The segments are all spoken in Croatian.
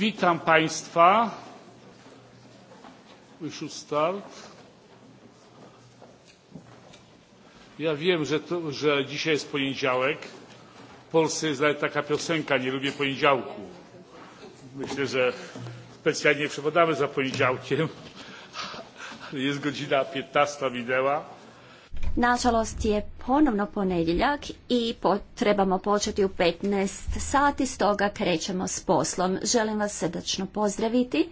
Witam Państwa. start. Ja wiem, że, to, że dzisiaj jest poniedziałek. W Polsce jest nawet taka piosenka, nie lubię poniedziałku. Myślę, że specjalnie przepadamy za poniedziałkiem. Jest godzina 15 minęła. Na ponovno ponedjeljak i trebamo početi u 15 sati, stoga krećemo s poslom. Želim vas srdačno pozdraviti.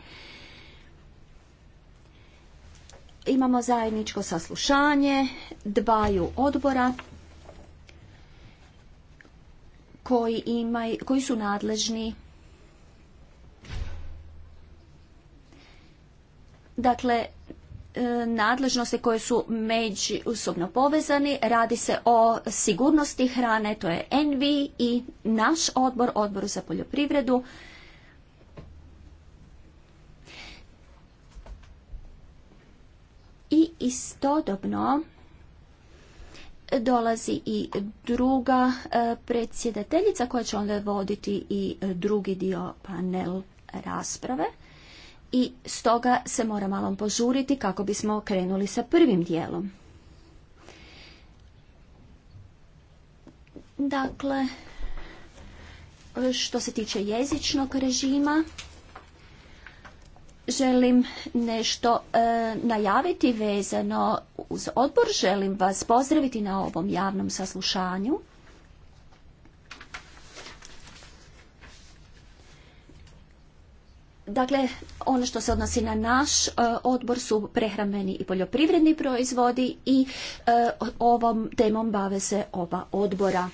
Imamo zajedničko saslušanje dvaju odbora koji, koji su nadležni Dakle, E, nadležnosti koje su međusobno povezani. Radi se o sigurnosti hrane, to je NV i naš odbor, odboru za poljoprivredu. I istodobno dolazi i druga e, predsjedateljica koja će onda voditi i drugi dio panel rasprave i stoga se mora malo požuriti kako bismo krenuli sa prvim dijelom. Dakle, što se tiče jezičnog režima, želim nešto e, najaviti vezano uz odbor. Želim vas pozdraviti na ovom javnom saslušanju. Dakle, ono što se odnosi na naš e, odbor su prehrambeni i poljoprivredni proizvodi i e, ovom temom bave se oba odbora.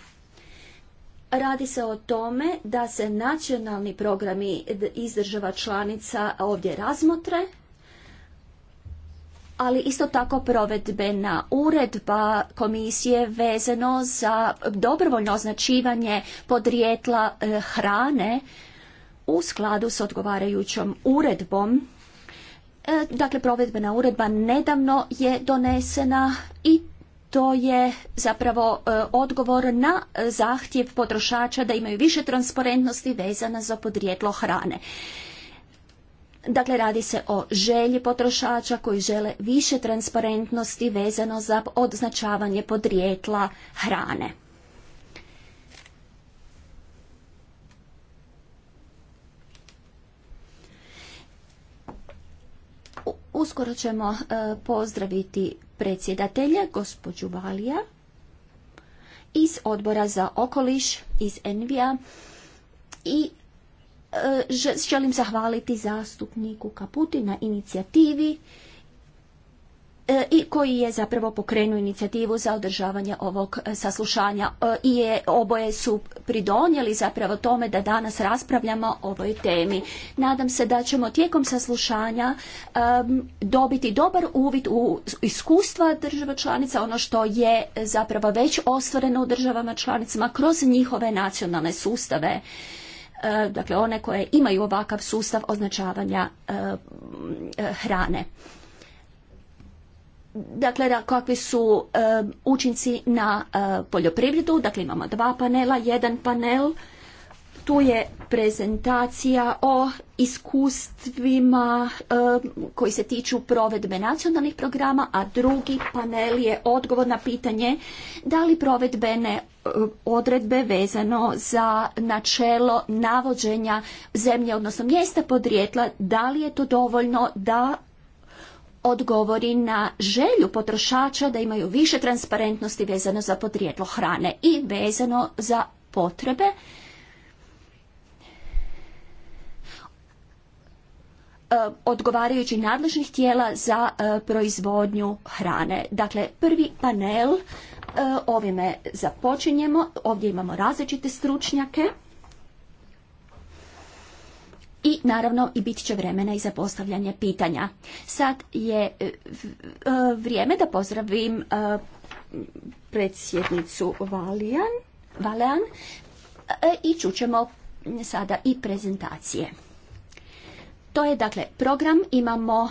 Radi se o tome da se nacionalni programi iz država članica ovdje razmotre, ali isto tako provedbena uredba komisije vezano za dobrovoljno označivanje podrijetla e, hrane u skladu s odgovarajućom uredbom e, dakle provedbena uredba nedavno je donesena i to je zapravo e, odgovor na zahtjev potrošača da imaju više transparentnosti vezana za podrijetlo hrane. Dakle, radi se o želji potrošača koji žele više transparentnosti vezano za odznačavanje podrijetla hrane. Uskoro ćemo e, pozdraviti predsjedatelja, gospođu Balija, iz odbora za okoliš, iz Envija i e, želim zahvaliti zastupniku Kaputi na inicijativi E, i koji je zapravo pokrenuo inicijativu za održavanje ovog e, saslušanja e, i je, oboje su pridonijeli zapravo tome da danas raspravljamo o ovoj temi. Nadam se da ćemo tijekom saslušanja dobiti dobar uvid u iskustva država članica, ono što je zapravo već ostvareno u državama članicama kroz njihove nacionalne sustave dakle one koje imaju ovakav sustav označavanja hrane. Dakle, kakvi su učinci na e, poljoprivredu. Dakle, imamo dva panela, jedan panel. Tu je prezentacija o iskustvima e, koji se tiču provedbe nacionalnih programa, a drugi panel je odgovor na pitanje da li provedbene e, odredbe vezano za načelo navođenja zemlje, odnosno mjesta podrijetla, da li je to dovoljno da odgovori na želju potrošača da imaju više transparentnosti vezano za podrijetlo hrane i vezano za potrebe e, odgovarajući nadležnih tijela za e, proizvodnju hrane. Dakle, prvi panel e, ovime započinjemo. Ovdje imamo različite stručnjake i naravno i bit će vremena i za postavljanje pitanja. Sad je e, e, vrijeme da pozdravim e, predsjednicu Valijan, Valean i čućemo sada i prezentacije. To je dakle program, imamo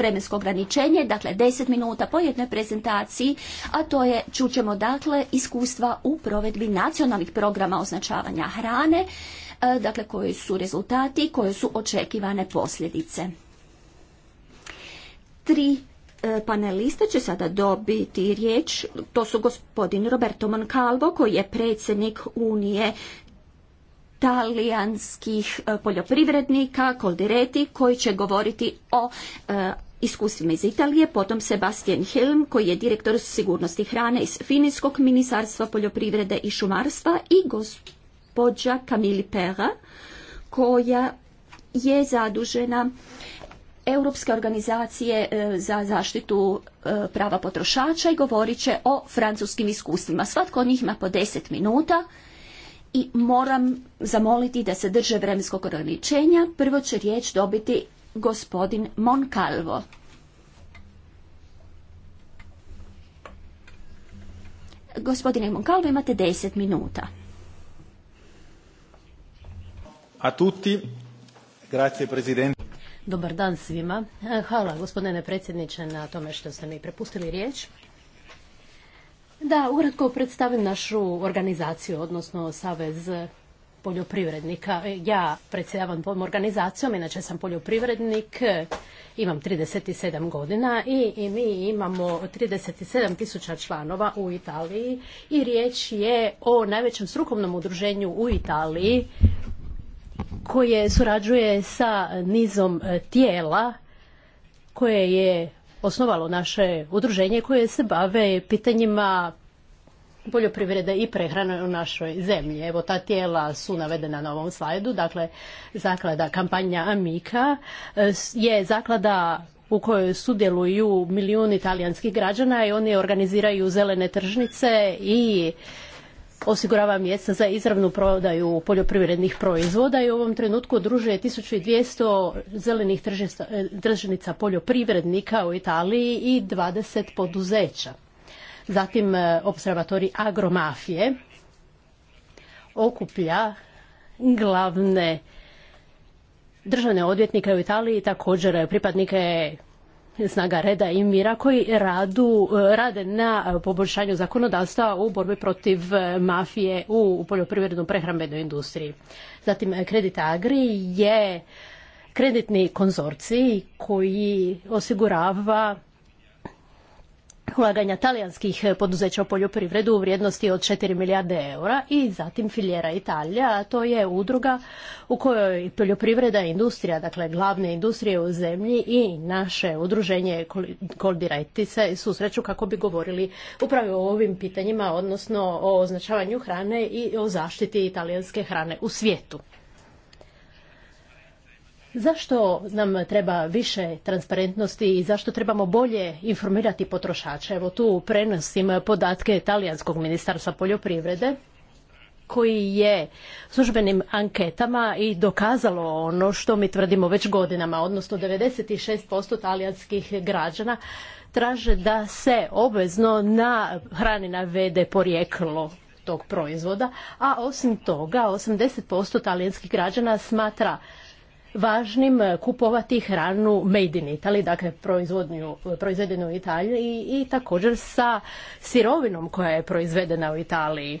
vremensko ograničenje, dakle 10 minuta po jednoj prezentaciji, a to je, čućemo dakle, iskustva u provedbi nacionalnih programa označavanja hrane, E, dakle koji su rezultati i koje su očekivane posljedice. Tri e, panelista će sada dobiti riječ. To su gospodin Roberto Moncalvo koji je predsjednik Unije talijanskih e, poljoprivrednika, koldireti, koji će govoriti o iskustvima iz Italije, potom Sebastian Helm, koji je direktor sigurnosti hrane iz Finijskog ministarstva poljoprivrede i šumarstva i gospodin gospođa Kamili Perra, koja je zadužena Europske organizacije e, za zaštitu e, prava potrošača i govorit će o francuskim iskustvima. Svatko od njih ima po deset minuta i moram zamoliti da se drže vremenskog ograničenja. Prvo će riječ dobiti gospodin Moncalvo. Gospodine Moncalvo, imate deset minuta a tutti. Grazie, Dobar dan svima. Hvala gospodine predsjedniče na tome što ste mi prepustili riječ. Da, ukratko predstavim našu organizaciju, odnosno Savez poljoprivrednika. Ja predsjedavam tom organizacijom, inače sam poljoprivrednik, imam 37 godina i, i mi imamo 37 tisuća članova u Italiji i riječ je o najvećem strukovnom udruženju u Italiji koje surađuje sa nizom e, tijela koje je osnovalo naše udruženje koje se bave pitanjima poljoprivrede i prehrane u našoj zemlji. Evo ta tijela su navedena na ovom slajdu, dakle zaklada kampanja Amika e, je zaklada u kojoj sudjeluju milijuni italijanskih građana i oni organiziraju zelene tržnice i osigurava mjesta za izravnu prodaju poljoprivrednih proizvoda i u ovom trenutku tisuća 1200 zelenih e, tržnica poljoprivrednika u Italiji i 20 poduzeća. Zatim e, observatori agromafije okuplja glavne državne odvjetnike u Italiji, također pripadnike snaga reda i mira koji radu, rade na poboljšanju zakonodavstva u borbi protiv mafije u poljoprivrednom prehrambenoj industriji. Zatim Kredit Agri je kreditni konzorcij koji osigurava ulaganja talijanskih poduzeća u poljoprivredu u vrijednosti od 4 milijarde eura i zatim filjera Italija, a to je udruga u kojoj poljoprivreda i industrija, dakle glavne industrije u zemlji i naše udruženje Coldiretti se susreću kako bi govorili upravo o ovim pitanjima, odnosno o označavanju hrane i o zaštiti talijanske hrane u svijetu. Zašto nam treba više transparentnosti i zašto trebamo bolje informirati potrošače? Evo tu prenosim podatke Talijanskog ministarstva poljoprivrede koji je službenim anketama i dokazalo ono što mi tvrdimo već godinama, odnosno 96% talijanskih građana traže da se obvezno na hrani navede porijeklo tog proizvoda, a osim toga 80% talijanskih građana smatra važnim e, kupovati hranu made in Italy, dakle e, proizvedenu u Italiji i također sa sirovinom koja je proizvedena u Italiji.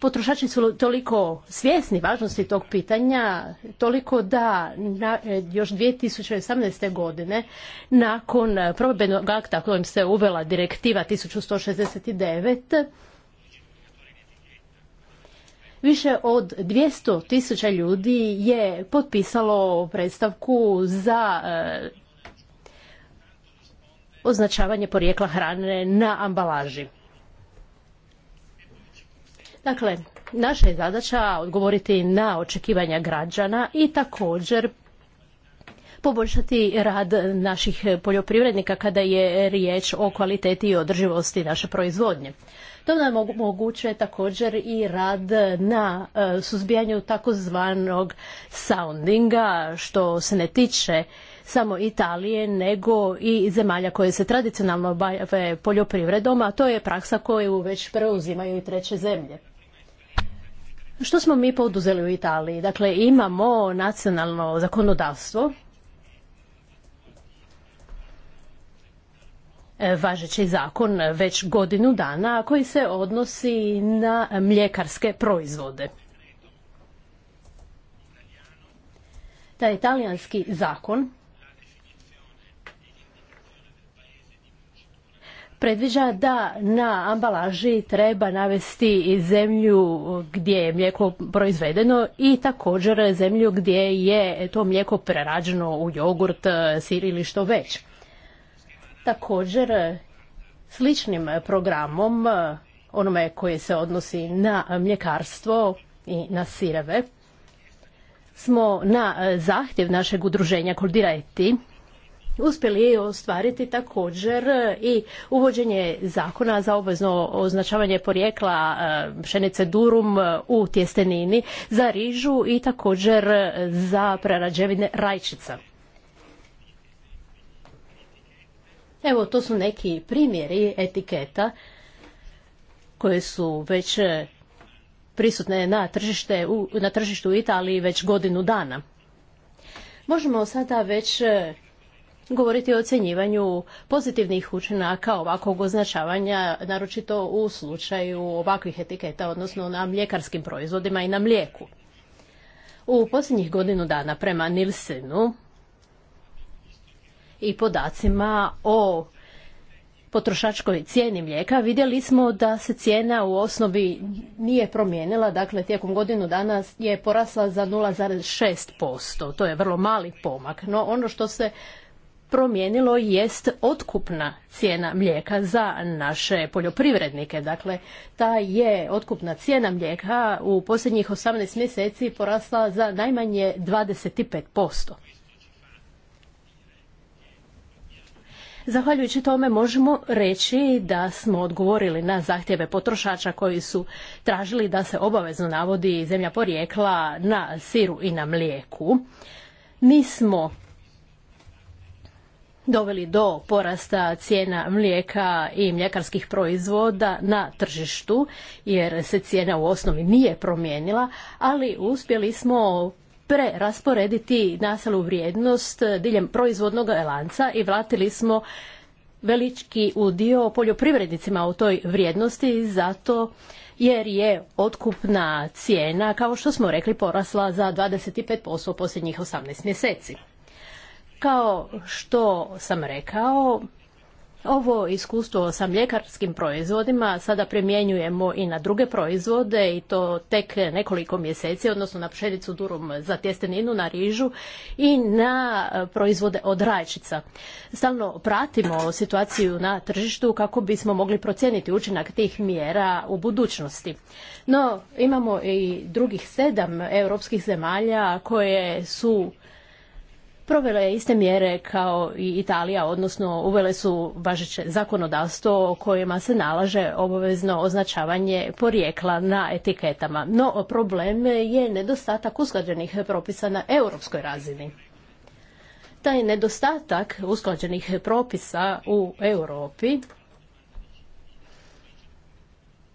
Potrošači su toliko svjesni važnosti tog pitanja, toliko da na, e, još 2018. godine nakon provedbenog akta kojim se uvela direktiva 1169 Više od 200 tisuća ljudi je potpisalo predstavku za e, označavanje porijekla hrane na ambalaži. Dakle, naša je zadaća odgovoriti na očekivanja građana i također poboljšati rad naših poljoprivrednika kada je riječ o kvaliteti i održivosti naše proizvodnje. To nam omogućuje također i rad na e, suzbijanju takozvanog soundinga, što se ne tiče samo Italije, nego i zemalja koje se tradicionalno bave poljoprivredom, a to je praksa koju već preuzimaju i treće zemlje. Što smo mi poduzeli u Italiji? Dakle, imamo nacionalno zakonodavstvo E, važeći zakon već godinu dana koji se odnosi na mljekarske proizvode. Taj italijanski zakon predviđa da na ambalaži treba navesti zemlju gdje je mlijeko proizvedeno i također zemlju gdje je to mlijeko prerađeno u jogurt, sir ili što već. Također, e, sličnim programom, e, onome koji se odnosi na mljekarstvo i na sireve, smo na e, zahtjev našeg udruženja Koldirajti uspjeli ostvariti također i uvođenje zakona za obvezno označavanje porijekla pšenice durum u tjestenini za rižu i također za prerađevine rajčica. Evo, to su neki primjeri etiketa koje su već e, prisutne na, tržište, na tržištu u Italiji već godinu dana. Možemo sada već e, govoriti o ocjenjivanju pozitivnih učinaka ovakvog označavanja, naročito u slučaju ovakvih etiketa, odnosno na mljekarskim proizvodima i na mlijeku. U posljednjih godinu dana prema Nilsenu i podacima o potrošačkoj cijeni mlijeka vidjeli smo da se cijena u osnovi nije promijenila, dakle tijekom godinu dana je porasla za 0,6%. To je vrlo mali pomak, no ono što se promijenilo jest otkupna cijena mlijeka za naše poljoprivrednike. Dakle, ta je otkupna cijena mlijeka u posljednjih 18 mjeseci porasla za najmanje 25%. Zahvaljujući tome možemo reći da smo odgovorili na zahtjeve potrošača koji su tražili da se obavezno navodi zemlja porijekla na siru i na mlijeku. Mi smo doveli do porasta cijena mlijeka i mljekarskih proizvoda na tržištu jer se cijena u osnovi nije promijenila, ali uspjeli smo prerasporediti nasalu vrijednost diljem proizvodnog lanca i vratili smo velički udio poljoprivrednicima u toj vrijednosti zato jer je otkupna cijena, kao što smo rekli, porasla za 25% u posljednjih 18 mjeseci. Kao što sam rekao, ovo iskustvo sa mljekarskim proizvodima sada primjenjujemo i na druge proizvode i to tek nekoliko mjeseci, odnosno na pšenicu durum za tjesteninu, na rižu i na e, proizvode od rajčica. Stalno pratimo situaciju na tržištu kako bismo mogli procijeniti učinak tih mjera u budućnosti. No, imamo i drugih sedam europskih zemalja koje su provele je iste mjere kao i Italija, odnosno uvele su važeće zakonodavstvo o kojima se nalaže obavezno označavanje porijekla na etiketama. No problem je nedostatak usklađenih propisa na europskoj razini. Taj nedostatak usklađenih propisa u Europi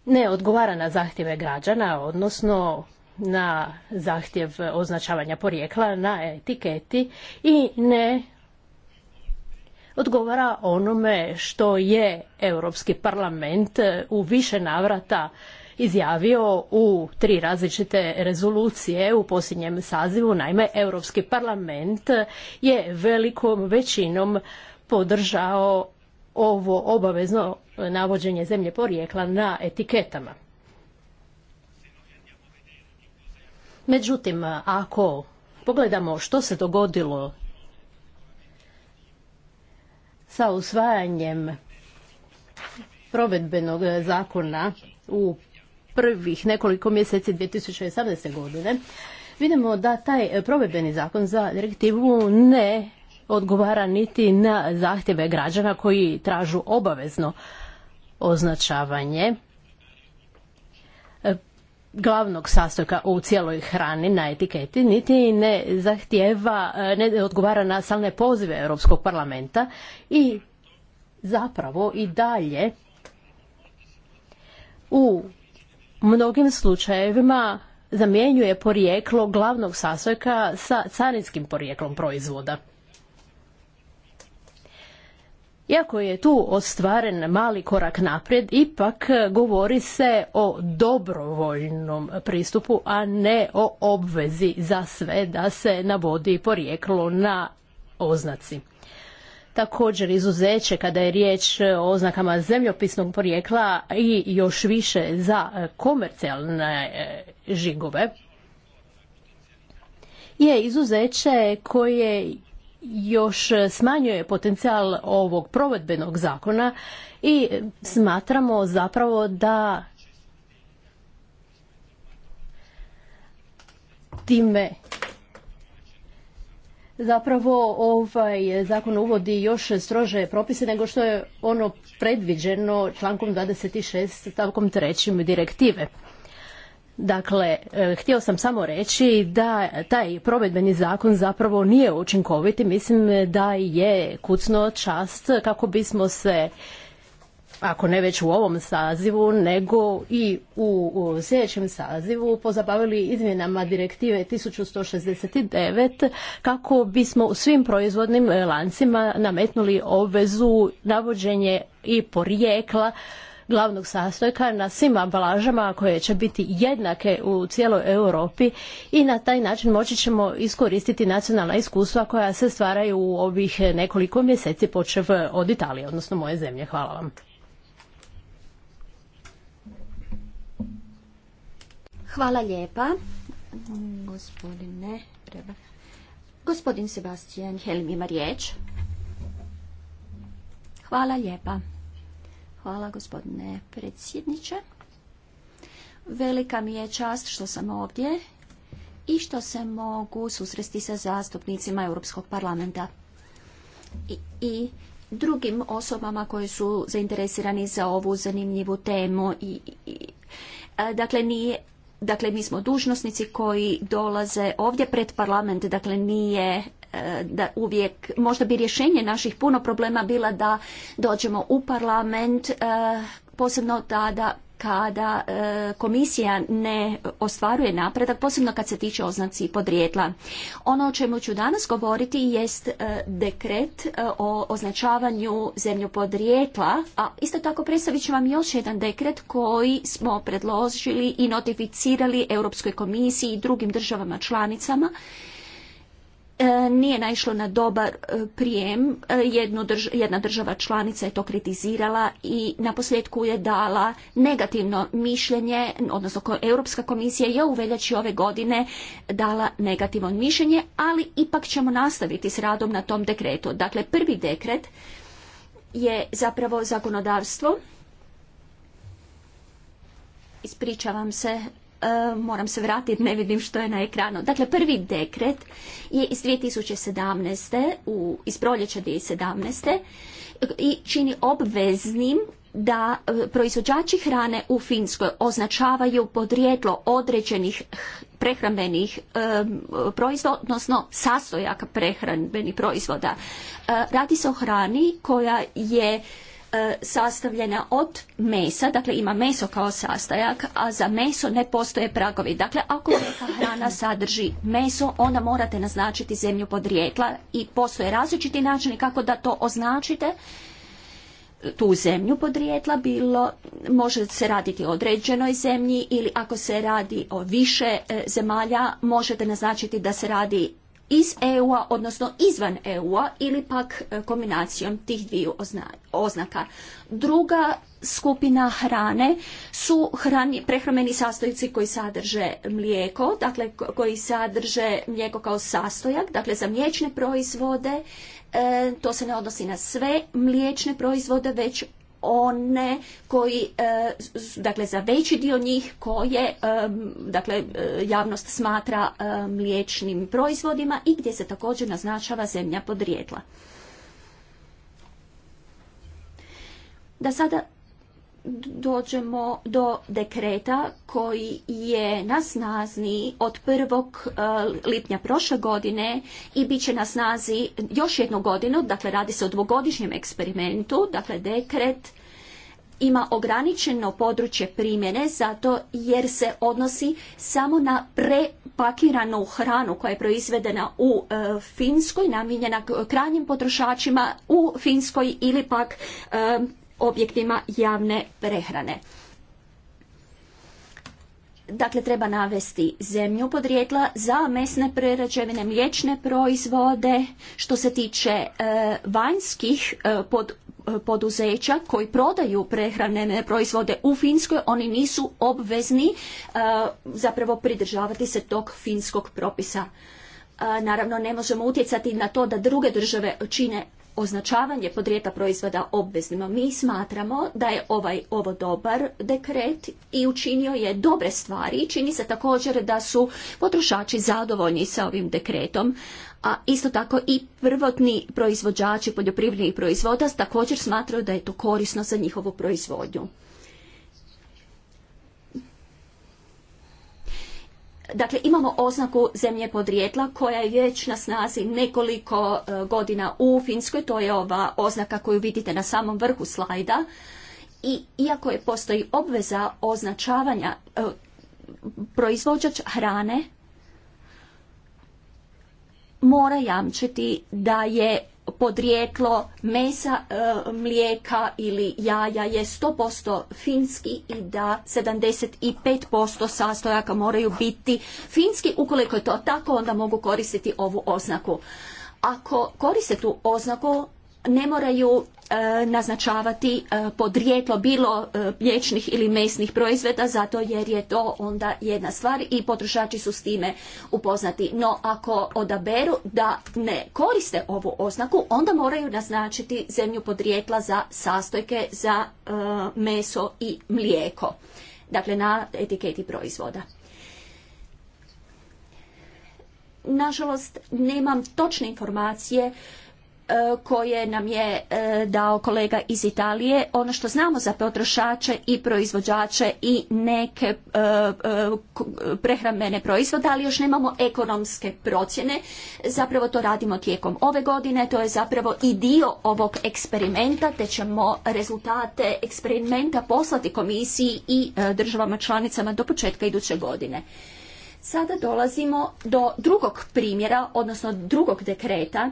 ne odgovara na zahtjeve građana, odnosno na zahtjev označavanja porijekla na etiketi i ne odgovara onome što je Europski parlament u više navrata izjavio u tri različite rezolucije u posljednjem sazivu. Naime, Europski parlament je velikom većinom podržao ovo obavezno navođenje zemlje porijekla na etiketama. Međutim, ako pogledamo što se dogodilo sa usvajanjem provedbenog zakona u prvih nekoliko mjeseci 2018. godine, vidimo da taj provedbeni zakon za direktivu ne odgovara niti na zahtjeve građana koji tražu obavezno označavanje glavnog sastojka u cijeloj hrani na etiketi, niti ne zahtjeva, e, ne odgovara na stalne pozive Europskog parlamenta i zapravo i dalje u mnogim slučajevima zamjenjuje porijeklo glavnog sastojka sa carinskim porijeklom proizvoda. Iako je tu ostvaren mali korak naprijed, ipak govori se o dobrovoljnom pristupu, a ne o obvezi za sve da se navodi porijeklo na oznaci. Također izuzeće kada je riječ o oznakama zemljopisnog porijekla i još više za komercijalne e, žigove je izuzeće koje još smanjuje potencijal ovog provedbenog zakona i smatramo zapravo da time zapravo ovaj zakon uvodi još strože propise nego što je ono predviđeno člankom 26 stavkom 3 direktive. Dakle, e, htio sam samo reći da taj provedbeni zakon zapravo nije učinkovit mislim da je kucno čast kako bismo se ako ne već u ovom sazivu, nego i u sljedećem sazivu pozabavili izmjenama direktive 1169 kako bismo u svim proizvodnim lancima nametnuli obvezu navođenje i porijekla glavnog sastojka na svim ambalažama koje će biti jednake u cijeloj Europi i na taj način moći ćemo iskoristiti nacionalna iskustva koja se stvaraju u ovih nekoliko mjeseci počev od Italije, odnosno moje zemlje. Hvala vam. Hvala lijepa. Gospodine, Gospodin Sebastian Helmi ima riječ. Hvala lijepa. Hvala gospodine predsjedniče. Velika mi je čast što sam ovdje i što se mogu susresti sa zastupnicima Europskog parlamenta i, i drugim osobama koji su zainteresirani za ovu zanimljivu temu. I, e, dakle, nije, dakle, mi smo dužnosnici koji dolaze ovdje pred parlament, dakle nije E, da uvijek, možda bi rješenje naših puno problema bila da dođemo u parlament, e, posebno tada kada e, komisija ne ostvaruje napredak, posebno kad se tiče oznaci podrijetla. Ono o čemu ću danas govoriti jest dekret o označavanju zemlju podrijetla, a isto tako predstavit ću vam još jedan dekret koji smo predložili i notificirali Europskoj komisiji i drugim državama članicama E, nije naišlo na dobar e, prijem. E, jedna država članica je to kritizirala i na posljedku je dala negativno mišljenje, odnosno Europska komisija je u veljači ove godine dala negativno mišljenje, ali ipak ćemo nastaviti s radom na tom dekretu. Dakle, prvi dekret je zapravo zakonodavstvo. Ispričavam se Eh, moram se vratiti, ne vidim što je na ekranu. Dakle, prvi dekret je iz 2017. U, iz proljeća 2017. i čini obveznim da eh, proizvođači hrane u Finskoj označavaju podrijetlo određenih prehrambenih proizvoda, odnosno sastojaka prehrambenih proizvoda. Eh, radi se o hrani koja je E, sastavljena od mesa, dakle ima meso kao sastajak, a za meso ne postoje pragovi. Dakle, ako neka hrana sadrži meso, onda morate naznačiti zemlju podrijetla i postoje različiti načini kako da to označite tu zemlju podrijetla bilo, može se raditi o određenoj zemlji ili ako se radi o više e, zemalja možete naznačiti da se radi iz EU-a, odnosno izvan EU-a ili pak e, kombinacijom tih dviju oznaka. Druga skupina hrane su prehrambeni sastojci koji sadrže mlijeko, dakle koji sadrže mlijeko kao sastojak, dakle za mliječne proizvode, e, to se ne odnosi na sve mliječne proizvode, već one koji, e, dakle za veći dio njih koje, e, dakle e, javnost smatra mliječnim proizvodima i gdje se također naznačava zemlja podrijetla. Da sada dođemo do dekreta koji je na snazi od 1. E, lipnja prošle godine i bit će na snazi još jednu godinu, dakle radi se o dvogodišnjem eksperimentu, dakle dekret ima ograničeno područje primjene zato jer se odnosi samo na prepakiranu hranu koja je proizvedena u e, Finskoj, namijenjena krajnjim potrošačima u Finskoj ili pak e, objektima javne prehrane. Dakle, treba navesti zemlju podrijetla za mesne prerađevine, mliječne proizvode. Što se tiče e, vanjskih e, e, poduzeća koji prodaju prehrane proizvode u Finskoj, oni nisu obvezni zapravo pridržavati se tog finskog propisa. Naravno, ne možemo utjecati na to da druge države čine označavanje podrijeta proizvoda obveznima. Mi smatramo da je ovaj ovo dobar dekret i učinio je dobre stvari. Čini se također da su potrošači zadovoljni sa ovim dekretom a isto tako i prvotni proizvođači poljoprivrednih proizvoda također smatraju da je to korisno za njihovu proizvodnju. Dakle, imamo oznaku zemlje podrijetla koja je već na snazi nekoliko e, godina u Finskoj. To je ova oznaka koju vidite na samom vrhu slajda. I iako je postoji obveza označavanja e, proizvođač hrane mora jamčiti da je podrijetlo mesa, e, mlijeka ili jaja je 100% finski i da 75% sastojaka moraju biti finski. Ukoliko je to tako, onda mogu koristiti ovu oznaku. Ako koriste tu oznaku, ne moraju e, naznačavati e, podrijetlo bilo e, mliječnih ili mesnih proizvoda zato jer je to onda jedna stvar i potrošači su s time upoznati. No ako odaberu da ne koriste ovu oznaku onda moraju naznačiti zemlju podrijetla za sastojke za meso i mlijeko. Dakle na etiketi proizvoda. Nažalost, nemam točne informacije E, koje nam je e, dao kolega iz Italije, ono što znamo za potrošače i proizvođače i neke e, prehrambene proizvode, ali još nemamo ekonomske procjene. Zapravo to radimo tijekom ove godine, to je zapravo i dio ovog eksperimenta, te ćemo rezultate eksperimenta poslati komisiji i državama članicama do početka iduće godine. Sada dolazimo do drugog primjera, odnosno drugog dekreta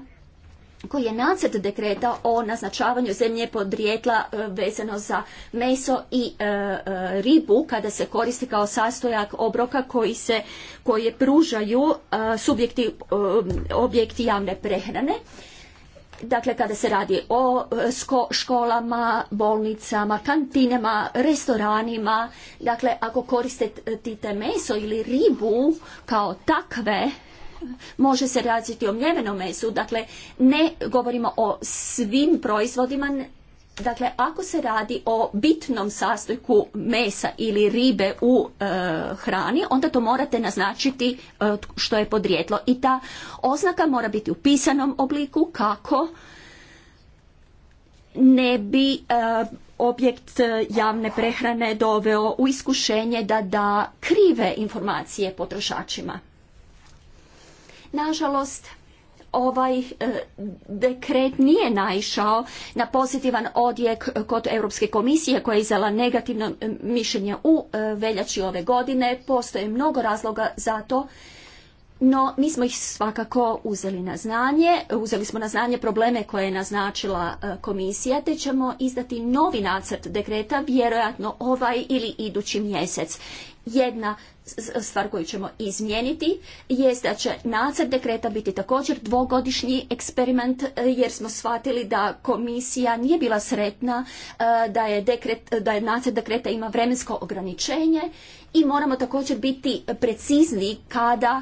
koji je nacrt dekreta o naznačavanju zemlje podrijetla e, vezano za meso i e, e, ribu kada se koristi kao sastojak obroka koji se koje pružaju subjekti objekti javne prehrane dakle kada se radi o školama, bolnicama, kantinama, restoranima, dakle ako koristite meso ili ribu kao takve može se raditi o mljevenom mesu, dakle ne govorimo o svim proizvodima, dakle ako se radi o bitnom sastojku mesa ili ribe u e, hrani, onda to morate naznačiti e, što je podrijetlo i ta oznaka mora biti u pisanom obliku kako ne bi e, objekt javne prehrane doveo u iskušenje da da krive informacije potrošačima. Nažalost, ovaj e, dekret nije naišao na pozitivan odjek kod Europske komisije koja je izdala negativno e, mišljenje u e, veljači ove godine. Postoje mnogo razloga za to. No, mi smo ih svakako uzeli na znanje, uzeli smo na znanje probleme koje je naznačila komisija, te ćemo izdati novi nacrt dekreta, vjerojatno ovaj ili idući mjesec jedna stvar koju ćemo izmijeniti je da će nacrt dekreta biti također dvogodišnji eksperiment e, jer smo shvatili da komisija nije bila sretna e, da je, dekret, da je nacrt dekreta ima vremensko ograničenje i moramo također biti precizni kada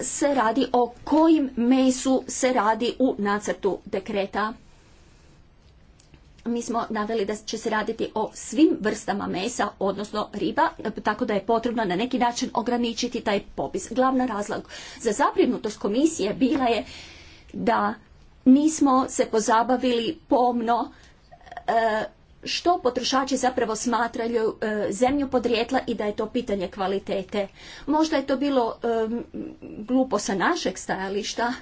e, se radi o kojim mesu se radi u nacrtu dekreta mi smo naveli da će se raditi o svim vrstama mesa, odnosno riba, tako da je potrebno na neki način ograničiti taj popis. Glavna razlog za zabrinutost komisije bila je da nismo se pozabavili pomno e, što potrošači zapravo smatraju e, zemlju podrijetla i da je to pitanje kvalitete. Možda je to bilo e, glupo sa našeg stajališta,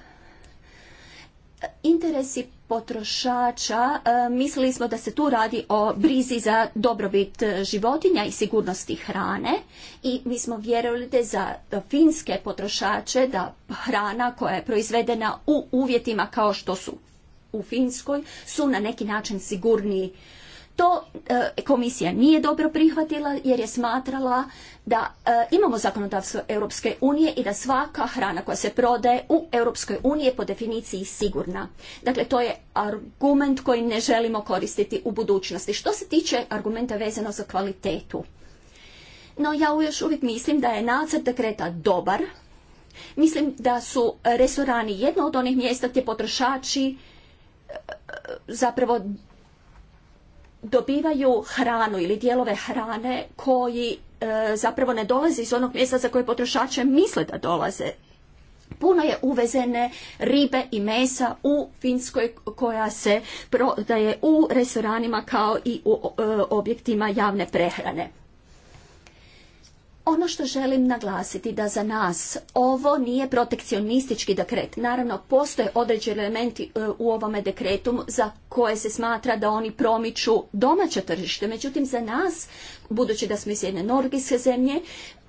interesi potrošača, e, mislili smo da se tu radi o brizi za dobrobit e, životinja i sigurnosti hrane i mi smo vjerovali da za finske potrošače da hrana koja je proizvedena u uvjetima kao što su u Finskoj su na neki način sigurniji to e, komisija nije dobro prihvatila jer je smatrala da e, imamo zakonodavstvo Europske unije i da svaka hrana koja se prodaje u Europskoj uniji je po definiciji sigurna. Dakle, to je argument koji ne želimo koristiti u budućnosti. Što se tiče argumenta vezano za kvalitetu, no ja još uvijek mislim da je nacrt dekreta dobar. Mislim da su restorani jedno od onih mjesta gdje potrošači e, zapravo dobivaju hranu ili dijelove hrane koji e, zapravo ne dolaze iz onog mjesta za koje potrošače misle da dolaze. Puno je uvezene ribe i mesa u Finskoj koja se prodaje u restoranima kao i u e, objektima javne prehrane. Ono što želim naglasiti da za nas ovo nije protekcionistički dekret. Naravno, postoje određeni elementi e, u ovome dekretu za koje se smatra da oni promiču domaće tržište. Međutim, za nas, budući da smo iz jedne norgijske zemlje,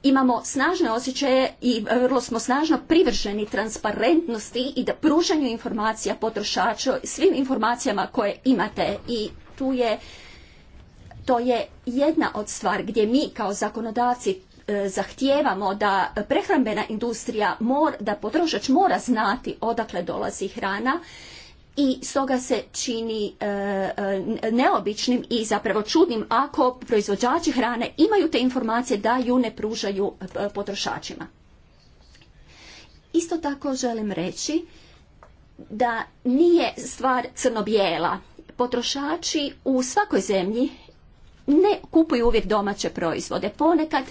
imamo snažne osjećaje i vrlo smo snažno privrženi transparentnosti i da pružanju informacija potrošaču, svim informacijama koje imate i tu je to je jedna od stvari gdje mi kao zakonodavci E, zahtijevamo da prehrambena industrija, mora da potrošač mora znati odakle dolazi hrana i stoga se čini e, e, neobičnim i zapravo čudnim ako proizvođači hrane imaju te informacije da ju ne pružaju potrošačima. Isto tako želim reći da nije stvar crno-bijela. Potrošači u svakoj zemlji ne kupuju uvijek domaće proizvode. Ponekad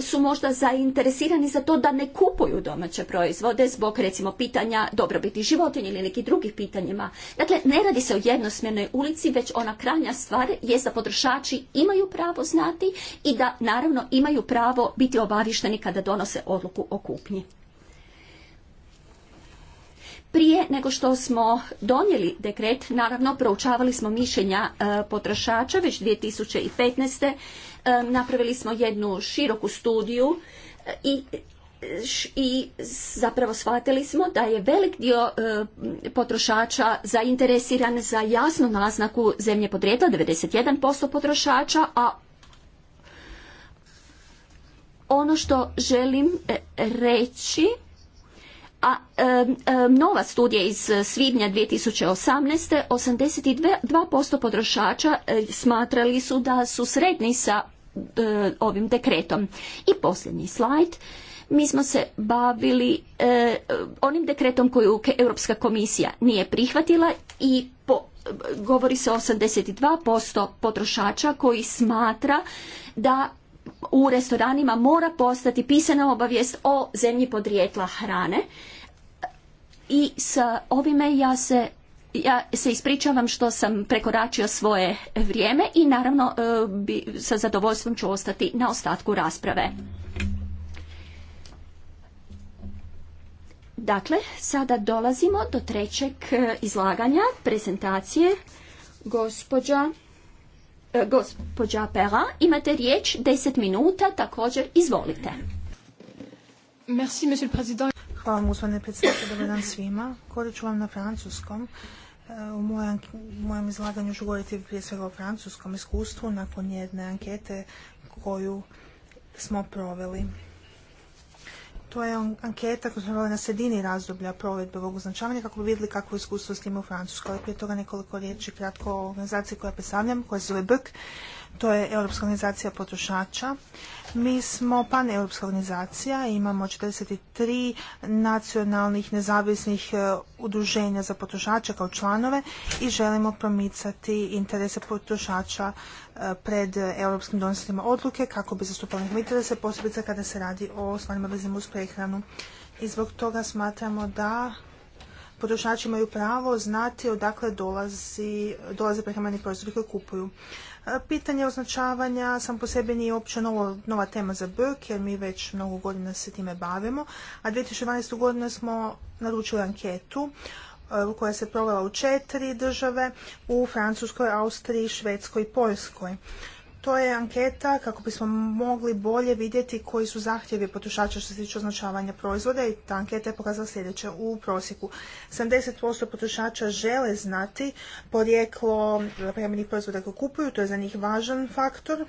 su možda zainteresirani za to da ne kupuju domaće proizvode zbog recimo pitanja dobrobiti životinja ili nekih drugih pitanjima. Dakle, ne radi se o jednosmjernoj ulici, već ona krajnja stvar je da potrošači imaju pravo znati i da naravno imaju pravo biti obavišteni kada donose odluku o kupnji. Prije nego što smo donijeli dekret, naravno proučavali smo mišljenja e, potrošača već 2015 Napravili smo jednu široku studiju e, i i zapravo shvatili smo da je velik dio e, potrošača zainteresiran za jasnu naznaku zemlje podrijetla, 91% potrošača, a ono što želim e, reći a nova studija iz eh, svibnja 2018. 82% potrošača eh, smatrali su da su sredni sa eh, ovim dekretom. I posljednji slajd. Mi smo se bavili onim dekretom koju Europska komisija nije prihvatila i govori se o 82% potrošača koji smatra da u restoranima mora postati pisana obavijest o zemlji podrijetla hrane. I sa ovime ja se ja se ispričavam što sam prekoračio svoje vrijeme i naravno e, bi, sa zadovoljstvom ću ostati na ostatku rasprave. Dakle, sada dolazimo do trećeg e, izlaganja, prezentacije. Gospođa E, gospođa Pera, imate riječ, 10 minuta, također izvolite. Merci, monsieur le président. Hvala vam, gospodine predsjedniče, dobar dan svima. Govorit ću vam na francuskom. E, u mojem, u mojem izlaganju ću govoriti prije svega o francuskom iskustvu nakon jedne ankete koju smo proveli to je anketa koju smo na sredini razdoblja provedbe ovog označavanja kako bi vidjeli kakvo iskustvo s njima u Francuskoj. Prije toga nekoliko riječi kratko o organizaciji koja predstavljam, koja se zove BRK to je Europska organizacija potrošača. Mi smo paneuropska organizacija, imamo 43 nacionalnih nezavisnih e, udruženja za potrošače kao članove i želimo promicati interese potrošača e, pred europskim donositeljima odluke kako bi zastupali interese, posebice kada se radi o stvarima vezanim uz prehranu. I zbog toga smatramo da potrošači imaju pravo znati odakle dolazi, dolaze prehrambeni proizvodi koji kupuju. Pitanje označavanja sam po sebi nije uopće nova tema za BRK jer mi već mnogo godina se time bavimo, a 2012. godine smo naručili anketu e, koja se provela u četiri države, u Francuskoj, Austriji, Švedskoj i Poljskoj. To je anketa kako bismo mogli bolje vidjeti koji su zahtjevi potrošača što se tiče označavanja proizvoda i ta anketa je pokazala sljedeće u prosjeku. 70% potrošača žele znati porijeklo eh, premenih proizvoda koje kupuju, to je za njih važan faktor.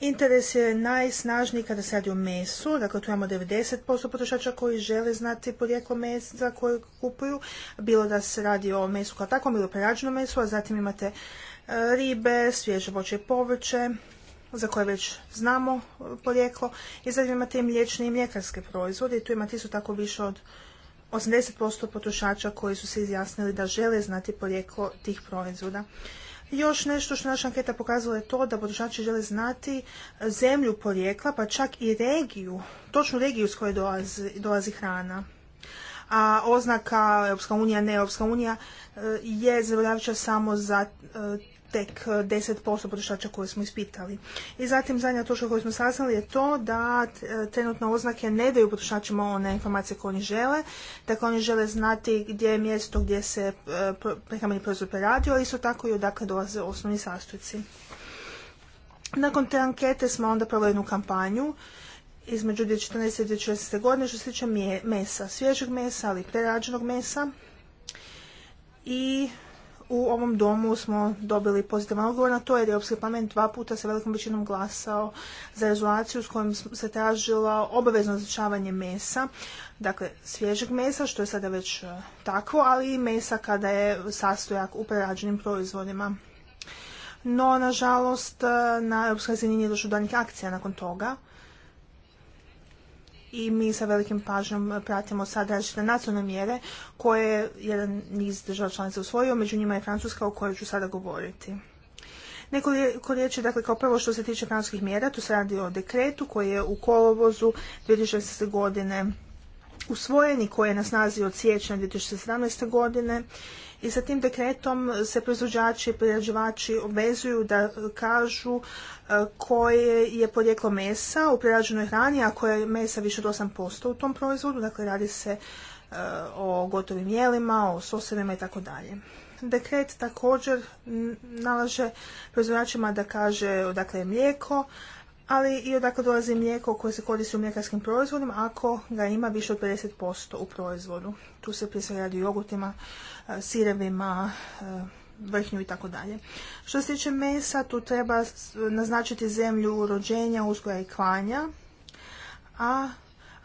Interes je najsnažniji kada se radi o mesu, dakle tu imamo 90% potrošača koji žele znati porijeklo mesa koje kupuju, bilo da se radi o mesu kao takvom ili o prerađenom mesu, a zatim imate ribe, svježe voće i povrće, za koje već znamo e, porijeklo. I zatim imate i mliječne i mljekarske proizvode i tu imate isto tako više od 80% potrošača koji su se izjasnili da žele znati porijeklo tih proizvoda. Još nešto što naša anketa pokazala je to da potrošači žele znati zemlju porijekla, pa čak i regiju, točnu regiju iz koje dolazi, hrana. A oznaka Europska unija, ne Europska unija e, je zadovoljavajuća samo za e, tek 10% e, potrošača koje smo ispitali. I zatim zadnja točka koju smo saznali je to da e, trenutno oznake ne daju potrošačima one informacije koje oni žele. Dakle, oni žele znati gdje je mjesto gdje se e, prehrambeni proizvod preradio, a isto tako i odakle dolaze osnovni sastojci. Nakon te ankete smo onda proveli jednu kampanju između 2014. i 2016. godine što se tiče mesa, svježeg mesa, ali prerađenog mesa. I u ovom domu smo dobili pozitivan odgovor na to jer je Europski parlament dva puta sa velikom većinom glasao za rezolaciju s kojom se tražilo obavezno označavanje mesa, dakle svježeg mesa što je sada već e, takvo, ali i mesa kada je sastojak u prerađenim proizvodima. No, nažalost, e, na Europskoj razini nije došlo danih akcija nakon toga i mi sa velikim pažnjom pratimo sad različite nacionalne mjere koje je jedan niz država članica usvojio, među njima je Francuska o kojoj ću sada govoriti. Nekoliko riječi, dakle, kao prvo što se tiče francuskih mjera, tu se radi o dekretu koji je u kolovozu 2016. godine usvojen i koji je na snazi od siječnja 2017. godine i sa tim dekretom se proizvođači i prerađivači obvezuju da kažu e, koje je porijeklo mesa u prerađenoj hrani, ako je mesa više od 8% u tom proizvodu, dakle radi se e, o gotovim jelima, o sosevima i tako dalje. Dekret također nalaže proizvođačima da kaže odakle je mlijeko, ali i odakle dolazi mlijeko koje se koristi u mljekarskim proizvodima ako ga ima više od 50% u proizvodu. Tu se prije svega radi o jogurtima, sirevima, eh, vrhnju i tako dalje. Što se tiče mesa, tu treba naznačiti zemlju rođenja, uzgoja i klanja, a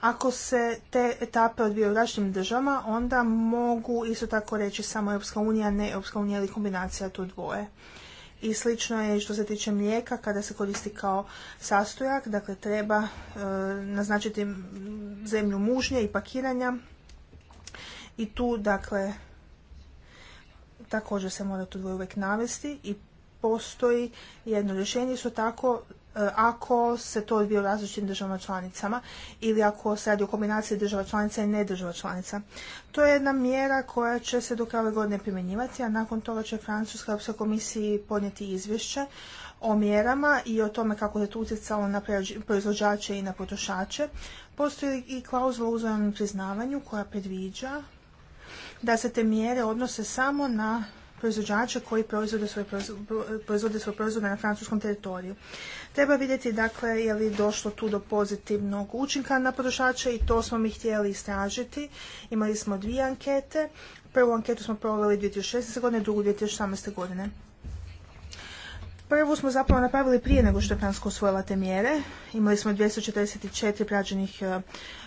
ako se te etape odvijaju u različitim državama, onda mogu isto tako reći samo Europska unija, ne Europska unija ili kombinacija tu dvoje. I slično je što se tiče mlijeka kada se koristi kao sastojak, dakle treba eh, naznačiti zemlju mužnje i pakiranja i tu dakle također se mora to dvoje uvijek navesti i postoji jedno rješenje su tako e, ako se to odvija u različitim državama članicama ili ako se radi o kombinaciji država članica i ne država članica. To je jedna mjera koja će se do kraja godine primjenjivati, a nakon toga će Francuska Europska komisija podnijeti izvješće o mjerama i o tome kako je to utjecalo na proizvođače i na potrošače. Postoji i klauzula o uzajamnom priznavanju koja predviđa da se te mjere odnose samo na proizvođače koji proizvode svoje proizvode, svoje na francuskom teritoriju. Treba vidjeti dakle je li došlo tu do pozitivnog učinka na potrošače i to smo mi htjeli istražiti. Imali smo dvije ankete. Prvu anketu smo proveli 2016. godine, drugu 2018. godine. Prvu smo zapravo napravili prije nego što je Francuska usvojila te mjere. Imali smo 244 praćenih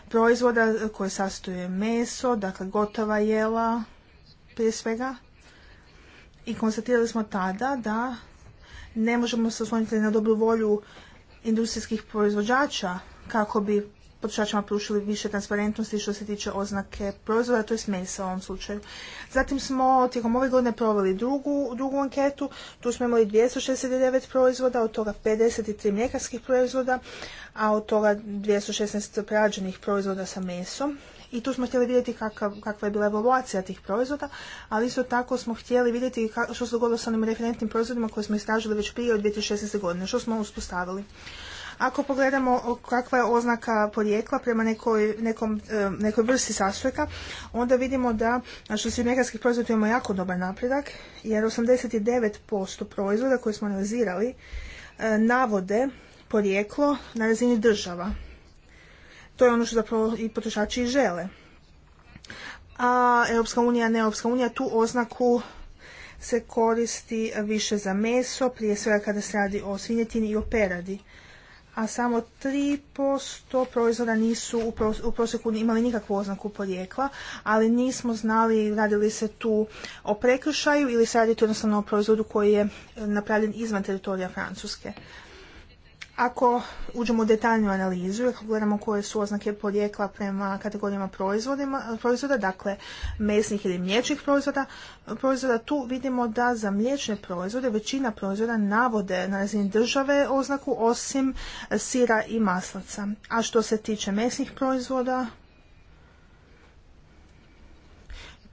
proizvoda koje sastoje meso, dakle gotova jela prije svega. I konstatirali smo tada da ne možemo se osloniti na dobru volju industrijskih proizvođača kako bi potrošačima prušili više transparentnosti što se tiče oznake proizvoda, to je smesa u ovom slučaju. Zatim smo tijekom ove godine proveli drugu, drugu anketu, tu smo imali 269 proizvoda, od toga 53 mljekarskih proizvoda, a od toga 216 prađenih proizvoda sa mesom. I tu smo htjeli vidjeti kakva je bila evaluacija tih proizvoda, ali isto tako smo htjeli vidjeti što se dogodilo sa onim referentnim proizvodima koje smo istražili već prije od 2016. godine, što smo uspostavili. Ako pogledamo kakva je oznaka porijekla prema nekoj, nekom, e, nekoj vrsti sastojka, onda vidimo da što se mljekarskih proizvoda imamo jako dobar napredak, jer 89% proizvoda koje smo analizirali e, navode porijeklo na razini država. To je ono što zapravo i potrošači žele. A Europska unija, ne Europska unija, tu oznaku se koristi više za meso, prije svega kada se radi o svinjetini i o peradi a samo 3% proizvoda nisu u prosjeku imali nikakvu oznaku porijekla, ali nismo znali radi li se tu o prekršaju ili se radi tu jednostavno o proizvodu koji je e, napravljen izvan teritorija Francuske. Ako uđemo u detaljnu analizu ako gledamo koje su oznake porijekla prema kategorijama proizvoda, dakle mesnih ili mliječnih proizvoda, proizvoda, tu vidimo da za mliječne proizvode većina proizvoda navode na razini države oznaku osim sira i maslaca. A što se tiče mesnih proizvoda,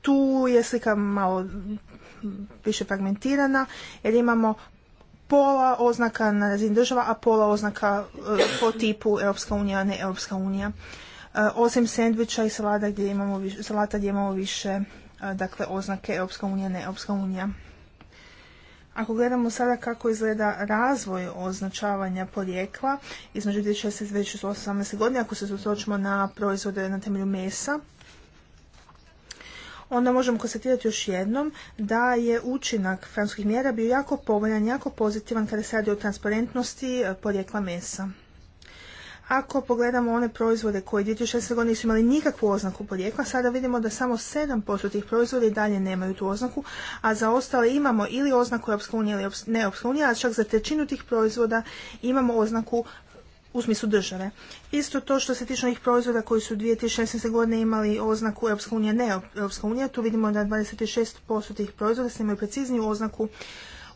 tu je slika malo više fragmentirana jer imamo pola oznaka na razini država, a pola oznaka e, po tipu Europska unija, ne Europska unija. E, osim sendviča i salata gdje imamo više, salata gdje imamo više e, dakle, oznake Europska unija, ne Europska unija. Ako gledamo sada kako izgleda razvoj označavanja porijekla između 2016 i 2018 godine, ako se zatočimo na proizvode na temelju mesa, onda možemo konstatirati još jednom da je učinak francuskih mjera bio jako povoljan, jako pozitivan kada se radi o transparentnosti e, porijekla mesa. Ako pogledamo one proizvode koji 2016. godine nisu imali nikakvu oznaku porijekla, sada vidimo da samo 7% tih proizvoda i dalje nemaju tu oznaku, a za ostale imamo ili oznaku Europske unije ili ne unije, a čak za trećinu tih proizvoda imamo oznaku u smislu države. Isto to što se tiče onih proizvoda koji su 2016. godine imali oznaku Europska unija, ne Europska unija, tu vidimo da 26% tih proizvoda se imaju precizniju oznaku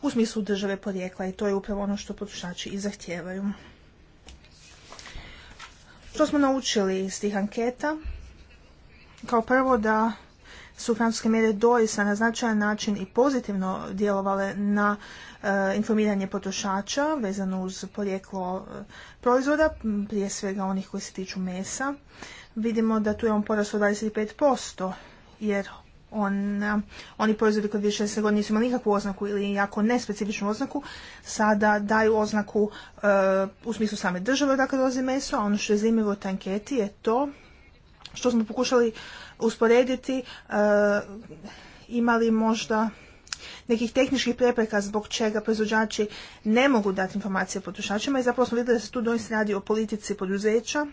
u smislu države porijekla i to je upravo ono što potrošači i zahtijevaju. Što smo naučili iz tih anketa? Kao prvo da su francuske mjere doista na značajan način i pozitivno djelovale na e, informiranje potrošača vezano uz porijeklo e, proizvoda, prije svega onih koji se tiču mesa. Vidimo da tu je on porast od 25%, jer e, oni proizvodi koji 2016. godine nisu imali nikakvu oznaku ili jako nespecifičnu oznaku, sada daju oznaku u smislu same države odakle dolazi meso, a ono što je zanimljivo u tanketi je to što smo pokušali usporediti e, ima li možda nekih tehničkih prepreka zbog čega proizvođači ne mogu dati informacije potrošačima i zapravo smo vidjeli da se tu doista radi o politici poduzeća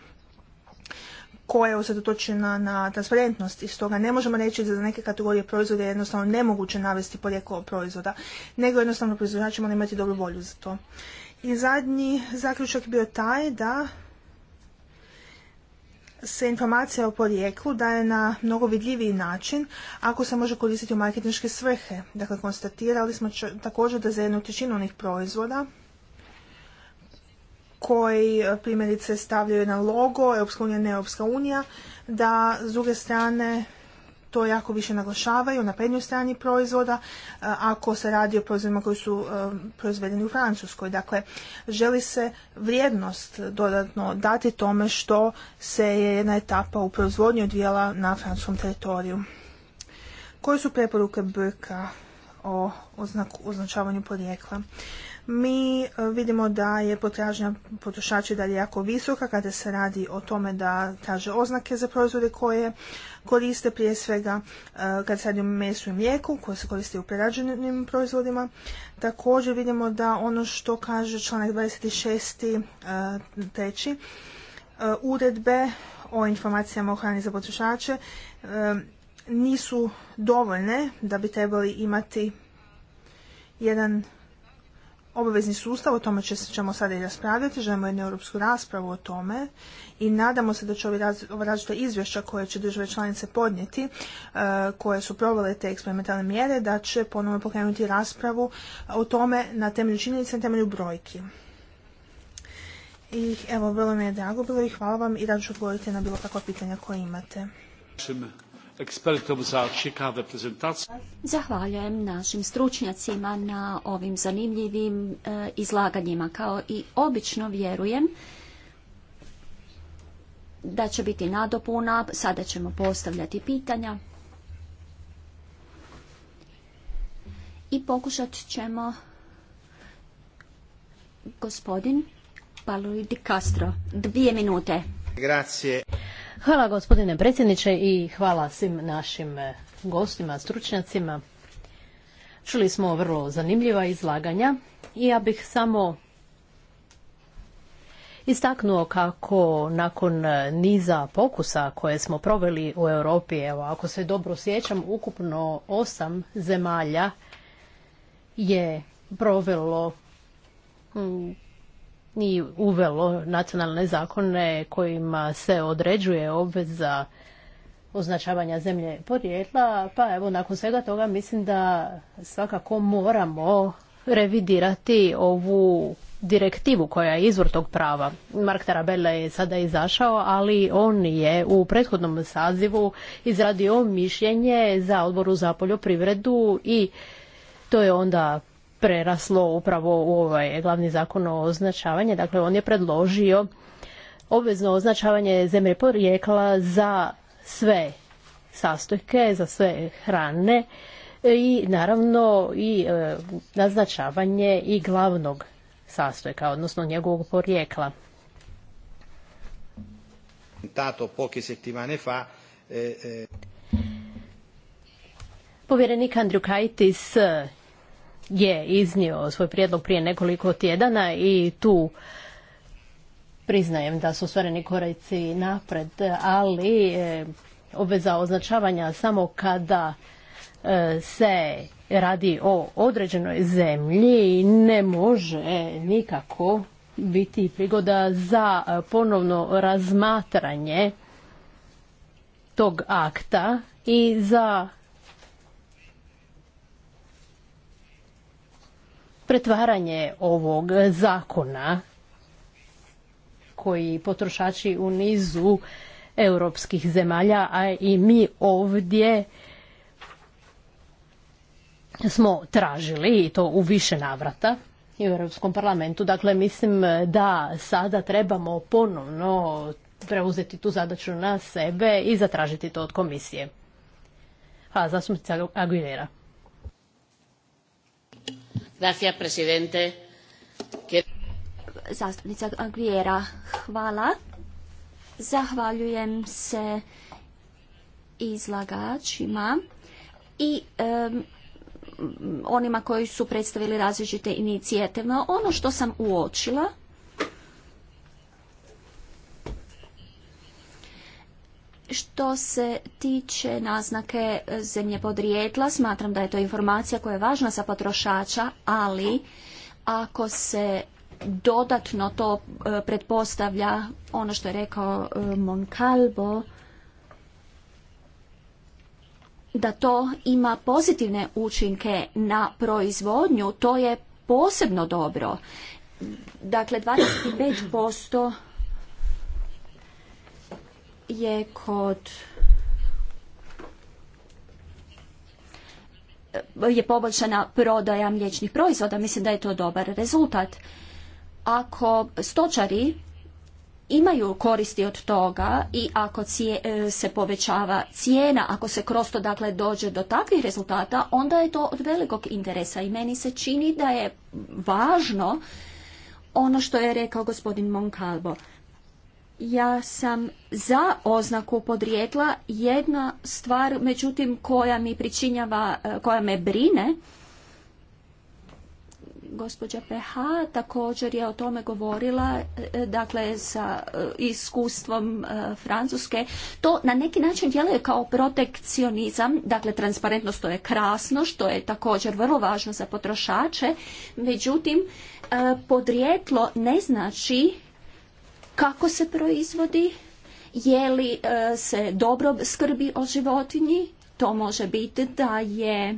koja je usredotočena na transparentnost i stoga ne možemo reći da za neke kategorije proizvoda je jednostavno nemoguće navesti porijeklo proizvoda, nego jednostavno proizvođači moraju imati dobru volju za to. I zadnji zaključak bio taj da se informacija o porijeklu daje na mnogo vidljiviji način ako se može koristiti u marketinške svrhe. Dakle, konstatirali smo također da za jednu tičinu onih proizvoda koji e, primjerice stavljaju na logo Europska unija, ne Europska unija, da s druge strane to jako više naglašavaju na prednjoj strani proizvoda e, ako se radi o proizvodima koji su e, proizvedeni u Francuskoj. Dakle, želi se vrijednost dodatno dati tome što se je jedna etapa u proizvodnji odvijela na francuskom teritoriju. Koje su preporuke bk o označavanju porijekla? Mi e, vidimo da je potražnja potrošača dalje jako visoka kada se radi o tome da traže oznake za proizvode koje koriste prije svega e, kada se radi o mesu i mlijeku koje se koriste u prerađenim proizvodima. Također vidimo da ono što kaže članak 26. E, treći uredbe o informacijama o hrani za potrošače nisu dovoljne da bi trebali imati jedan obavezni sustav, o tome ćemo sada i raspravljati, želimo jednu europsku raspravu o tome i nadamo se da će ova različita izvješća koje će države članice podnijeti, e, koje su provale te eksperimentalne mjere, da će ponovno pokrenuti raspravu o tome na temelju činjenica, na temelju brojki. I evo, bilo mi je drago bilo i hvala vam i rado ću odgovoriti na bilo kakva pitanja koje imate ekspertom za čekave prezentacije. Zahvaljujem našim stručnjacima na ovim zanimljivim e, izlaganjima. Kao i obično vjerujem da će biti nadopuna. Sada ćemo postavljati pitanja. I pokušat ćemo gospodin Paloidi Di Castro. Dvije minute. Grazie. Hvala gospodine predsjedniče i hvala svim našim eh, gostima, stručnjacima. Čuli smo vrlo zanimljiva izlaganja i ja bih samo istaknuo kako nakon eh, niza pokusa koje smo proveli u Europi, evo ako se dobro sjećam, ukupno osam zemalja je provelo mm, i uvelo nacionalne zakone kojima se određuje obveza označavanja zemlje porijekla, pa evo nakon svega toga mislim da svakako moramo revidirati ovu direktivu koja je izvor tog prava. Mark Tarabella je sada izašao, ali on je u prethodnom sazivu izradio mišljenje za odboru za poljoprivredu i to je onda preraslo upravo u ovaj glavni zakon o označavanje. Dakle, on je predložio obvezno označavanje zemlje porijekla za sve sastojke, za sve hrane i naravno i e, naznačavanje i glavnog sastojka, odnosno njegovog porijekla. Poche settimane fa, e, e. Povjerenik Andriukaitis je iznio svoj prijedlog prije nekoliko tjedana i tu priznajem da su stvareni koraci napred, ali e, obveza označavanja samo kada e, se radi o određenoj zemlji ne može nikako biti prigoda za ponovno razmatranje tog akta i za pretvaranje ovog zakona koji potrošači u nizu europskih zemalja, a i mi ovdje smo tražili i to u više navrata i u Europskom parlamentu. Dakle, mislim da sada trebamo ponovno preuzeti tu zadaću na sebe i zatražiti to od komisije. Hvala, zastupnica Aguilera. Gracias, presidente. Zastupnica Aguilera, hvala. Zahvaljujem se izlagačima i onima koji su predstavili različite inicijative. Ono što sam uočila Što se tiče naznake e, zemlje podrijetla, smatram da je to informacija koja je važna za potrošača, ali ako se dodatno to e, pretpostavlja ono što je rekao e, Moncalbo, da to ima pozitivne učinke na proizvodnju, to je posebno dobro. Dakle, 25% je kod je poboljšana prodaja mliječnih proizvoda. Mislim da je to dobar rezultat. Ako stočari imaju koristi od toga i ako cije, e, se povećava cijena, ako se kroz to dakle dođe do takvih rezultata, onda je to od velikog interesa i meni se čini da je važno ono što je rekao gospodin Moncalvo ja sam za oznaku podrijetla. Jedna stvar, međutim, koja mi pričinjava, e, koja me brine, gospođa PH također je o tome govorila, e, dakle, sa e, iskustvom Francuske. To na neki način djeluje kao protekcionizam, dakle, transparentnost to je krasno, što je također vrlo važno za potrošače, međutim, podrijetlo ne znači kako se proizvodi, je li e, se dobro skrbi o životinji, to može biti da je e,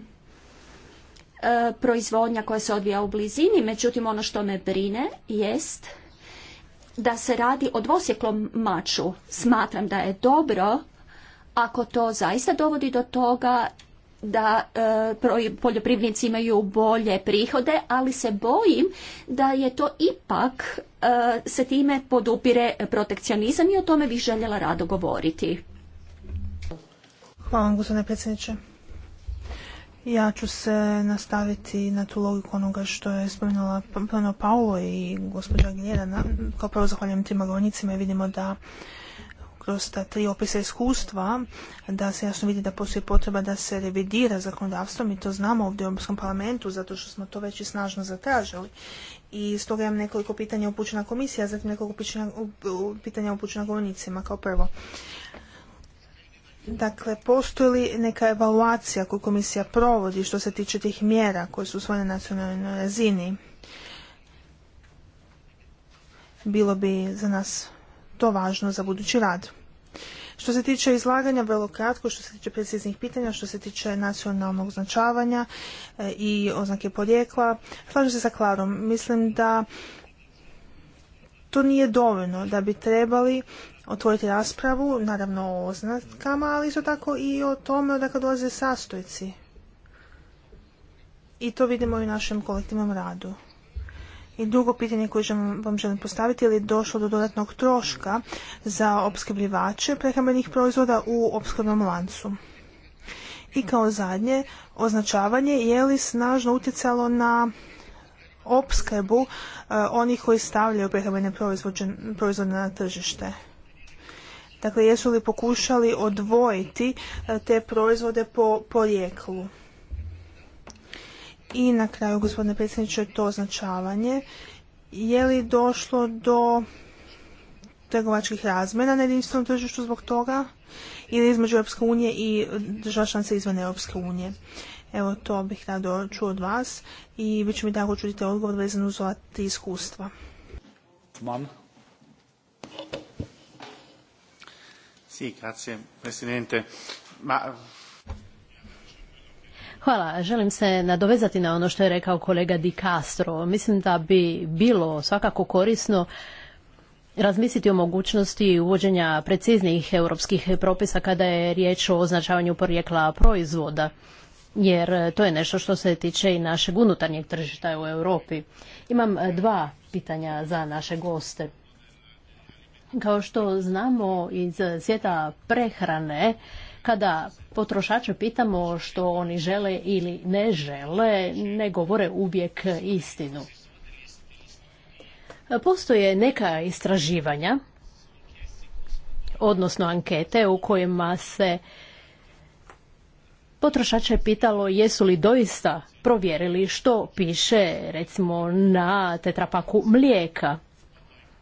proizvodnja koja se odvija u blizini, međutim ono što me brine jest da se radi o dvosjeklom maču. Smatram da je dobro ako to zaista dovodi do toga da e, poljoprivrednici imaju bolje prihode, ali se bojim da je to ipak e, se time podupire protekcionizam i o tome bih željela rado govoriti. Hvala vam, gospodine predsjedniče. Ja ću se nastaviti na tu logiku onoga što je spomenula Pano Paolo i gospođa Gljera. Kao prvo zahvaljujem tim govornicima i vidimo da kroz tri opisa iskustva da se jasno vidi da postoji potreba da se revidira zakonodavstvo. Mi to znamo ovdje u Europskom parlamentu zato što smo to već i snažno zatražili. I stoga imam nekoliko pitanja upućena komisija, a zatim nekoliko pitanja upućena govornicima kao prvo. Dakle, postoji li neka evaluacija koju komisija provodi što se tiče tih mjera koje su usvojene na nacionalnoj razini? Bilo bi za nas to važno za budući rad. Što se tiče izlaganja, vrlo kratko, što se tiče preciznih pitanja, što se tiče nacionalnog označavanja e, i oznake porijekla, slažem se sa Klarom. Mislim da to nije dovoljno, da bi trebali otvoriti raspravu, naravno o oznakama, ali isto tako i o tome odakle dolaze sastojci. I to vidimo i u našem kolektivnom radu. I drugo pitanje koje vam želim postaviti je li došlo do dodatnog troška za opskrbljivače prehrambenih proizvoda u opskrbnom lancu. I kao zadnje, označavanje je li snažno utjecalo na opskrbu e, onih koji stavljaju prehrambene proizvode na tržište. Dakle, jesu li pokušali odvojiti e, te proizvode po porijeklu? I na kraju, gospodine predsjedniče, to označavanje. Je li došlo do trgovačkih razmjena na jedinstvenom tržištu zbog toga ili između Europske unije i država članica izvan Europske unije? Evo, to bih rado čuo od vas i bit će mi tako čuditi odgovor vezan uz iskustva. Mam. Sì, grazie Presidente. Hvala. Želim se nadovezati na ono što je rekao kolega Di Castro. Mislim da bi bilo svakako korisno razmisliti o mogućnosti uvođenja preciznijih europskih propisa kada je riječ o označavanju porijekla proizvoda jer to je nešto što se tiče i našeg unutarnjeg tržišta u Europi. Imam dva pitanja za naše goste. Kao što znamo iz svijeta prehrane, kada potrošače pitamo što oni žele ili ne žele, ne govore uvijek istinu. Postoje neka istraživanja, odnosno ankete u kojima se potrošače pitalo jesu li doista provjerili što piše recimo na tetrapaku mlijeka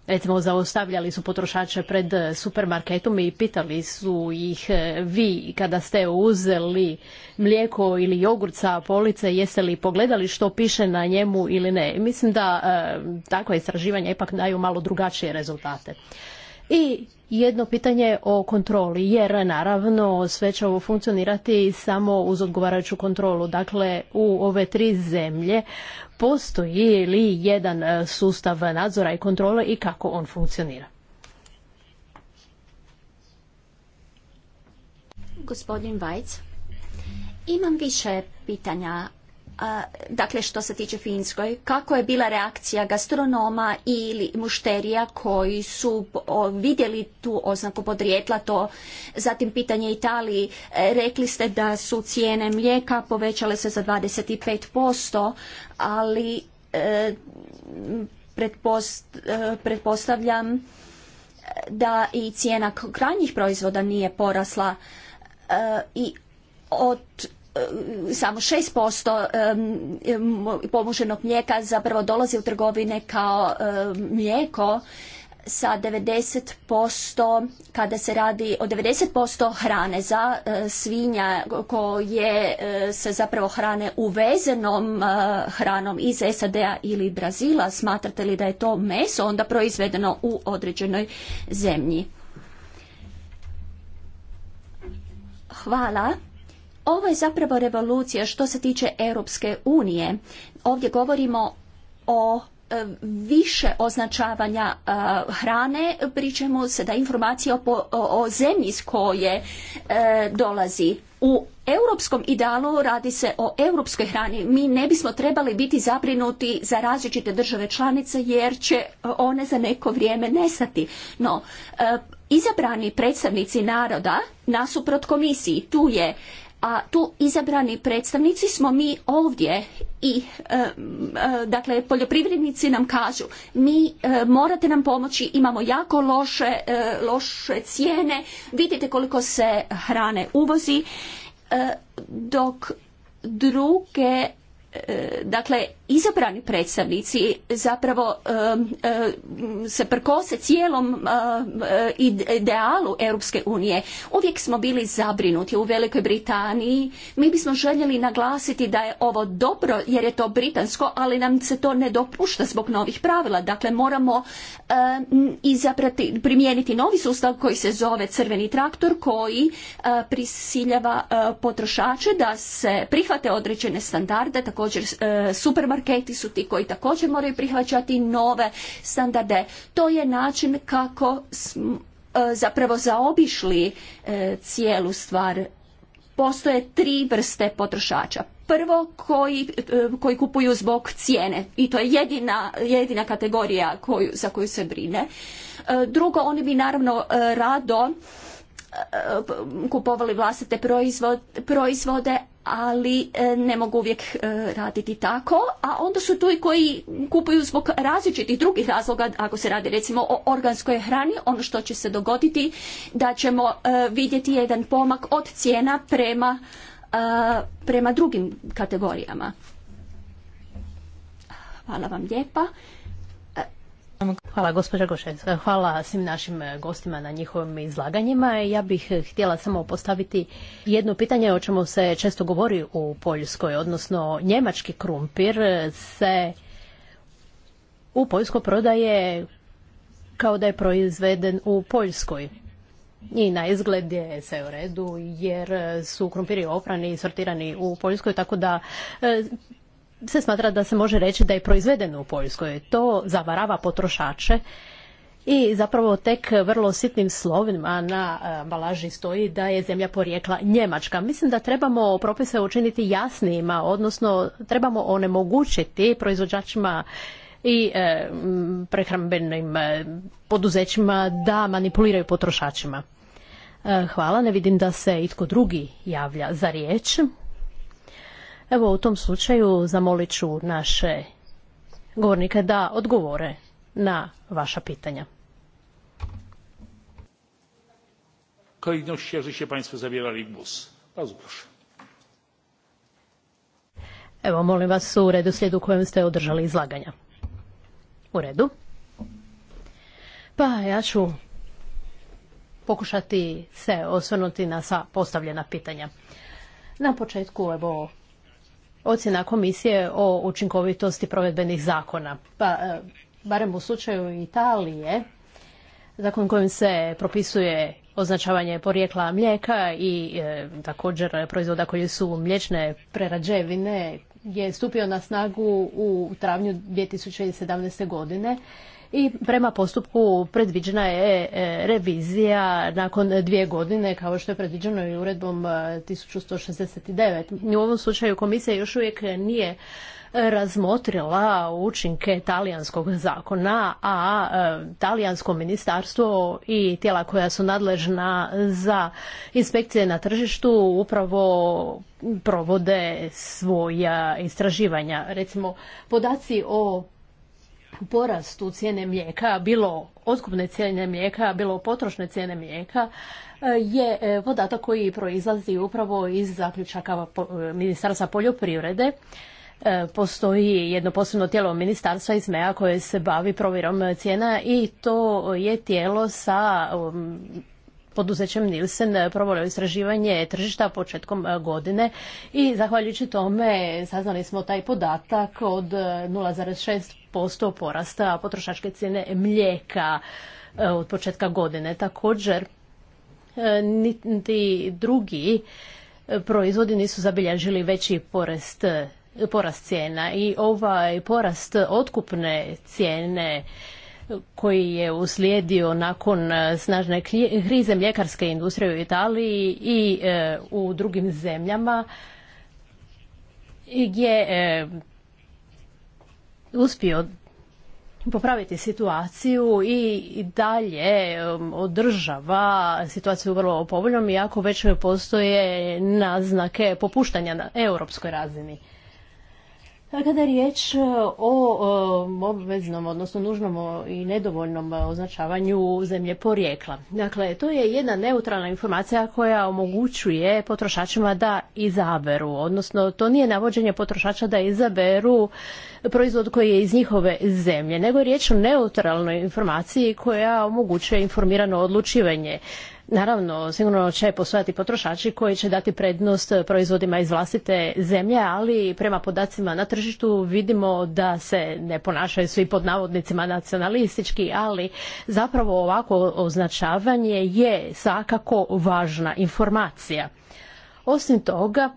recimo zaostavljali su potrošače pred supermarketom i pitali su ih e, vi kada ste uzeli mlijeko ili jogurt sa police jeste li pogledali što piše na njemu ili ne. Mislim da e, takva istraživanja ipak daju malo drugačije rezultate. I jedno pitanje o kontroli, jer naravno sve će ovo funkcionirati samo uz odgovarajuću kontrolu. Dakle, u ove tri zemlje postoji li jedan sustav nadzora i kontrole i kako on funkcionira? Gospodin Vajc, imam više pitanja dakle što se tiče Finskoj, kako je bila reakcija gastronoma ili mušterija koji su vidjeli tu oznaku podrijetla, to zatim pitanje Italiji, e, rekli ste da su cijene mlijeka povećale se za 25%, ali e, e, pretpostavljam da i cijena krajnjih proizvoda nije porasla i od samo 6% pomuženog mlijeka zapravo dolazi u trgovine kao mlijeko sa 90% kada se radi o 90% hrane za e, svinja koje e, se zapravo hrane uvezenom e, hranom iz SAD-a ili Brazila smatrate li da je to meso onda proizvedeno u određenoj zemlji Hvala ovo je zapravo revolucija što se tiče Europske unije. Ovdje govorimo o e, više označavanja e, hrane, pričemu se da informacija o, zemlji s koje e, dolazi. U europskom idealu radi se o europskoj hrani. Mi ne bismo trebali biti zabrinuti za različite države članice jer će one za neko vrijeme nestati. No, izabrani predstavnici naroda nasuprot komisiji, tu je a tu izabrani predstavnici smo mi ovdje i e, e, dakle poljoprivrednici nam kažu mi e, morate nam pomoći imamo jako loše, loše cijene vidite koliko se hrane uvozi dok druge dakle izabrani predstavnici zapravo se prkose cijelom idealu Europske unije. Uvijek smo bili zabrinuti u Velikoj Britaniji. Mi bismo željeli naglasiti da je ovo dobro jer je to britansko, ali nam se to ne dopušta zbog novih pravila. Dakle, moramo izabrati, primijeniti novi sustav koji se zove crveni traktor koji prisiljava potrošače da se prihvate određene standarde, također supermarkete supermarketi su ti koji također moraju prihvaćati nove standarde. To je način kako smo e, zapravo zaobišli e, cijelu stvar. Postoje tri vrste potrošača. Prvo koji, e, koji kupuju zbog cijene i to je jedina, jedina kategorija koju, za koju se brine. Drugo, oni bi naravno rado kupovali vlastite proizvode, ali e, ne mogu uvijek e, raditi tako, a onda su tu i koji kupuju zbog različitih drugih razloga, ako se radi recimo o organskoj hrani, ono što će se dogoditi da ćemo e, vidjeti jedan pomak od cijena prema, prema drugim kategorijama. Hvala vam lijepa. Hvala gospođa Gošenska, hvala svim našim gostima na njihovim izlaganjima. Ja bih htjela samo postaviti jedno pitanje o čemu se često govori u Poljskoj, odnosno njemački krumpir se u Poljskoj prodaje kao da je proizveden u Poljskoj. I na izgled je sve u redu jer su krumpiri oprani i sortirani u Poljskoj, tako da se smatra da se može reći da je proizvedeno u Poljskoj. To zavarava potrošače i zapravo tek vrlo sitnim slovima na e, balaži stoji da je zemlja porijekla Njemačka. Mislim da trebamo propise učiniti jasnijima, odnosno trebamo onemogućiti proizvođačima i e, prehrambenim e, poduzećima da manipuliraju potrošačima. hvala, ne vidim da se itko drugi javlja za riječ. Evo u tom slučaju zamolit ću naše govornike da odgovore na vaša pitanja. Evo, molim vas u redu slijedu kojem ste održali izlaganja. U redu. Pa ja ću pokušati se osvrnuti na sva postavljena pitanja. Na početku, evo, ocjena komisije o učinkovitosti provedbenih zakona. Pa, e, barem u slučaju Italije, zakon kojim se propisuje označavanje porijekla mlijeka i e, također proizvoda koji su mliječne prerađevine je stupio na snagu u travnju 2017. godine i prema postupku predviđena je e, e, revizija nakon dvije godine kao što je predviđeno i uredbom 1169. E, U ovom slučaju komisija još uvijek nije razmotrila učinke talijanskog zakona, a talijansko ministarstvo i tijela koja su nadležna za inspekcije na tržištu upravo provode svoja istraživanja. Recimo, podaci o porastu cijene mlijeka, bilo otkupne cijene mlijeka, bilo potrošne cijene mlijeka, e, je e, podatak koji proizlazi upravo iz zaključaka e, Ministarstva poljoprivrede. Postoji jedno posebno tijelo ministarstva iz MEA koje se bavi provjerom cijena i to je tijelo sa poduzećem Nilsen provelo istraživanje tržišta početkom godine i zahvaljujući tome saznali smo taj podatak od 0,6 5% porasta potrošačke cijene mlijeka e, od početka godine. Također, e, niti drugi e, proizvodi nisu zabilježili veći porast porast cijena i ovaj porast otkupne cijene koji je uslijedio nakon snažne krize mljekarske industrije u Italiji i u drugim zemljama je uspio popraviti situaciju i dalje um, održava situaciju vrlo povoljnom iako već postoje naznake popuštanja na europskoj razini. Kada je riječ e, o e, obveznom, odnosno nužnom i nedovoljnom e, označavanju zemlje porijekla. Dakle, to je jedna neutralna informacija koja omogućuje potrošačima da izaberu, odnosno to nije navođenje potrošača da izaberu proizvod koji je iz njihove zemlje, nego je riječ o neutralnoj informaciji koja omogućuje informirano odlučivanje. Naravno, sigurno će postojati potrošači koji će dati prednost proizvodima iz vlastite zemlje, ali prema podacima na tržištu vidimo da se ne ponašaju svi pod navodnicima nacionalistički, ali zapravo ovako označavanje je svakako važna informacija. Osim toga,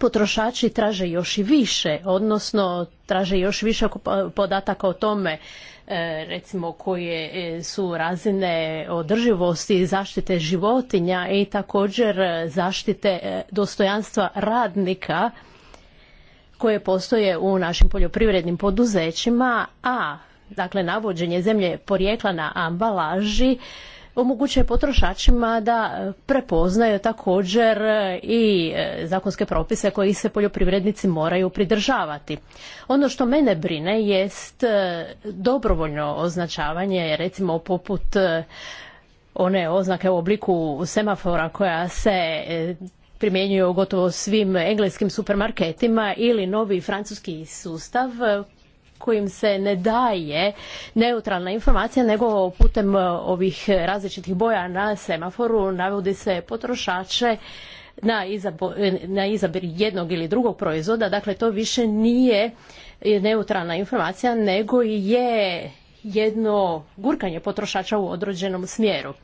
potrošači traže još i više, odnosno traže još više podataka o tome E, recimo koje e, su razine održivosti zaštite životinja i također zaštite e, dostojanstva radnika koje postoje u našim poljoprivrednim poduzećima, a dakle navođenje zemlje porijekla na ambalaži omogućuje potrošačima da e, prepoznaju također e, i e, zakonske propise koji se poljoprivrednici moraju pridržavati. Ono što mene brine jest dobrovoljno označavanje, recimo poput one oznake u obliku semafora koja se primjenjuje gotovo svim engleskim supermarketima ili novi francuski sustav kojim se ne daje neutralna informacija nego putem e, ovih različitih boja na semaforu navodi se potrošače e, na izabir jednog ili drugog proizvoda, dakle to više nije neutralna informacija nego je jedno gurkanje potrošača u određenom smjeru.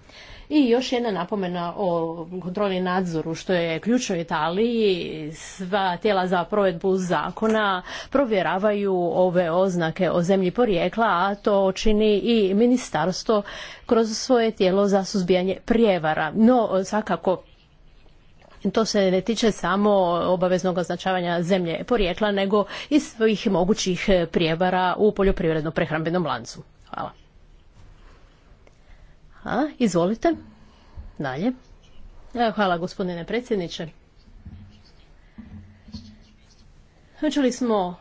I još jedna napomena o kontroli nadzoru, što je ključ u Italiji. Sva tijela za provedbu zakona provjeravaju ove oznake o zemlji porijekla, a to čini i ministarstvo kroz svoje tijelo za suzbijanje prijevara. No, svakako, to se ne tiče samo obaveznog označavanja zemlje porijekla, nego i svojih mogućih prijevara u poljoprivredno-prehrambenom lancu. Hvala. A, izvolite. Dalje. Hvala gospodine predsjedniče. Čuli smo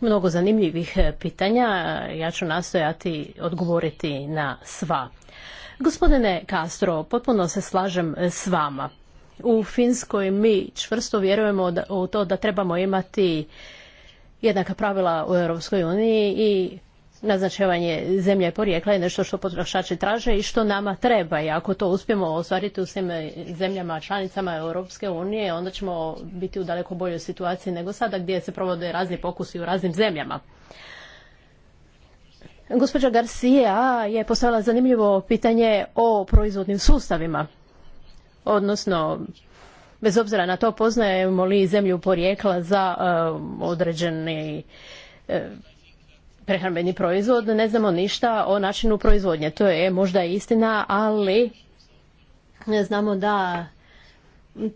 mnogo zanimljivih e, pitanja. Ja ću nastojati odgovoriti na sva. Gospodine Castro, potpuno se slažem e, s vama. U Finskoj mi čvrsto vjerujemo u to da trebamo imati jednaka pravila u Europskoj uniji i naznačivanje zemlje porijekla je nešto što potrošači traže i što nama treba i ako to uspijemo ostvariti u svim eh, zemljama članicama Europske unije onda ćemo biti u daleko boljoj situaciji nego sada gdje se provode razni pokusi u raznim zemljama. Gospođa Garcia je postavila zanimljivo pitanje o proizvodnim sustavima, odnosno bez obzira na to poznajemo li zemlju porijekla za eh, određeni eh, prehrambeni proizvod, ne znamo ništa o načinu proizvodnje. To je možda istina, ali znamo da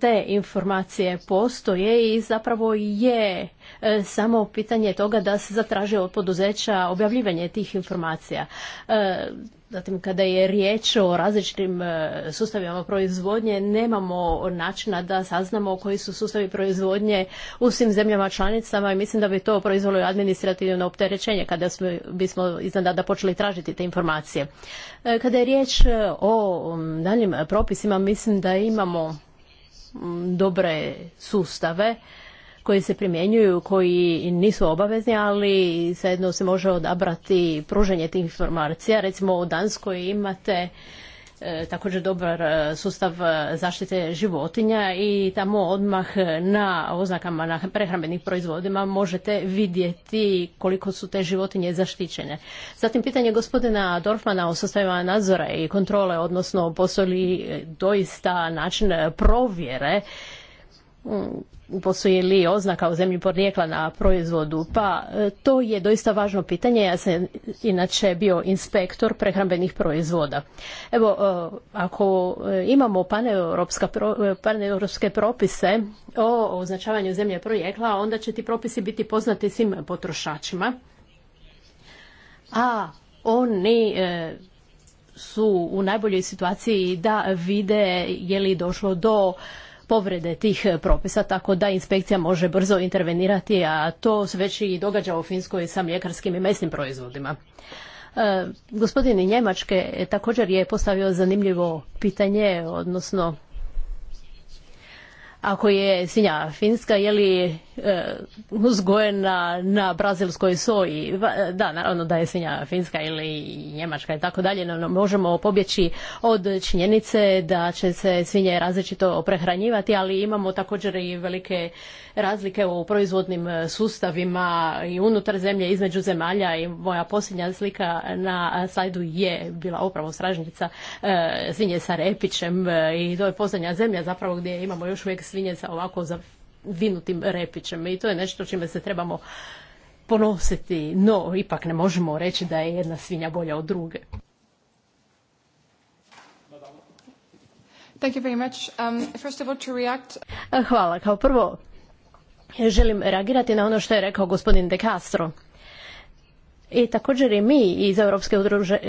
te informacije postoje i zapravo je e, samo pitanje toga da se zatraže od poduzeća objavljivanje tih informacija. E, Zatim, kada je riječ o različitim e, sustavima proizvodnje, nemamo načina da saznamo koji su sustavi proizvodnje u svim zemljama članicama i mislim da bi to proizvalo administrativno opterećenje kada smo, bismo da počeli tražiti te informacije. E, kada je riječ e, o daljim propisima, mislim da imamo dobre sustave koji se primjenjuju, koji nisu obavezni, ali svejedno se može odabrati pruženje tih informacija. Recimo u Danskoj imate e, također dobar e, sustav e, zaštite životinja i tamo odmah na oznakama na prehrambenih proizvodima možete vidjeti koliko su te životinje zaštićene. Zatim pitanje gospodina Dorfmana o sustavima nadzora i kontrole, odnosno postoji li doista način provjere Mm, postoji li oznaka o zemlji porijekla na proizvodu? Pa e, to je doista važno pitanje. Ja sam inače bio inspektor prehrambenih proizvoda. Evo, e, ako e, imamo paneuropske propise o označavanju zemlje porijekla, onda će ti propisi biti poznati svim potrošačima. A oni su u najboljoj situaciji da vide je li došlo do povrede tih propisa, tako da inspekcija može brzo intervenirati, a to se već i događa u Finskoj sa mljekarskim i mesnim proizvodima. E, gospodin Njemačke također je postavio zanimljivo pitanje, odnosno ako je svinja finska, je li e, uzgojena na brazilskoj soji? E, da, naravno da je svinja finska ili njemačka i tako dalje, možemo pobjeći od činjenice da će se svinje različito prehranjivati, ali imamo također i velike razlike u proizvodnim sustavima i unutar zemlje, između zemalja i moja posljednja slika na slajdu je bila upravo stražnjica e, svinje sa repićem i to je posljednja zemlja zapravo gdje imamo još uvijek sa ovako vinutim repićem i to je nešto čime se trebamo ponositi, no ipak ne možemo reći da je jedna svinja bolja od druge. Thank you um, Hvala. Kao prvo želim reagirati na ono što je rekao gospodin De Castro. I također i mi iz Europske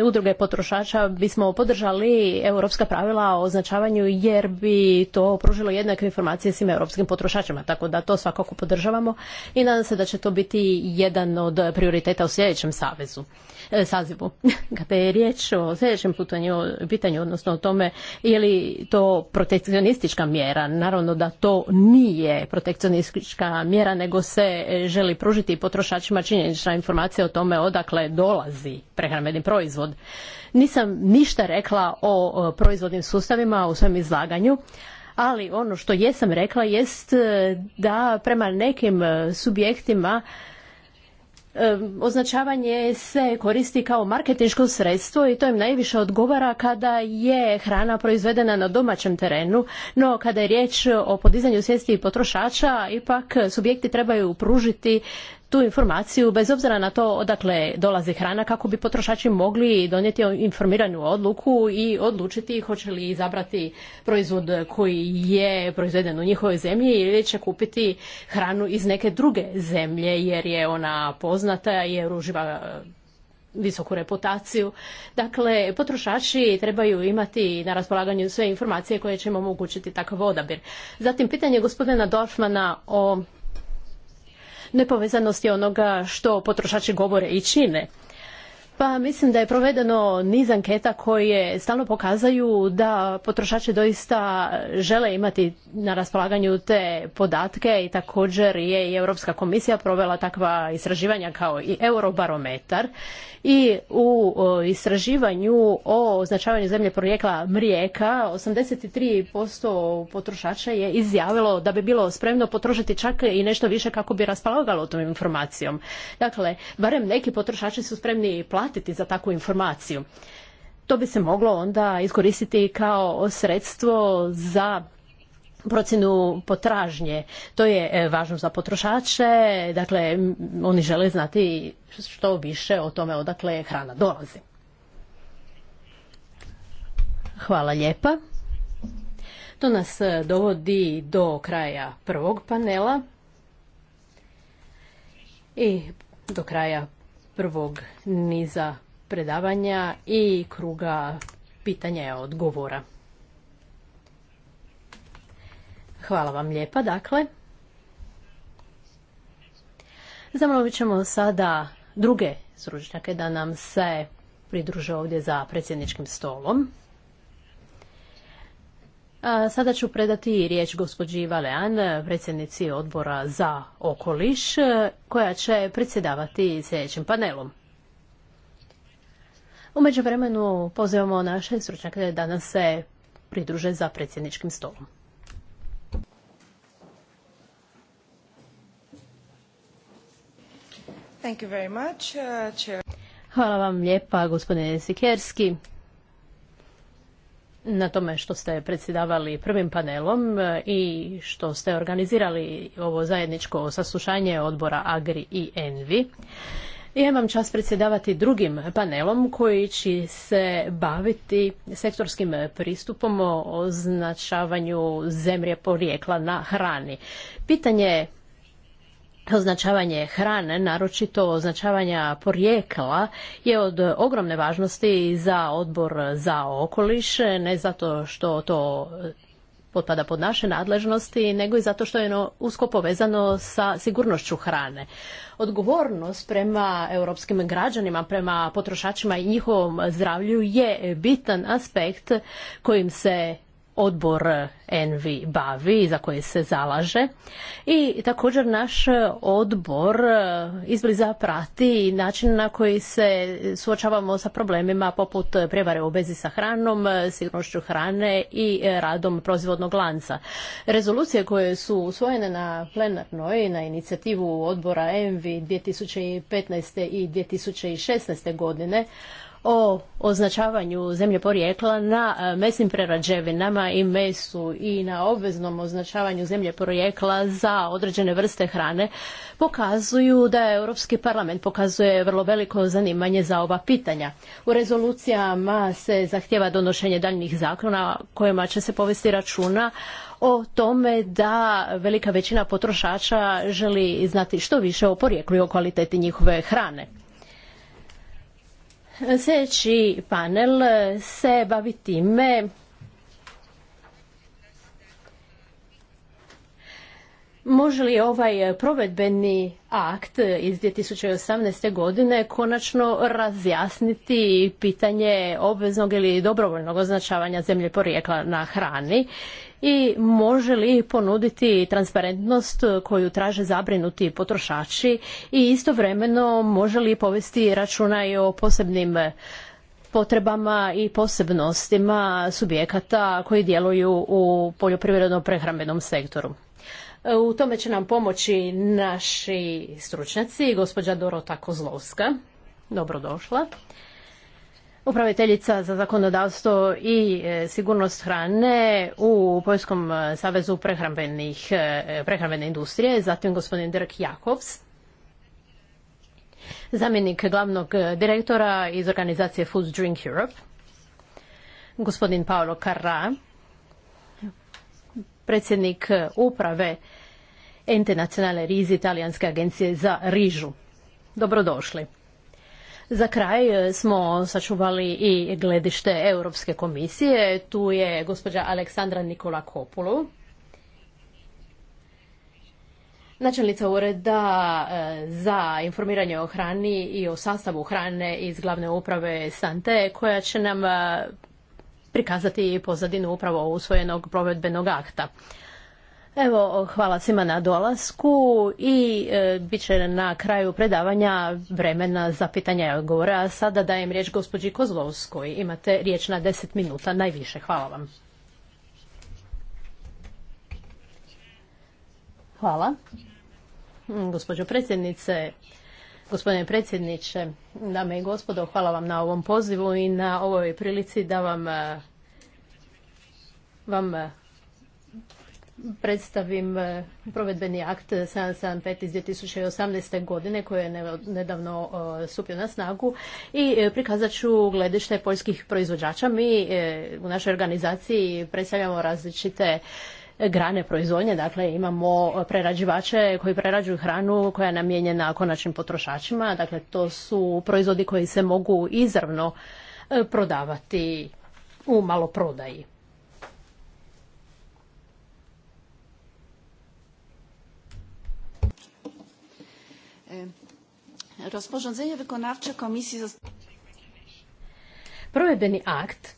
udruge potrošača bismo podržali europska pravila o označavanju jer bi to pružilo jednake informacije svim europskim potrošačima, tako da to svakako podržavamo i nadam se da će to biti jedan od prioriteta u sljedećem savezu, e, sazivu. Kada je riječ o sljedećem putanju, pitanju, odnosno o tome je li to protekcionistička mjera, naravno da to nije protekcionistička mjera, nego se želi pružiti potrošačima činjenična informacija o tome odakle dolazi prehrambeni proizvod. Nisam ništa rekla o proizvodnim sustavima u svom izlaganju, ali ono što jesam rekla jest e, da prema nekim e, subjektima e, označavanje se koristi kao marketinško sredstvo i to im najviše odgovara kada je hrana proizvedena na domaćem terenu, no kada je riječ o podizanju svijesti potrošača, ipak subjekti trebaju pružiti tu informaciju bez obzira na to odakle dolazi hrana kako bi potrošači mogli donijeti informiranu odluku i odlučiti hoće li izabrati proizvod koji je proizveden u njihovoj zemlji ili će kupiti hranu iz neke druge zemlje jer je ona poznata jer uživa e, visoku reputaciju. Dakle, potrošači trebaju imati na raspolaganju sve informacije koje će im omogućiti takav odabir. Zatim, pitanje gospodina Dorfmana o nepovezanosti onoga što potrošači govore i čine. Pa mislim da je provedeno niz anketa koje stalno pokazaju da potrošači doista žele imati na raspolaganju te podatke i također je i Europska komisija provela takva istraživanja kao i Eurobarometar i u istraživanju o označavanju zemlje porijekla mrijeka 83% potrošača je izjavilo da bi bilo spremno potrošiti čak i nešto više kako bi raspolagalo tom informacijom. Dakle, barem neki potrošači su spremni platiti za takvu informaciju. To bi se moglo onda iskoristiti kao sredstvo za procjenu potražnje. To je e, važno za potrošače, dakle oni žele znati što više o tome odakle hrana dolazi. Hvala lijepa. To nas e, dovodi do kraja prvog panela i do kraja prvog niza predavanja i kruga pitanja i odgovora. Hvala vam lijepa. Dakle, zamolit ćemo sada druge stručnjake da nam se pridruže ovdje za predsjedničkim stolom. sada ću predati riječ gospođi Valean, predsjednici odbora za okoliš, koja će predsjedavati sljedećim panelom. U međuvremenu pozivamo naše stručnjake da nam se pridruže za predsjedničkim stolom. Thank uh, Hvala vam lijepa, gospodine Sikerski, na tome što ste predsjedavali prvim panelom e, i što ste organizirali ovo zajedničko saslušanje odbora Agri i Envi. Ja imam čas predsjedavati drugim panelom koji će se baviti sektorskim pristupom o označavanju zemlje porijekla na hrani. Pitanje označavanje hrane, naročito označavanja porijekla, je od ogromne važnosti za odbor za okoliš, ne zato što to potpada pod naše nadležnosti, nego i zato što je ono usko povezano sa sigurnošću hrane. Odgovornost prema europskim građanima, prema potrošačima i njihovom zdravlju je bitan aspekt kojim se odbor Envi bavi i za koje se zalaže. I također naš odbor e, izbliza prati način na koji se suočavamo sa problemima poput prijevare u vezi sa hranom, sigurnošću hrane i radom proizvodnog lanca. Rezolucije koje su usvojene na plenarnoj na inicijativu odbora Envi 2015. i 2016. godine o označavanju zemlje porijekla na e, mesnim prerađevinama i mesu i na obveznom označavanju zemlje porijekla za određene vrste hrane pokazuju da Europski parlament pokazuje vrlo veliko zanimanje za ova pitanja. U rezolucijama se zahtjeva donošenje daljnjih zakona kojima će se povesti računa o tome da velika većina potrošača želi znati što više o porijeklu i o kvaliteti njihove hrane. Sljedeći panel se bavi time Može li ovaj provedbeni akt iz 2018. godine konačno razjasniti pitanje obveznog ili dobrovoljnog označavanja zemlje porijekla na hrani i može li ponuditi transparentnost koju traže zabrinuti potrošači i istovremeno može li povesti računa i o posebnim potrebama i posebnostima subjekata koji djeluju u poljoprivredno-prehrambenom sektoru. U tome će nam pomoći naši stručnjaci, gospođa Dorota Kozlovska. Dobrodošla upraviteljica za zakonodavstvo i e, sigurnost hrane u Poljskom e, savezu e, prehrambene industrije, zatim gospodin Dirk Jakovs, zamjenik glavnog direktora iz organizacije Food Drink Europe, gospodin Paolo Carra, predsjednik uprave Internacionalne rizi Italijanske agencije za rižu. Dobrodošli. Za kraj e, smo sačuvali i gledište Europske komisije. Tu je gospođa Aleksandra Nikola Kopulu. Načelnica ureda e, za informiranje o hrani i o sastavu hrane iz glavne uprave Sante koja će nam e, prikazati pozadinu upravo usvojenog provedbenog akta. Evo, hvala svima na dolasku i e, bit će na kraju predavanja vremena za pitanja i odgovora. A sada dajem riječ gospođi Kozlovskoj. Imate riječ na 10 minuta, najviše. Hvala vam. Hvala. Gospođo predsjednice, gospodine predsjedniče, dame i gospodo, hvala vam na ovom pozivu i na ovoj prilici da vam e, vam predstavim e, provedbeni akt 775 iz 2018. godine koji je nedavno e, stupio na snagu i e, prikazat ću gledište poljskih proizvođača. Mi u našoj organizaciji predstavljamo različite grane proizvodnje, dakle imamo prerađivače koji prerađuju hranu koja je namijenjena konačnim potrošačima, dakle to su proizvodi koji se mogu izravno prodavati u maloprodaji. E, rozporządzenie wykonawcze komisji... Provedbeni akt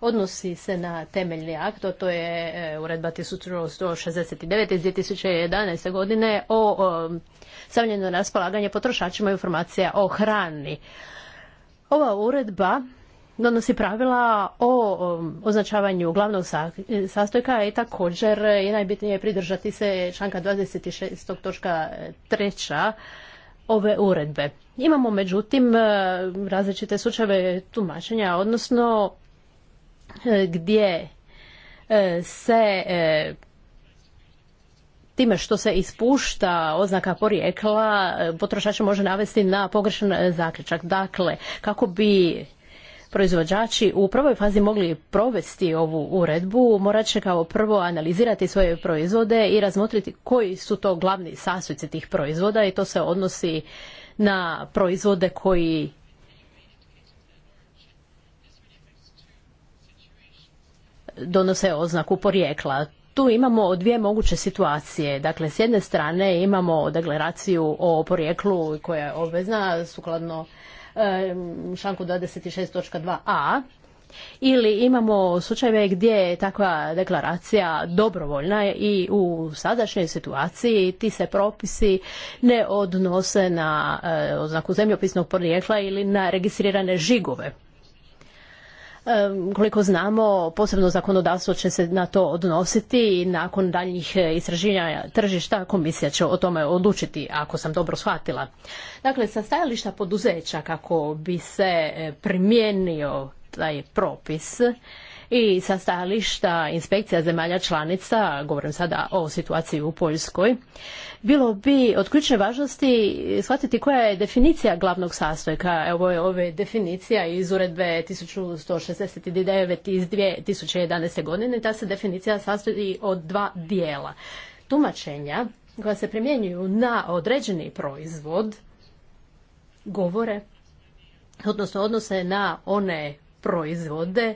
odnosi se na temeljni akt, a to je e, uredba 1169 iz 2011. godine o, o stavljanju na raspolaganje potrošačima informacija o hrani. Ova uredba donosi pravila o označavanju glavnog e, sastojka i također je najbitnije pridržati se članka 26. točka 3. ove uredbe. Imamo međutim e, različite slučajeve tumačenja, odnosno e, gdje se time što se ispušta oznaka porijekla potrošač može navesti na pogrešan zaključak. Dakle, kako bi proizvođači u prvoj fazi mogli provesti ovu uredbu, morat će kao prvo analizirati svoje proizvode i razmotriti koji su to glavni sastojci tih proizvoda i to se odnosi na proizvode koji donose oznaku porijekla. Tu imamo dvije moguće situacije. Dakle, s jedne strane imamo deklaraciju o porijeklu koja je obvezna sukladno članku 26.2a ili imamo slučajeve gdje je takva deklaracija dobrovoljna i u sadašnjoj situaciji ti se propisi ne odnose na e, oznaku zemljopisnog porijekla ili na registrirane žigove. Koliko znamo, posebno zakonodavstvo će se na to odnositi i nakon daljnjih e, istraživanja tržišta komisija će o tome odlučiti, ako sam dobro shvatila. Dakle, sa stajališta poduzeća kako bi se e, primijenio taj propis, i sa stajališta inspekcija zemalja članica, govorim sada o situaciji u Poljskoj, bilo bi od ključne važnosti shvatiti koja je definicija glavnog sastojka. Evo je ove definicija iz uredbe 1169 iz 2011. godine. Ta se definicija sastoji od dva dijela. Tumačenja koja se primjenjuju na određeni proizvod govore, odnosno odnose na one proizvode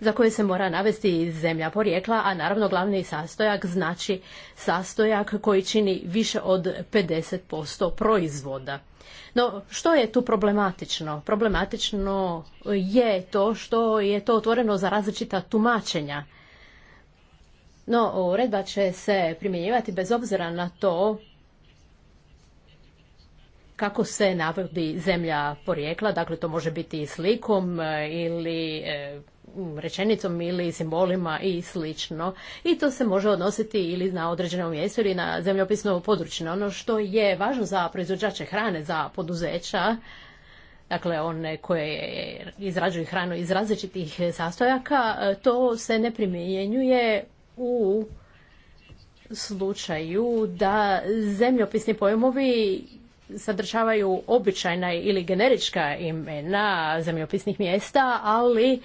za koje se mora navesti zemlja porijekla, a naravno glavni sastojak znači sastojak koji čini više od 50% proizvoda. No, što je tu problematično? Problematično je to što je to otvoreno za različita tumačenja. No, uredba će se primjenjivati bez obzira na to kako se navodi zemlja porijekla, dakle to može biti i slikom e, ili e, Mm, rečenicom ili simbolima i slično. I to se može odnositi ili na određeno mjesto ili na zemljopisno područje. Ono što je važno za proizvođače hrane, za poduzeća, dakle one koje izrađuju hranu iz različitih sastojaka, to se ne primjenjuje u slučaju da zemljopisni pojmovi sadržavaju običajna ili generička imena zemljopisnih mjesta, ali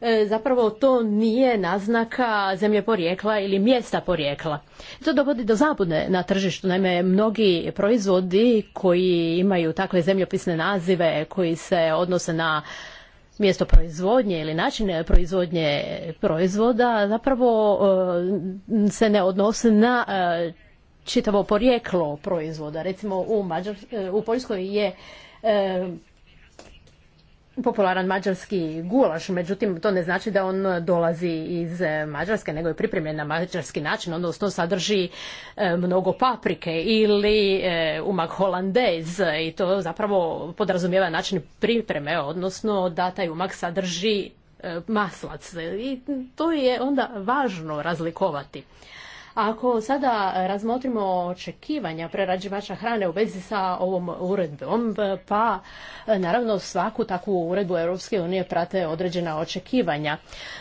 E, zapravo to nije naznaka zemlje porijekla ili mjesta porijekla. To dovodi do zabune na tržištu. Naime, mnogi proizvodi koji imaju takve zemljopisne nazive, koji se odnose na mjesto proizvodnje ili način proizvodnje proizvoda zapravo e, se ne odnose na e, čitavo porijeklo proizvoda. Recimo u, u Poljskoj je popularan mađarski gulaš, međutim to ne znači da on dolazi iz e, Mađarske, nego je pripremljen na mađarski način, odnosno sadrži e, mnogo paprike ili e, umak holandez i to zapravo podrazumijeva način pripreme, odnosno da taj umak sadrži maslac i to je onda važno razlikovati. Ako sada razmotrimo očekivanja prerađivača hrane u vezi sa ovom uredbom, pa e, naravno svaku takvu uredbu Europske unije prate određena očekivanja.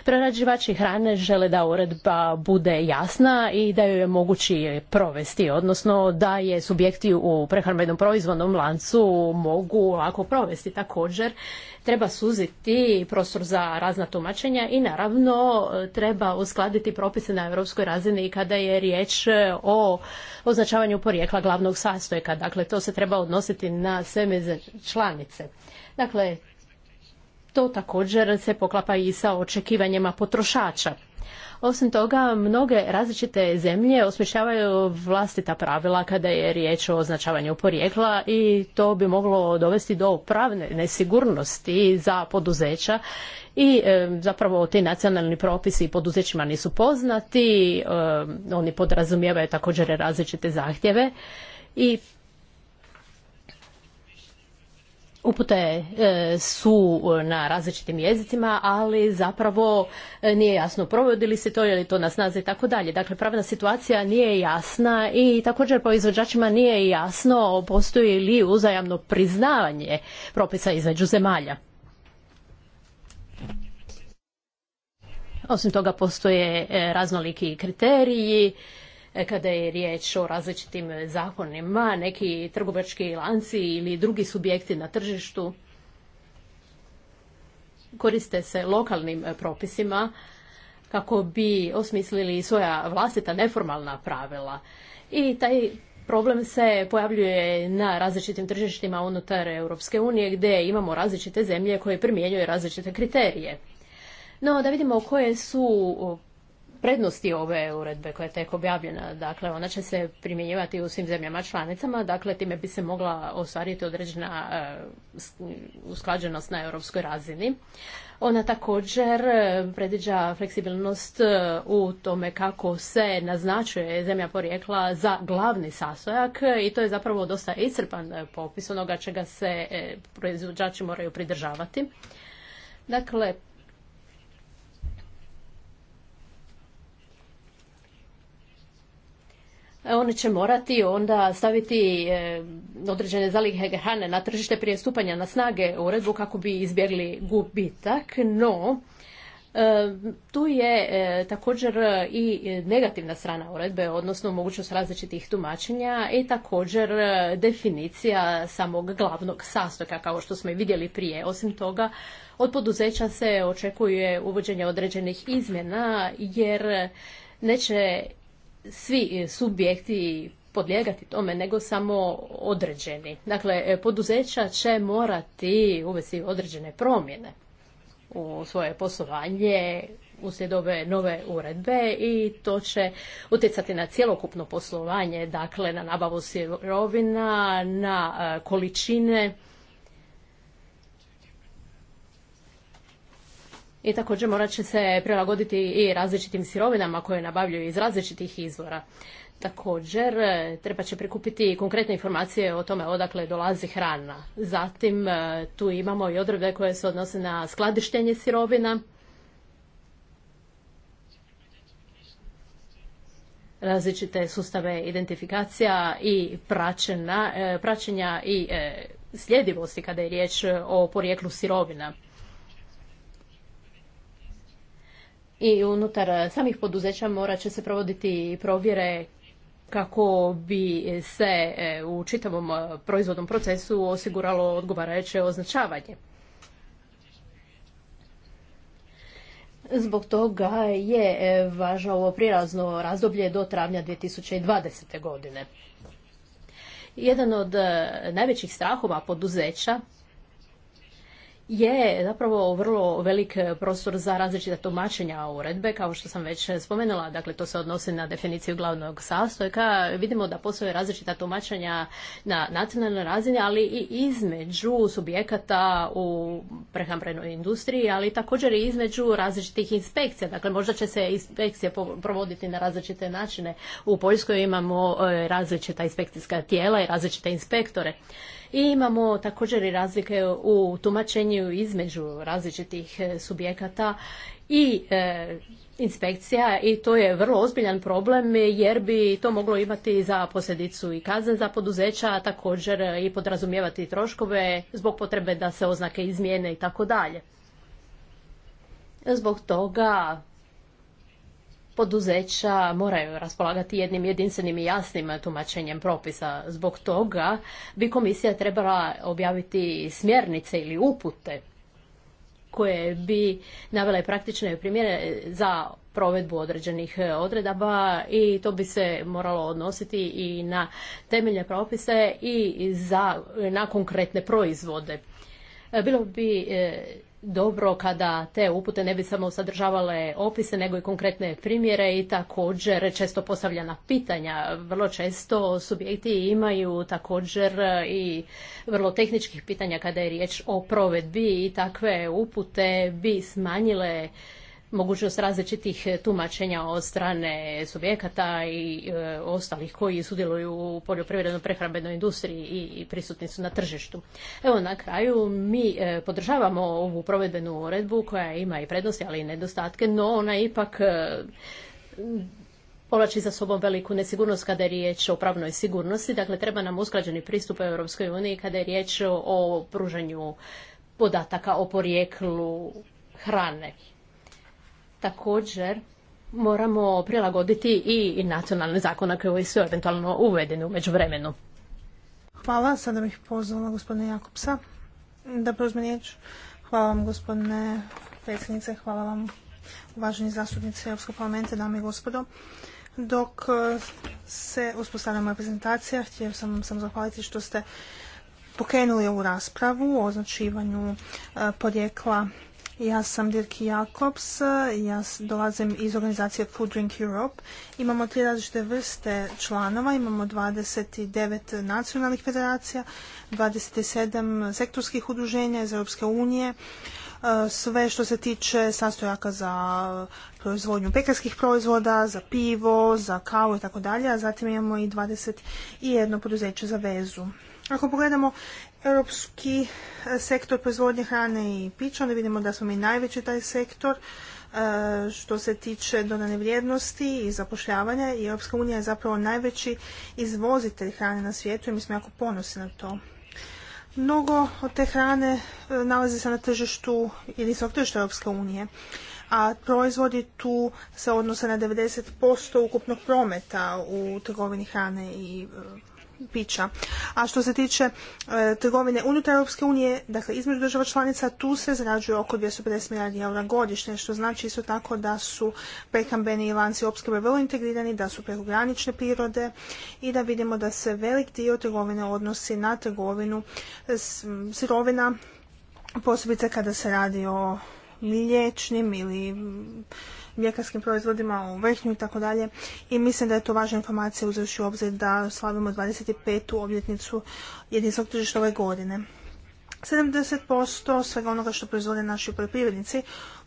Prerađivači hrane žele da uredba bude jasna i da ju je mogući provesti, odnosno da je subjekti u prehrambenom proizvodnom lancu mogu lako provesti također treba suziti prostor za razna tumačenja i naravno e, treba uskladiti propise na europskoj razini kada je riječ e, o označavanju porijekla glavnog sastojka. Dakle, to se treba odnositi na sve članice. Dakle, to također se poklapa i sa očekivanjima potrošača. Osim toga, mnoge različite zemlje osmišljavaju vlastita pravila kada je riječ o označavanju porijekla i to bi moglo dovesti do pravne nesigurnosti za poduzeća i e, zapravo ti nacionalni propisi poduzećima nisu poznati, e, oni podrazumijevaju također različite zahtjeve i upute e, su e, na različitim jezicima, ali zapravo e, nije jasno provodi li se to, je li to na snazi i tako dalje. Dakle, pravna situacija nije jasna i također po izvođačima nije jasno postoji li uzajamno priznavanje propisa između zemalja. Osim toga postoje raznoliki kriteriji E, kada je riječ o različitim zakonima, neki trgovački lanci ili drugi subjekti na tržištu koriste se lokalnim propisima kako bi osmislili svoja vlastita neformalna pravila. I taj problem se pojavljuje na različitim tržištima unutar Europske unije gdje imamo različite zemlje koje primjenjuju različite kriterije. No, da vidimo koje su prednosti ove uredbe koja je tek objavljena. Dakle, ona će se primjenjivati u svim zemljama članicama, dakle time bi se mogla ostvariti određena e, usklađenost na europskoj razini. Ona također e, predviđa fleksibilnost e, u tome kako se naznačuje zemlja porijekla za glavni sastojak i to je zapravo dosta iscrpan popis onoga čega se proizvođači moraju pridržavati. Dakle, oni će morati onda staviti e, određene zalihe hrane na tržište prije stupanja na snage uredbu kako bi izbjegli gubitak, no e, tu je e, također i negativna strana uredbe, odnosno mogućnost različitih tumačenja i također definicija samog glavnog sastojka, kao što smo i vidjeli prije. Osim toga, od poduzeća se očekuje uvođenje određenih izmjena, jer neće svi e, subjekti podlijegati tome, nego samo određeni. Dakle, e, poduzeća će morati uvesti određene promjene u svoje poslovanje uslijed ove nove uredbe i to će utjecati na cjelokupno poslovanje, dakle na nabavu sirovina, na e, količine i također morat će se prilagoditi i različitim sirovinama koje nabavljaju iz različitih izvora. Također, e, treba će prikupiti konkretne informacije o tome odakle dolazi hrana. Zatim, e, tu imamo i odredbe koje se odnose na skladištenje sirovina, različite sustave identifikacija i e, praćenja i sljedivosti kada je riječ o porijeklu sirovina. i unutar samih poduzeća morat će se provoditi provjere kako bi se e, u čitavom e, proizvodnom procesu osiguralo odgovarajuće označavanje. Zbog toga je e, važno ovo prirazno razdoblje do travnja 2020. godine. Jedan od najvećih strahova poduzeća je zapravo vrlo velik prostor za različita tumačenja uredbe, kao što sam već spomenula, dakle to se odnosi na definiciju glavnog sastojka. Vidimo da postoje različita tumačenja na nacionalnoj razini, ali i između subjekata u prehrambenoj industriji, ali također i između različitih inspekcija. Dakle, možda će se inspekcije provoditi na različite načine. U Poljskoj imamo e, različita inspekcijska tijela i različite inspektore. I imamo također i razlike u tumačenju između različitih e, subjekata i e, inspekcija i to je vrlo ozbiljan problem jer bi to moglo imati za posljedicu i kazne za poduzeća, a također i podrazumijevati troškove zbog potrebe da se oznake izmijene i tako dalje. Zbog toga poduzeća moraju raspolagati jednim jedinstvenim i jasnim tumačenjem propisa. Zbog toga bi komisija trebala objaviti smjernice ili upute koje bi navele praktične primjere za provedbu određenih odredaba i to bi se moralo odnositi i na temeljne propise i na konkretne proizvode. Bilo bi e, dobro kada te upute ne bi samo sadržavale opise, nego i konkretne primjere i također često postavljena pitanja. Vrlo često subjekti imaju također i vrlo tehničkih pitanja kada je riječ o provedbi i takve upute bi smanjile mogućnost različitih tumačenja od strane subjekata i e, ostalih koji sudjeluju u poljoprivrednoj prehrambenoj industriji i, prisutni su na tržištu. Evo na kraju mi e, podržavamo ovu provedbenu uredbu koja ima i prednosti ali i nedostatke, no ona ipak e, povlači za sobom veliku nesigurnost kada je riječ o pravnoj sigurnosti. Dakle, treba nam usklađeni pristup u Europskoj uniji kada je riječ o pružanju podataka o porijeklu hrane. Također moramo prilagoditi i nacionalne zakone koji su eventualno uvedeni u međuvremenu. Hvala, sada bih pozvala gospodine Jakobsa da preuzme riječ. Hvala vam gospodine predsjednice, hvala vam uvaženi zastupnici Europskog parlamenta, dame i gospodo. Dok eh, se uspostavlja moja prezentacija, htio sam vam sam zahvaliti što ste pokrenuli ovu raspravu o označivanju eh, podjekla ja sam Dirki Jakobs, ja dolazim iz organizacije Food Drink Europe. Imamo tri različite vrste članova, imamo 29 nacionalnih federacija, 27 sektorskih udruženja iz Europske unije, e, sve što se tiče sastojaka za proizvodnju pekarskih proizvoda, za pivo, za kavu i tako dalje, a zatim imamo i 21 poduzeće za vezu. Ako pogledamo europski e, sektor proizvodnje hrane i pića, onda vidimo da smo mi najveći taj sektor e, što se tiče dodane vrijednosti i zapošljavanja i Europska unija je zapravo najveći izvozitelj hrane na svijetu i mi smo jako ponosni na to. Mnogo od te hrane e, nalazi se na tržištu jedinstvenog tržišta Europske unije, a proizvodi tu se odnose na 90% ukupnog prometa u trgovini hrane i pića. A što se tiče e, trgovine unutar Europske unije, dakle između država članica, tu se zarađuje oko 250 milijardi eura godišnje, što znači isto tako da su prehrambeni lanci opskrbe vrlo integrirani, da su prekogranične prirode i da vidimo da se velik dio trgovine odnosi na trgovinu sirovina, posebice kada se radi o mliječnim ili mljekarskim proizvodima, u vrhnju i tako dalje. I mislim da je to važna informacija uzevši u obzir da slavimo 25. obljetnicu jedinstvog tržišta ove godine. 70% svega onoga što proizvode naši poljoprivrednici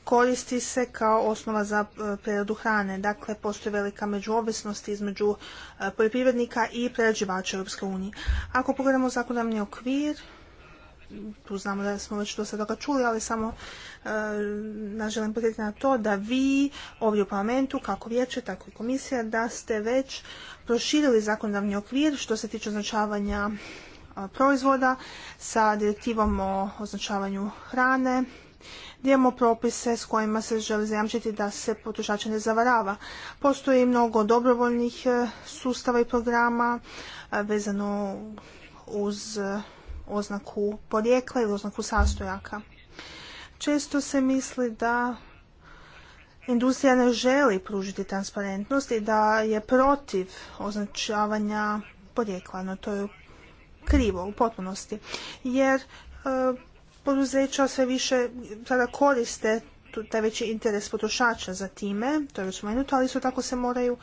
koristi se kao osnova za e, preradu hrane. Dakle, postoji velika međuobisnost između e, poljoprivrednika i prerađivača Europske unije. Ako pogledamo zakonodavni okvir, tu znamo da smo već dosta toga čuli, ali samo e, nas želim na to da vi ovdje u parlamentu, kako vijeće, tako i komisija, da ste već proširili zakonodavni okvir što se tiče označavanja e, proizvoda sa direktivom o označavanju hrane, gdje propise s kojima se želi zajamčiti da se potrošače ne zavarava. Postoji mnogo dobrovoljnih e, sustava i programa vezano uz oznaku porijekla ili oznaku sastojaka. Često se misli da industrija ne želi pružiti transparentnost i da je protiv označavanja porijekla, no to je krivo u potpunosti, jer e, poduzeća sve više sada koriste taj veći interes potrošača za time, to je već spomenuto, ali isto tako se moraju,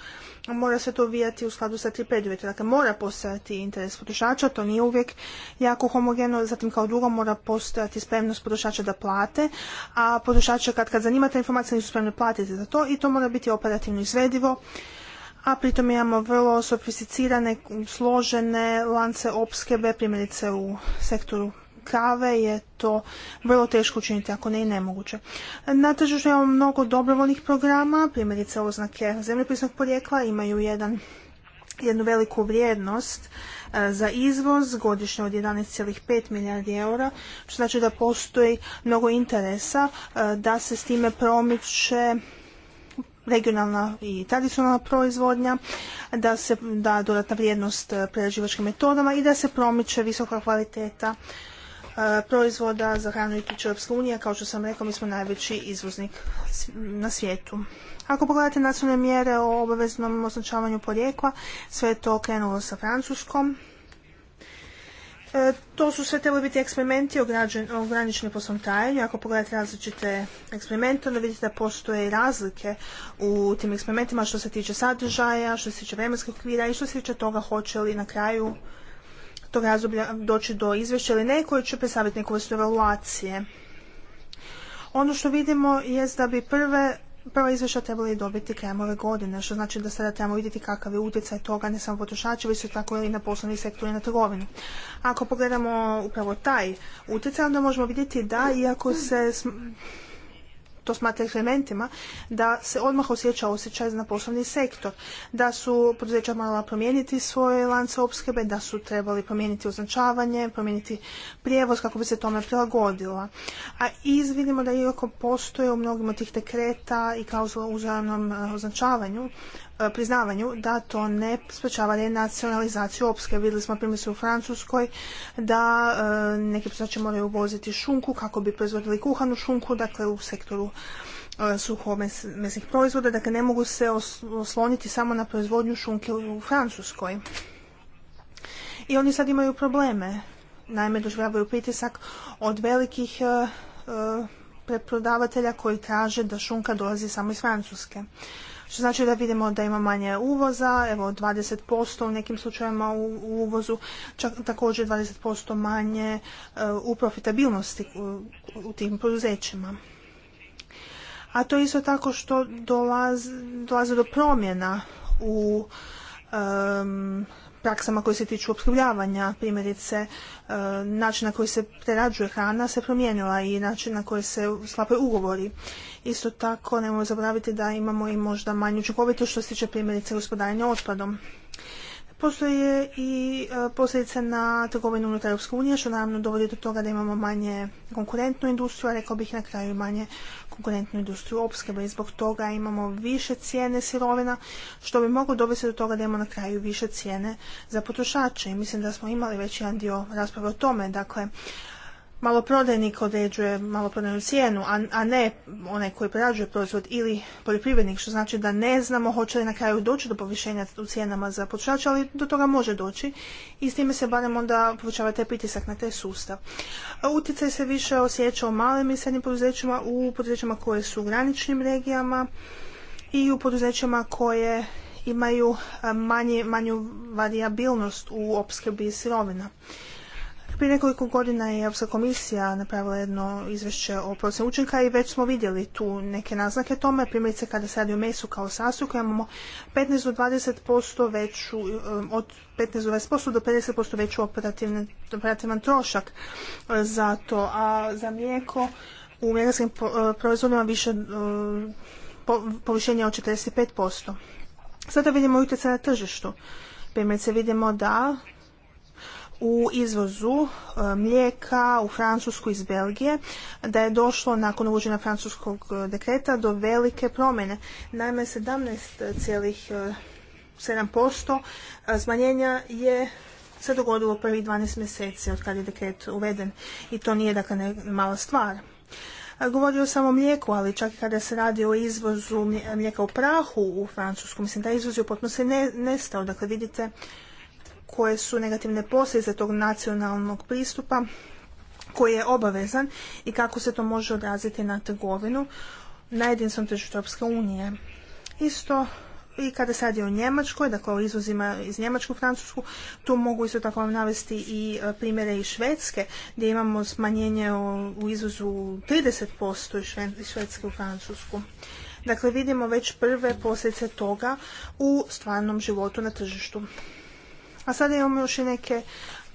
mora se to uvijati u skladu sa tri preduvjeta. Dakle, mora postojati interes potrošača, to nije uvijek jako homogeno, zatim kao drugo mora postojati spremnost potrošača da plate, a potrošača kad, kad zanima ta informacija nisu spremni platiti za to i to mora biti operativno izvedivo a pritom imamo vrlo sofisticirane, složene lance opskrbe, primjerice u sektoru kave je to vrlo teško učiniti, ako ne i nemoguće. Na tržištu imamo mnogo dobrovoljnih programa, primjerice oznake zemljopisnog porijekla imaju jedan jednu veliku vrijednost e, za izvoz godišnje od 11,5 milijardi eura, što znači da postoji mnogo interesa e, da se s time promiče regionalna i tradicionalna proizvodnja, da se da dodatna vrijednost prerađivačkim metodama i da se promiče visoka kvaliteta E, proizvoda za hranu i piće Kao što sam rekao, mi smo najveći izvoznik na svijetu. Ako pogledate nacionalne mjere o obaveznom označavanju porijekla, sve je to krenulo sa Francuskom. E, to su sve trebali biti eksperimenti o po svom trajanju. Ako pogledate različite eksperimente, onda vidite da postoje razlike u tim eksperimentima što se tiče sadržaja, što se tiče vremenskog okvira i što se tiče toga hoće li na kraju razdoblja doći do izvješća ili ne, koji će predstaviti evaluacije. Ono što vidimo je da bi prve prva izvješća trebali dobiti krajem ove godine, što znači da sada trebamo vidjeti kakav je utjecaj toga ne samo potrošača, već tako i na poslovni sektor i na trgovinu. Ako pogledamo upravo taj utjecaj, onda možemo vidjeti da, iako se to smatra elementima, da se odmah osjeća osjećaj na poslovni sektor, da su poduzeća morala promijeniti svoje lance opskrbe, da su trebali promijeniti označavanje, promijeniti prijevoz kako bi se tome prilagodila. A izvidimo da iako postoje u mnogim od tih dekreta i klauzula u e, označavanju, E, priznavanju da to ne sprečava renacionalizaciju opske. Vidjeli smo se u Francuskoj da e, neki moraju uvoziti šunku kako bi proizvodili kuhanu šunku, dakle u sektoru e, suhomesnih proizvoda, dakle ne mogu se osloniti samo na proizvodnju šunke u Francuskoj. I oni sad imaju probleme. Naime, doživljavaju pritisak od velikih e, preprodavatelja koji traže da šunka dolazi samo iz Francuske. Što znači da vidimo da ima manje uvoza, evo 20% u nekim slučajevima u, uvozu, čak također 20% manje e, u profitabilnosti u, tim poduzećima. A to je isto tako što dolazi, do promjena u praksama koje se tiču opskrbljavanja, primjerice e, način na koji se prerađuje hrana se promijenila i način na koji se sklapaju ugovori. Isto tako nemojmo zaboraviti da imamo i možda manju učinkovitost što se tiče primjerice gospodarenja otpadom. Postoje i e, posljedice na trgovinu unutar Europske unije, što naravno dovodi do toga da imamo manje konkurentnu industriju, a rekao bih na kraju manje konkurentnu industriju opskrbe i zbog toga imamo više cijene sirovina, što bi moglo dovesti do toga da imamo na kraju više cijene za potrošače. I mislim da smo imali već jedan dio rasprave o tome. Dakle, maloprodajnik određuje maloprodajnu cijenu, a, a ne onaj koji prerađuje proizvod ili poljoprivrednik, što znači da ne znamo hoće li na kraju doći do povišenja u cijenama za potrošače, ali do toga može doći i s time se barem onda povećava taj pritisak na taj sustav. Utjecaj se više osjeća u malim i srednjim poduzećima, u poduzećima koje su u graničnim regijama i u poduzećima koje imaju manje, manju variabilnost u opskrbi sirovina. Prije nekoliko godina je Europska komisija napravila jedno izvješće o procjeni učinka i već smo vidjeli tu neke naznake tome. Primjerice kada se radi o mesu kao sastojku imamo 15 do 20% veću, um, od 15 do 20% do 50% veću operativan trošak uh, za to, a za mlijeko u mljekarskim uh, proizvodima više uh, povišenje od 45%. Sada vidimo utjecaj na tržištu. Primjerice vidimo da u izvozu e, mlijeka u Francusku iz Belgije, da je došlo nakon uvođenja francuskog e, dekreta do velike promjene. Naime, 17,7% e, smanjenja je se dogodilo prvih 12 mjeseci od kad je dekret uveden i to nije dakle ne, mala stvar. Govorio sam o mlijeku, ali čak i kada se radi o izvozu mlijeka u prahu u Francusku, mislim da izvoz je potpuno se nestao. Dakle, vidite koje su negativne posljedice tog nacionalnog pristupa koji je obavezan i kako se to može odraziti na trgovinu na jedinstvenom tržištu Europske unije. Isto i kada se radi o Njemačkoj, dakle o izvozima iz Njemačku u Francusku, tu mogu isto tako vam navesti i e, primjere iz Švedske, gdje imamo smanjenje u izvozu 30% iz Švedske u Francusku. Dakle, vidimo već prve posljedice toga u stvarnom životu na tržištu. A sada imamo još i neke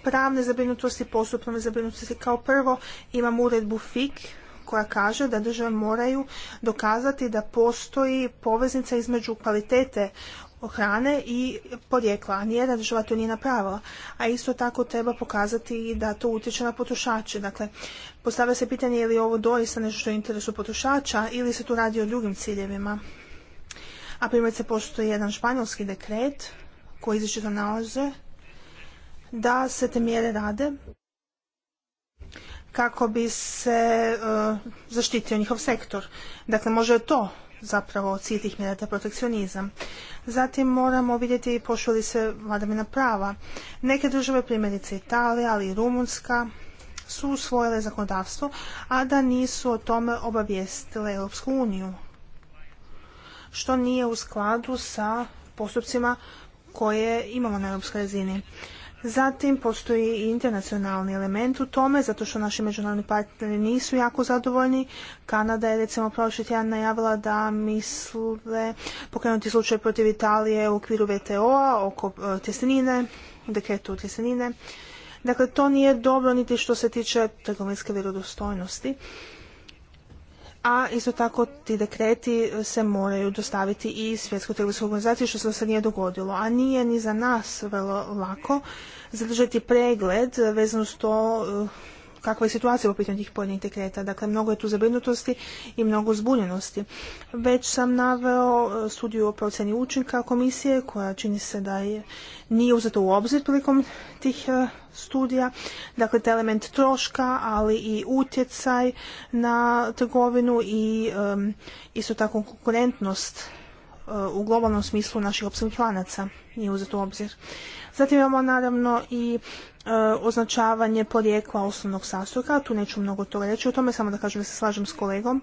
pravne zabrinutosti, postupne zabrinutosti. Kao prvo imam uredbu FIK koja kaže da države moraju dokazati da postoji poveznica između kvalitete hrane i porijekla, a nijedna država to nije napravila. A isto tako treba pokazati i da to utječe na potrošače. Dakle, postavlja se pitanje je li ovo doista nešto što je interesu potrošača ili se tu radi o drugim ciljevima. A primjerice postoji jedan španjolski dekret koje izvješće nalaze da se te mjere rade kako bi se e, zaštitio njihov sektor. Dakle, može to zapravo cilj tih mjera protekcionizam. Zatim moramo vidjeti pošto li se vladavina prava. Neke države, primjerice Italija, ali i Rumunska, su usvojile zakonodavstvo, a da nisu o tome obavijestile Europsku uniju, što nije u skladu sa postupcima koje imamo na europskoj razini. Zatim postoji i internacionalni element u tome, zato što naši međunarodni partneri nisu jako zadovoljni. Kanada je recimo prošli tjedan najavila da misle pokrenuti slučaj protiv Italije u okviru VTO-a oko e, tjesenine, dekretu tjesenine. Dakle, to nije dobro niti što se tiče trgovinske vjerodostojnosti, a isto tako ti dekreti se moraju dostaviti i svjetskoj trgovinskoj organizaciji što se, sad nije dogodilo. A nije ni za nas vrlo lako zadržati pregled vezano s to eh, kakva je situacija u pitanju tih pojedinih dekreta. Dakle, mnogo je tu zabrinutosti i mnogo zbunjenosti. Već sam naveo e, studiju o procjeni učinka komisije koja čini se da je nije uzeta u obzir prilikom tih e, studija. Dakle, te element troška, ali i utjecaj na trgovinu i e, isto tako konkurentnost E, u globalnom smislu naših opskrbnih lanaca i uzeti u obzir. Zatim imamo naravno i e, označavanje porijekla osnovnog sastojka, tu neću mnogo toga reći o tome, samo da kažem da se slažem s kolegom,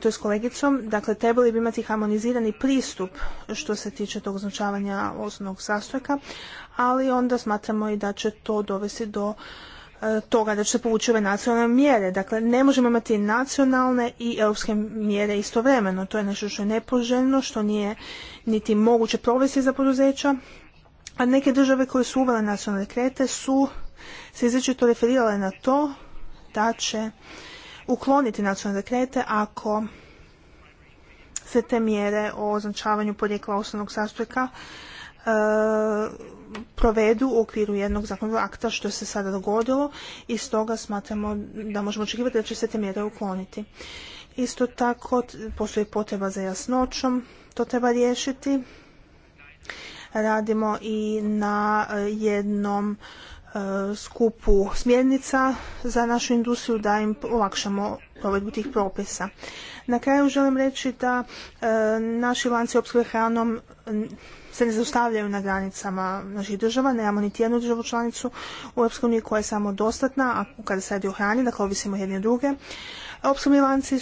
to je s kolegicom, dakle trebali bi imati harmonizirani pristup što se tiče tog označavanja osnovnog sastojka, ali onda smatramo i da će to dovesti do toga da će se povući ove nacionalne mjere. Dakle, ne možemo imati nacionalne i europske mjere istovremeno. To je nešto što je nepoželjno, što nije niti moguće provesti za poduzeća. A neke države koje su uvele nacionalne krete su se izrečito referirale na to da će ukloniti nacionalne dekrete ako se te mjere o označavanju porijekla osnovnog sastojka e, provedu u okviru jednog zakonog akta što se sada dogodilo i stoga smatramo da možemo očekivati da će se te mjere ukloniti. Isto tako postoji potreba za jasnoćom, to treba riješiti. Radimo i na e, jednom e, skupu smjernica za našu industriju da im olakšamo provedbu tih propisa. Na kraju želim reći da e, naši lanci opskrbe hranom se ne zaustavljaju na granicama naših država, nemamo niti jednu državu članicu u EU koja je samo dostatna, a kada se radi o hrani, dakle ovisimo jedne druge. Opskrbni lanci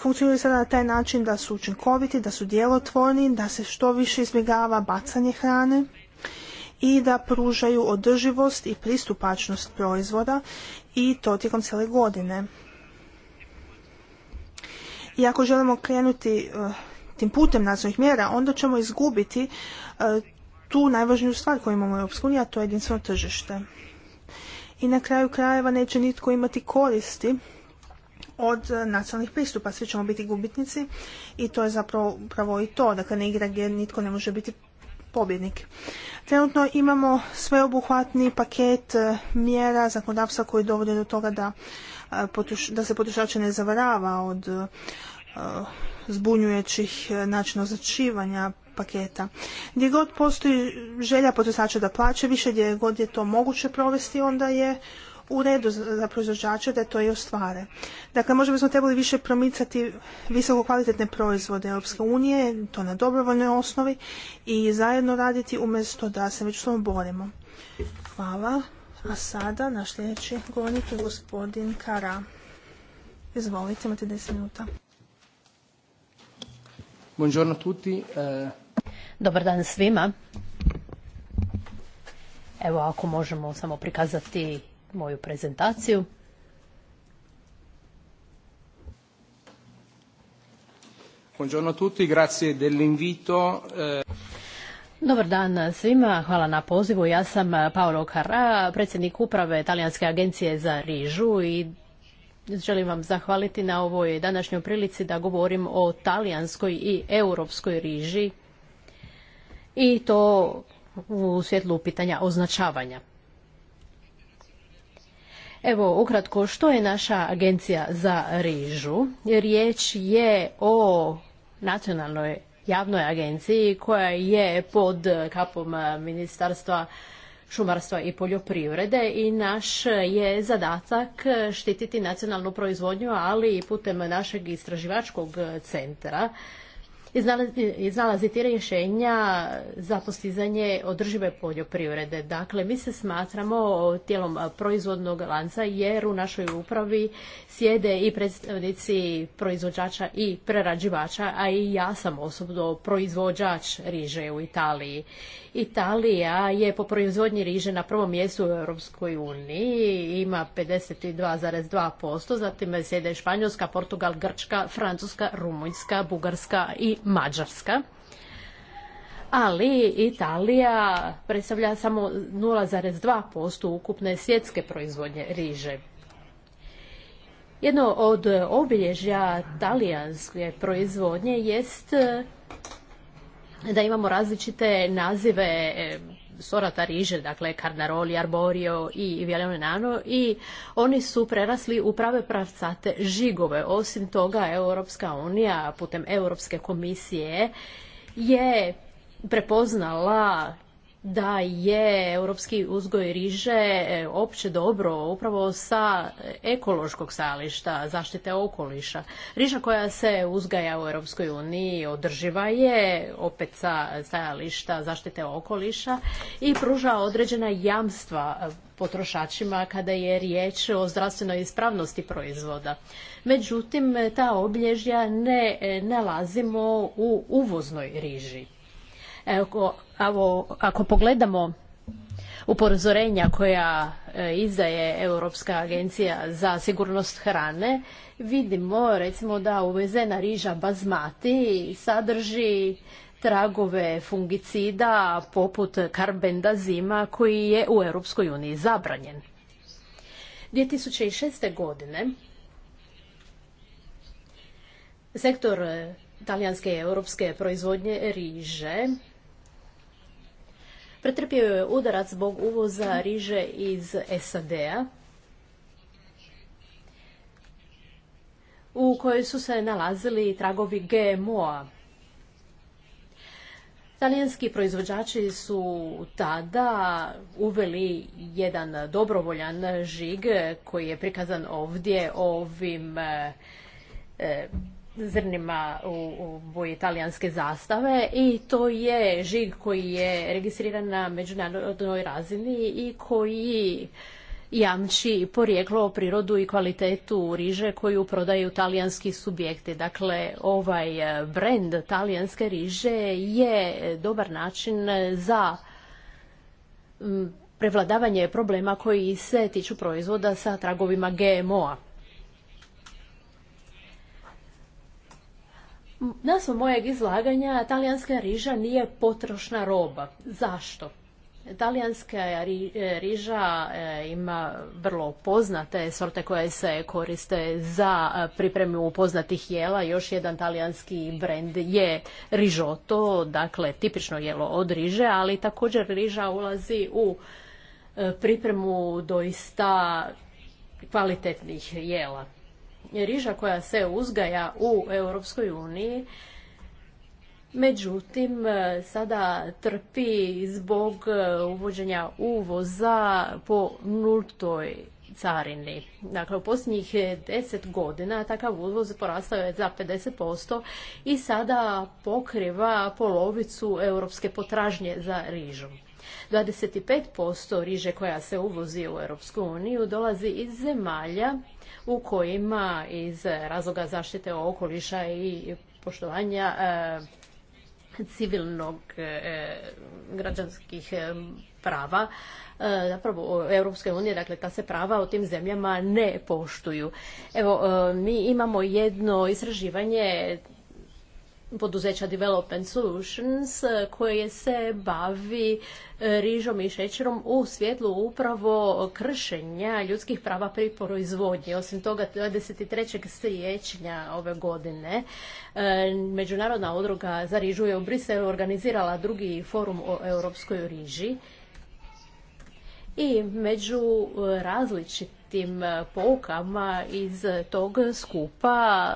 funkcioniraju sada na taj način da su učinkoviti, da su djelotvorni, da se što više izbjegava bacanje hrane i da pružaju održivost i pristupačnost proizvoda i to tijekom cijele godine. I ako želimo krenuti eh, tim putem nacionalnih mjera, onda ćemo izgubiti e, tu najvažniju stvar koju imamo u EU, a to je jedinstveno tržište. I na kraju krajeva neće nitko imati koristi od e, nacionalnih pristupa. Svi ćemo biti gubitnici i to je zapravo upravo i to. Dakle, ne igra gdje nitko ne može biti pobjednik. Trenutno imamo sveobuhvatni paket e, mjera zakonodavstva koji dovode do toga da, da se potrošače ne zavarava od zbunjujućih e, načina označivanja paketa. Gdje god postoji želja potrošača da plaće više, gdje god je to moguće provesti, onda je u redu za proizvođače da to i ostvare. Dakle, možda bismo trebali više promicati visoko kvalitetne proizvode Europske unije, to na dobrovoljnoj osnovi i zajedno raditi umjesto da se međusobno borimo. Hvala. A sada naš sljedeći govornik je gospodin Kara. Izvolite, imate 10 minuta. Buongiorno tutti. Eh. Dobar dan svima. Evo ako možemo samo prikazati moju prezentaciju. Buongiorno tutti, grazie dell'invito. Eh. Dobar dan svima, hvala na pozivu. Ja sam Paolo Carra, predsjednik uprave Talijanske agencije za rižu i želim vam zahvaliti na ovoj današnjoj prilici da govorim o talijanskoj i europskoj riži i to u svjetlu pitanja označavanja. Evo, ukratko, što je naša agencija za rižu? Riječ je o nacionalnoj javnoj agenciji koja je pod kapom ministarstva šumarstva i poljoprivrede i naš je zadatak štititi nacionalnu proizvodnju, ali i putem našeg istraživačkog centra iznalaziti rješenja za postizanje održive poljoprivrede. Dakle, mi se smatramo tijelom proizvodnog lanca jer u našoj upravi sjede i predstavnici proizvođača i prerađivača, a i ja sam osobno proizvođač riže u Italiji. Italija je po proizvodnji riže na prvom mjestu u Europskoj uniji, ima 52,2%, zatim sjede Španjolska, Portugal, Grčka, Francuska, Rumunjska, Bugarska i Mađarska. Ali Italija predstavlja samo 0,2% ukupne svjetske proizvodnje riže. Jedno od obilježja talijanske proizvodnje jest da imamo različite nazive e, sorata riže, dakle Carnaroli, Arborio i Nano i oni su prerasli u prave pravcate žigove. Osim toga, Europska unija putem Europske komisije je prepoznala da je europski uzgoj riže e, opće dobro upravo sa ekološkog stajališta zaštite okoliša. Riža koja se uzgaja u Europskoj uniji održiva je opet sa stajališta zaštite okoliša i pruža određena jamstva potrošačima kada je riječ o zdravstvenoj ispravnosti proizvoda. Međutim, ta oblježja ne e, nalazimo u uvoznoj riži. Ako, ako, pogledamo upozorenja koja e, izdaje Europska agencija za sigurnost hrane, vidimo recimo da uvezena riža bazmati sadrži tragove fungicida poput karbendazima koji je u Europskoj uniji zabranjen. 2006. godine sektor talijanske i europske proizvodnje riže Pretrpio je udarac zbog uvoza riže iz SAD-a u kojoj su se nalazili tragovi GMO-a. Talijanski proizvođači su tada uveli jedan dobrovoljan žig koji je prikazan ovdje ovim eh, zrnima u, boji italijanske zastave i to je žig koji je registriran na međunarodnoj razini i koji jamči porijeklo, prirodu i kvalitetu riže koju prodaju talijanski subjekti. Dakle, ovaj eh, brend talijanske riže je dobar način za mm, prevladavanje problema koji se tiču proizvoda sa tragovima GMO-a. Naslov mojeg izlaganja talijanska riža nije potrošna roba. Zašto? Talijanska e, riža e, ima vrlo poznate sorte koje se koriste za e, pripremu poznatih jela. Još jedan talijanski brend je rižoto, dakle tipično jelo od riže, ali također riža ulazi u pripremu doista kvalitetnih jela riža koja se uzgaja u Europskoj uniji, međutim sada trpi zbog e, uvođenja uvoza po nultoj carini. Dakle, u posljednjih deset godina takav uvoz porastao je za 50% i sada pokriva polovicu europske potražnje za rižom. 25% riže koja se uvozi u Europsku uniju dolazi iz zemalja u kojima iz razloga zaštite okoliša i poštovanja e, civilnog e, građanskih e, prava zapravo Europske unije, dakle ta se prava u tim zemljama ne poštuju. Evo, mi imamo jedno istraživanje poduzeća Development Solutions koje se bavi e, rižom i šećerom u svjetlu upravo kršenja ljudskih prava pri proizvodnji. Osim toga, 23. siječnja ove godine e, Međunarodna odruga za rižu je u Briselu organizirala drugi forum o europskoj riži i među različitim poukama iz tog skupa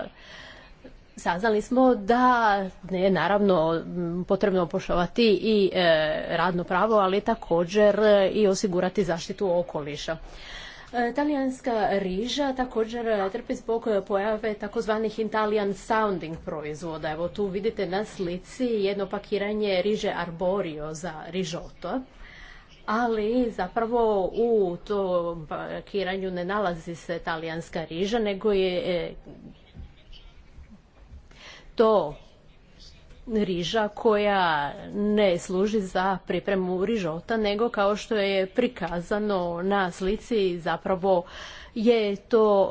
saznali smo da je naravno potrebno poštovati i e, radno pravo, ali također i osigurati zaštitu okoliša. E, talijanska riža također trpi zbog pojave takozvanih Italian sounding proizvoda. Evo tu vidite na slici jedno pakiranje riže arborio za rižoto. Ali zapravo u tom pakiranju ne nalazi se talijanska riža, nego je e, to riža koja ne služi za pripremu rižota, nego kao što je prikazano na slici zapravo je to e,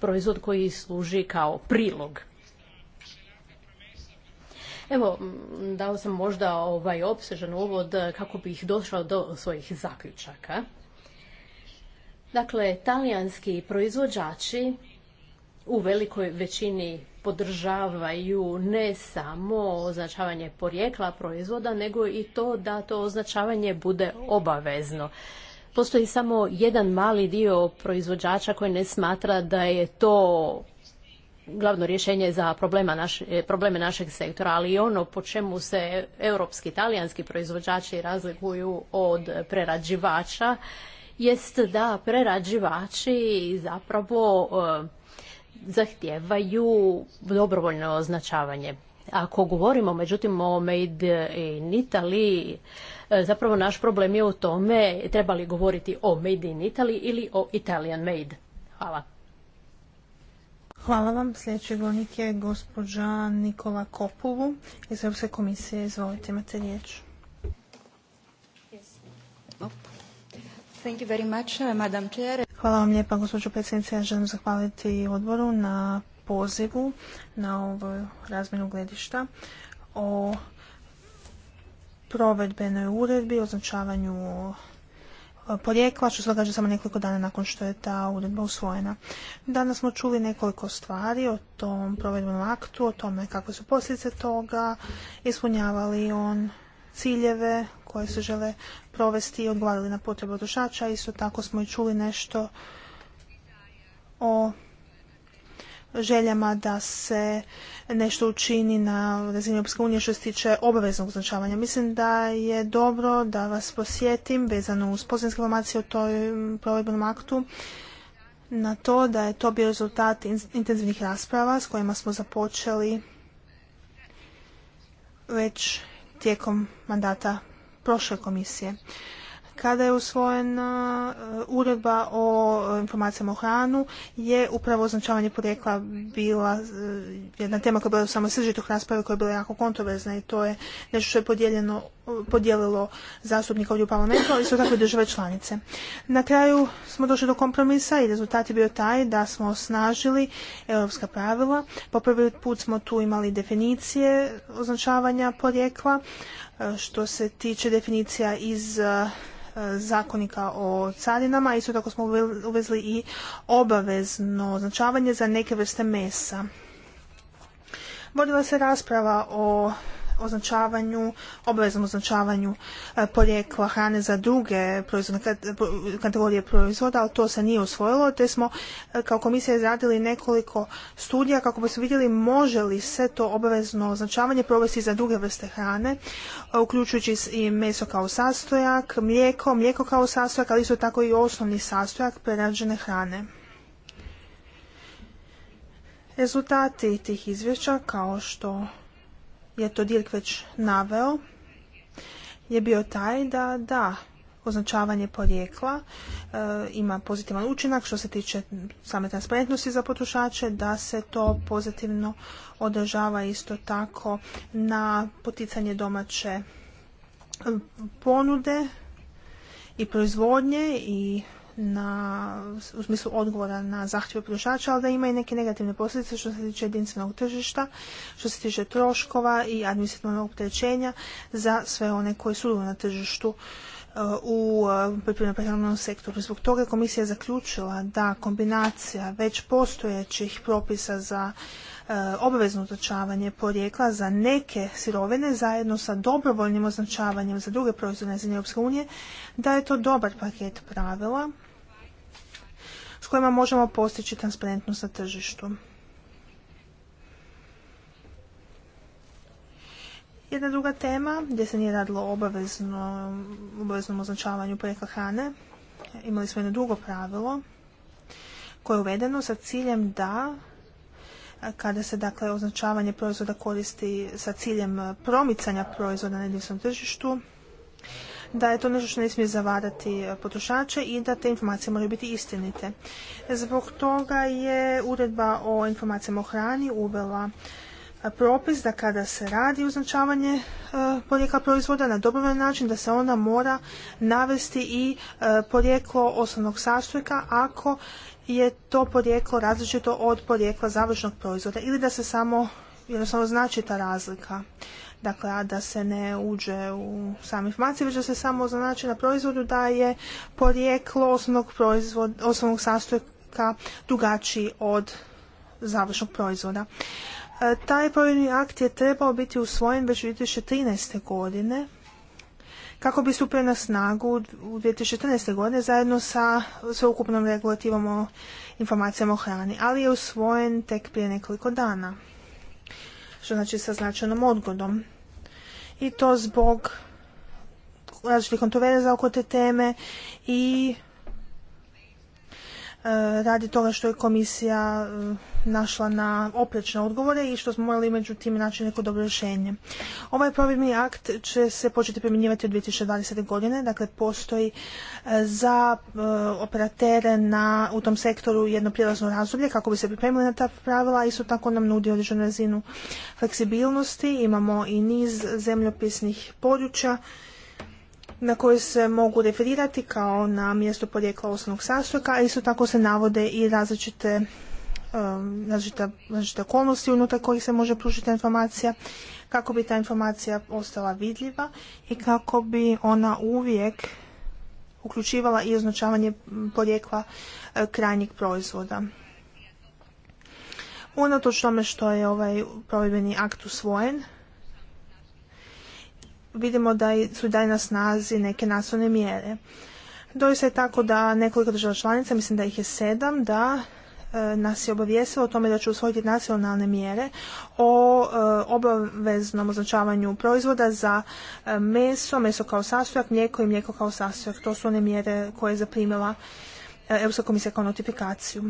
proizvod koji služi kao prilog. Evo, dao sam možda ovaj opsežan uvod kako bih došao do svojih zaključaka. Dakle, talijanski proizvođači u velikoj većini podržavaju ne samo označavanje porijekla proizvoda, nego i to da to označavanje bude obavezno. Postoji samo jedan mali dio proizvođača koji ne smatra da je to glavno rješenje za problema probleme našeg sektora, ali i ono po čemu se europski, talijanski proizvođači razlikuju od prerađivača, jest da prerađivači zapravo e, zahtijevaju dobrovoljno označavanje. Ako govorimo međutim o Made in Italy, e, zapravo naš problem je u tome treba li govoriti o Made in Italy ili o Italian Made. Hvala. Hvala vam. Sljedeći govornik je gospođa Nikola Kopovu iz Europske komisije. Izvolite, imate riječ. Thank you very much, uh, Madam Hvala vam lijepa, gospođo predsjednice. Ja želim zahvaliti odboru na pozivu na ovu razmjenu gledišta o provedbenoj uredbi, označavanju porijekla, što se događa samo nekoliko dana nakon što je ta uredba usvojena. Danas smo čuli nekoliko stvari o tom provedbenom aktu, o tome kakve su posljedice toga, ispunjavali on ciljeve koje se žele provesti i odgovarali na potrebu potrošača. Isto tako smo i čuli nešto o željama da se nešto učini na razini Europske unije što se tiče obaveznog označavanja. Mislim da je dobro da vas posjetim vezano uz pozivnjske informacije o toj provedbenom aktu na to da je to bio rezultat intenzivnih rasprava s kojima smo započeli već tijekom mandata prošle komisije kada je usvojena e, uredba o informacijama o hranu je upravo označavanje porijekla bila e, jedna tema koja je bila u samoj rasprave koja je bila jako kontroverzna i to je nešto što je podijeljeno podijelilo zastupnika ovdje u parlamentu, ali su tako i države članice. Na kraju smo došli do kompromisa i rezultat je bio taj da smo osnažili europska pravila. Po prvi put smo tu imali definicije označavanja porijekla. E, što se tiče definicija iz e, zakonika o carinama, isto tako smo uvezli i obavezno označavanje za neke vrste mesa. Vodila se rasprava o označavanju, obaveznom označavanju e, porijekla hrane za druge proizvodne kategorije proizvoda, ali to se nije usvojilo, te smo e, kao komisija izradili nekoliko studija kako bismo vidjeli može li se to obavezno označavanje provesti za druge vrste hrane, e, uključujući i meso kao sastojak, mlijeko, mlijeko kao sastojak, ali isto tako i osnovni sastojak prerađene hrane. Rezultati tih izvješća, kao što je to Dirk već naveo, je bio taj da da, označavanje porijekla e, ima pozitivan učinak što se tiče same transparentnosti za potrošače, da se to pozitivno održava isto tako na poticanje domaće ponude i proizvodnje i na, u smislu odgovora na zahtjeve potrošača, ali da ima i neke negativne posljedice što se tiče jedinstvenog tržišta, što se tiče troškova i administrativnog opterećenja za sve one koji su na tržištu uh, u uh, poljoprivredno-prehrambenom sektoru. Zbog toga je komisija zaključila da kombinacija već postojećih propisa za uh, obavezno označavanje porijekla za neke sirovine zajedno sa dobrovoljnim označavanjem za druge proizvode na Europske unije, da je to dobar paket pravila s kojima možemo postići transparentnost na tržištu. Jedna druga tema gdje se nije radilo o obavezno, obaveznom označavanju porijekla hrane. Imali smo jedno drugo pravilo koje je uvedeno sa ciljem da kada se dakle označavanje proizvoda koristi sa ciljem promicanja proizvoda na jedinstvenom tržištu, da je to nešto što ne smije zavarati e, potrošače i da te informacije moraju biti istinite. Zbog toga je uredba o informacijama o hrani uvela e, propis da kada se radi označavanje e, porijekla proizvoda na dobrovoljan način da se ona mora navesti i porijeklo osnovnog sastojka ako je to porijeklo različito od porijekla završnog proizvoda ili da se samo jednostavno znači ta razlika. Dakle, a da se ne uđe u same informaciju, već da se samo označi na proizvodu da je porijeklo osnovnog, proizvod, osnovnog sastojka drugačiji od završnog proizvoda. E, taj provedbeni akt je trebao biti usvojen već u 2013. godine kako bi stupio na snagu u 2014. godine zajedno sa sveukupnom regulativom o informacijama o hrani, ali je usvojen tek prije nekoliko dana, što znači sa značajnom odgodom i to zbog različitih kontroverza oko te teme i E, radi toga što je komisija e, našla na oprečne odgovore i što smo morali tim naći neko dobro rješenje. Ovaj provedbeni akt će se početi primjenjivati od 2020. godine, dakle postoji e, za operatere na, u tom sektoru jedno prijelazno razdoblje kako bi se pripremili na ta pravila i isto tako nam nudi određenu razinu fleksibilnosti. Imamo i niz zemljopisnih područja na koje se mogu referirati kao na mjesto porijekla osnovnog sastojka, a isto tako se navode i različite um, različite, različite okolnosti unutar kojih se može pružiti informacija, kako bi ta informacija ostala vidljiva i kako bi ona uvijek uključivala i označavanje porijekla e, krajnjeg proizvoda. Unatoč tome što je ovaj provedbeni akt usvojen, vidimo da su dalje na snazi neke nacionalne mjere. Doista je tako da nekoliko država članica, mislim da ih je sedam, da e, nas je obavijestilo o tome da će usvojiti nacionalne mjere o e, obaveznom označavanju proizvoda za e, meso, meso kao sastojak, mlijeko i mlijeko kao sastojak. To su one mjere koje je zaprimila Europska komisija kao notifikaciju.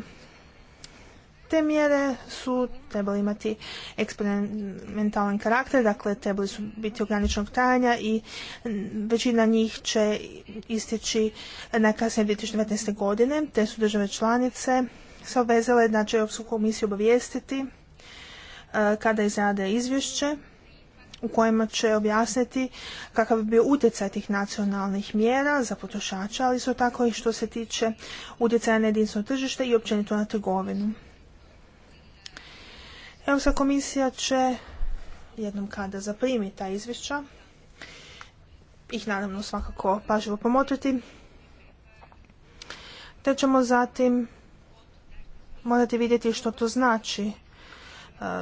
Te mjere su trebali imati eksperimentalan karakter, dakle trebali su biti ograničenog trajanja i većina njih će istići najkasnije 2019. godine, te su države članice se obvezale da će Europsku komisiju obavijestiti e, kada izrade izvješće u kojima će objasniti kakav bi bio utjecaj tih nacionalnih mjera za potrošača, ali isto tako i što se tiče utjecaja na jedinstveno tržište i općenito na trgovinu. Europska komisija će jednom kada zaprimi ta izvješća, ih naravno svakako pažljivo pomotriti, te ćemo zatim morati vidjeti što to znači e,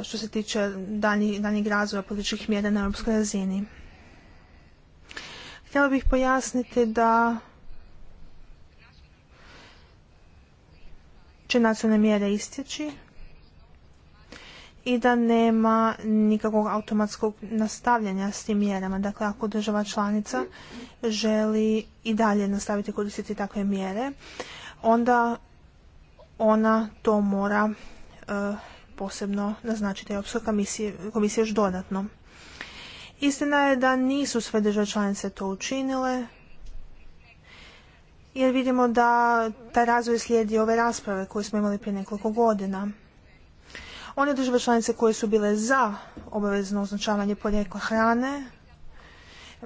što se tiče daljnjeg razvoja političkih mjera na europskoj razini. Htjela bih pojasniti da će nacionalne mjere istjeći i da nema nikakvog automatskog nastavljanja s tim mjerama. Dakle, ako država članica želi i dalje nastaviti koristiti takve mjere, onda ona to mora e, posebno naznačiti Europskoj komisije još dodatno. Istina je da nisu sve države članice to učinile, jer vidimo da taj razvoj slijedi ove rasprave koje smo imali prije nekoliko godina. One države članice koje su bile za obavezno označavanje porijekla hrane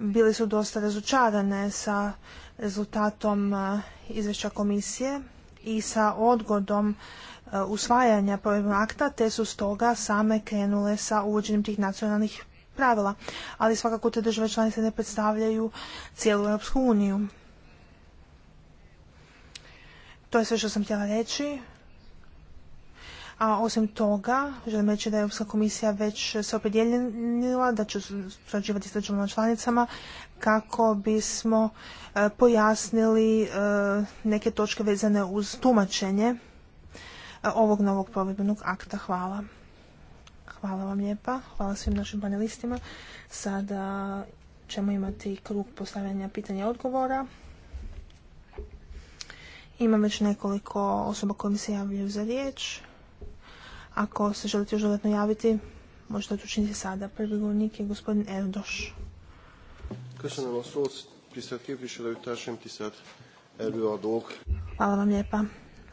bile su dosta razočarane sa rezultatom e, izvješća komisije i sa odgodom e, usvajanja provedbenog akta, te su stoga same krenule sa uvođenjem tih nacionalnih pravila. Ali svakako te države članice ne predstavljaju cijelu Europsku uniju. To je sve što sam htjela reći. A osim toga, želim reći da je Europska komisija već se opredjeljenila da će surađivati s državama članicama kako bismo e, pojasnili e, neke točke vezane uz tumačenje e, ovog novog provedbenog akta. Hvala. Hvala vam lijepa. Hvala svim našim panelistima. Sada ćemo imati krug postavljanja pitanja i odgovora. Imam već nekoliko osoba koje mi se javljaju za riječ. Ako se želite još dodatno javiti, možete to učiniti sada. Prvi govornik je gospodin Erdoš. Hvala vam lijepa.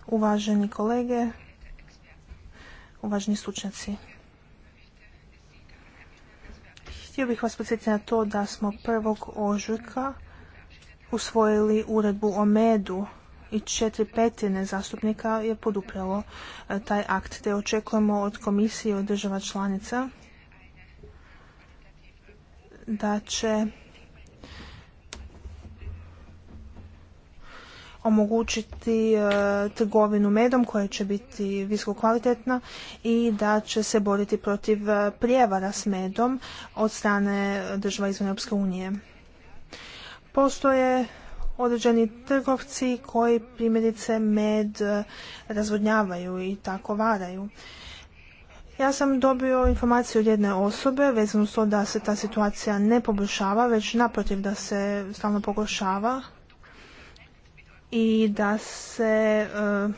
Uvaženi kolege, uvaženi slučnjaci. Htio bih vas podsjetiti na to da smo prvog ožujka usvojili uredbu o medu i četiri petine zastupnika je podupralo e, taj akt, te očekujemo od komisije od država članica da će omogućiti e, trgovinu medom koja će biti visoko kvalitetna i da će se boriti protiv e, prijevara s medom od strane država izvan Europske unije. Postoje određeni trgovci koji primjerice med eh, razvodnjavaju i tako varaju. Ja sam dobio informaciju od jedne osobe vezano s to da se ta situacija ne poboljšava, već naprotiv da se stalno pogoršava i da se eh,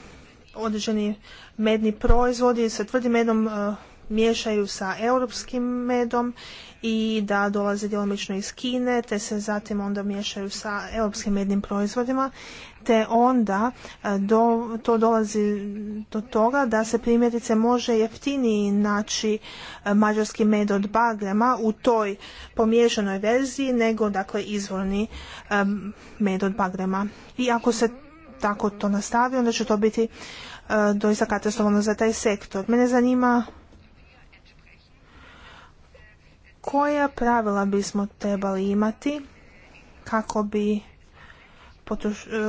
određeni medni proizvodi sa tvrdim medom eh, miješaju sa europskim medom i da dolaze djelomično iz Kine, te se zatim onda miješaju sa europskim mednim proizvodima, te onda e, to dolazi do toga da se primjerice može jeftiniji naći e, mađarski med od bagrema u toj pomiješanoj verziji nego dakle izvorni e, med od bagrema. I ako se tako to nastavi, onda će to biti doista katastrofalno za taj sektor. Mene zanima koja pravila bismo trebali imati kako bi,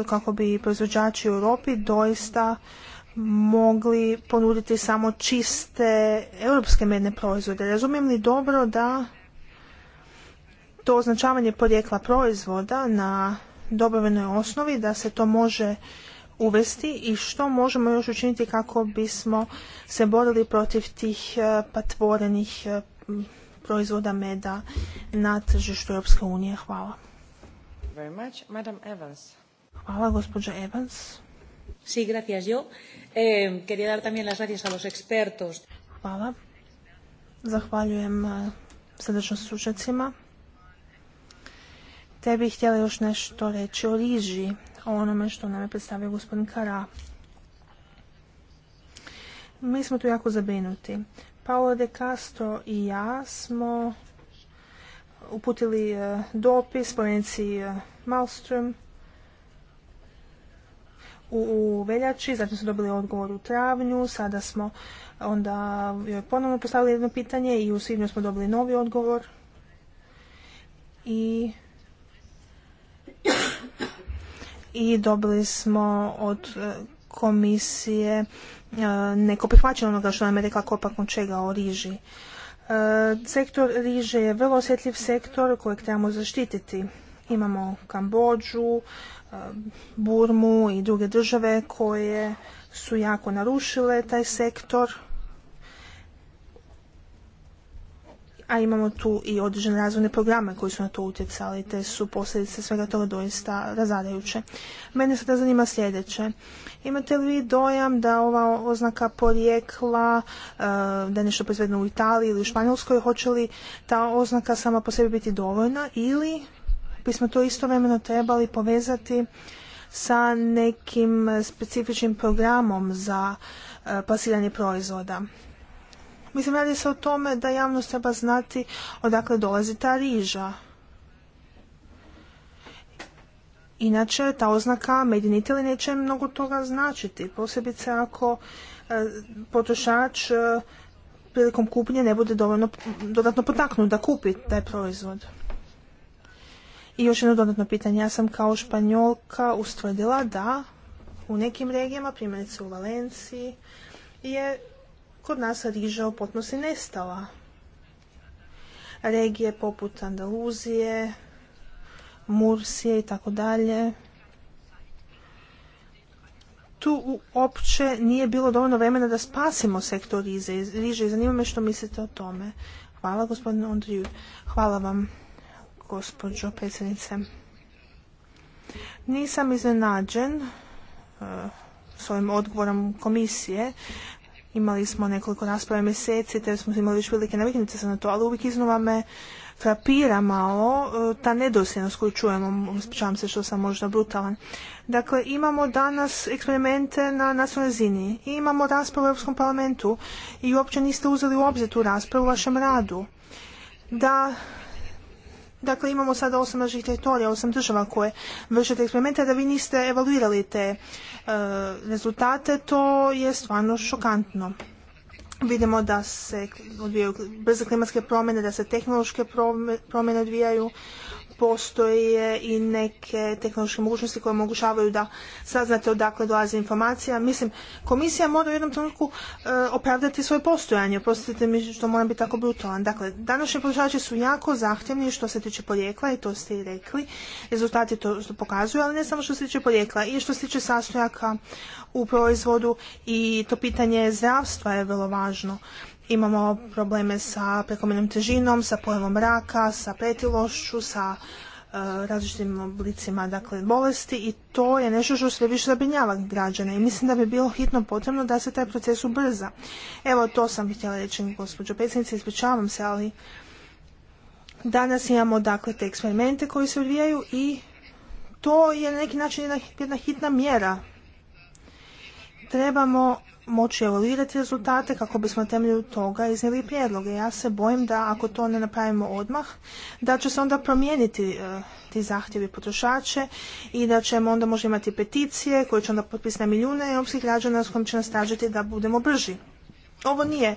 kako bi proizvođači u Europi doista mogli ponuditi samo čiste europske medne proizvode. Razumijem li dobro da to označavanje porijekla proizvoda na dobrovenoj osnovi, da se to može uvesti i što možemo još učiniti kako bismo se borili protiv tih eh, patvorenih eh, proizvoda meda na tržištu Europske unije. Hvala. Evans. Hvala, gospođa Evans. Sí, gracias. Yo eh, quería dar también las Hvala. Zahvaljujem eh, srdečno stručnjacima. Te bih htjela još nešto reći o riži, o onome što nam je predstavio gospodin Kara. Mi smo tu jako zabrinuti. Paolo de Castro i ja smo uputili e, dopis povjenici e, Malmström u veljači, zatim smo dobili odgovor u travnju, sada smo onda joj ponovno postavili jedno pitanje i u svibnju smo dobili novi odgovor i i dobili smo od e, komisije e, neko prihvaćeno onoga što nam je rekla kopakon čega o riži. E, sektor riže je vrlo osjetljiv sektor kojeg trebamo zaštititi. Imamo Kambođu, e, Burmu i druge države koje su jako narušile taj sektor a imamo tu i određene razvojne programe koji su na to utjecali, te su posljedice svega toga doista razadajuće. Mene sada zanima sljedeće. Imate li vi dojam da ova oznaka porijekla, e, da je nešto proizvedeno u Italiji ili u Španjolskoj, hoće li ta oznaka sama po sebi biti dovoljna ili bismo to istovremeno trebali povezati sa nekim specifičnim programom za e, plasiranje proizvoda. Mislim, radi se o tome da javnost treba znati odakle dolazi ta riža. Inače, ta oznaka Made in Italy neće mnogo toga značiti, posebice ako e, potrošač e, prilikom kupnje ne bude dovoljno, dodatno potaknut da kupi taj proizvod. I još jedno dodatno pitanje. Ja sam kao španjolka ustvrdila da u nekim regijama, primjerice u Valenciji, je kod nas riža u potnosti nestala. Regije poput Andaluzije, Mursije i tako dalje. Tu uopće nije bilo dovoljno vremena da spasimo sektor riže i zanima me što mislite o tome. Hvala gospodine Ondriju. Hvala vam gospođo predsjednice. Nisam iznenađen eh, s ovim odgovorom komisije Imali smo nekoliko rasprava mjeseci, te smo imali još velike naviknice na to, ali uvijek iznova me frapira malo e, ta nedosljednost koju čujemo, ispričavam se što sam možda brutalan. Dakle, imamo danas eksperimente na nacionalnoj razini i imamo raspravu u Europskom parlamentu i uopće niste uzeli u obzir tu raspravu u vašem radu. Da Dakle, imamo sada osam naših teritorija, osam država koje vrše eksperimente, da vi niste evaluirali te e, rezultate, to je stvarno šokantno. Vidimo da se odvijaju brze klimatske promjene, da se tehnološke promjene odvijaju, postoje i neke tehnološke mogućnosti koje omogućavaju da saznate odakle dolazi informacija. Mislim, komisija mora u jednom trenutku e, opravdati svoje postojanje. Oprostite mi što moram biti tako brutalan. Dakle, današnji potrošači su jako zahtjevni što se tiče porijekla i to ste i rekli. Rezultati to pokazuju, ali ne samo što se tiče porijekla i što se tiče sastojaka u proizvodu i to pitanje zdravstva je vrlo važno. Imamo probleme sa prekomjernom težinom, sa pojavom raka, sa pretilošću, sa e, različitim oblicima dakle, bolesti i to je nešto što sve više zabrinjava građane i mislim da bi bilo hitno potrebno da se taj proces ubrza. Evo to sam htjela reći gospođo predsjednice, ispričavam se, ali danas imamo dakle te eksperimente koji se odvijaju i to je na neki način jedna hitna mjera. Trebamo moći evaluirati rezultate kako bismo na temelju toga iznijeli prijedloge. Ja se bojim da ako to ne napravimo odmah, da će se onda promijeniti e, ti zahtjevi potrošače i da ćemo onda možda imati peticije koje će onda potpisati na milijune europskih građana s kojim će nas tražiti da budemo brži. Ovo nije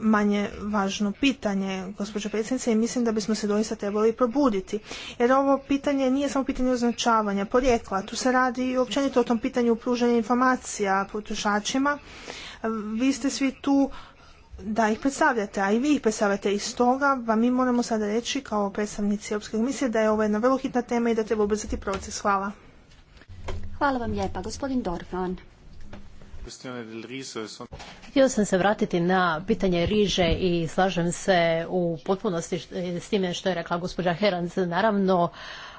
manje važno pitanje, gospođo predsjednice, i mislim da bismo se doista trebali probuditi. Jer ovo pitanje nije samo pitanje označavanja porijekla, tu se radi i općenito o tom pitanju pružanja informacija potrošačima. Vi ste svi tu da ih predstavljate, a i vi ih predstavljate iz toga. vam mi moramo sada reći kao predstavnici Europske komisije da je ovo jedna vrlo hitna tema i da treba ubrzati proces. Hvala. Hvala vam lijepa, gospodin Dorfman. Htio sam se vratiti na pitanje riže i slažem se u potpunosti s time što je rekla gospođa Heranc. Naravno,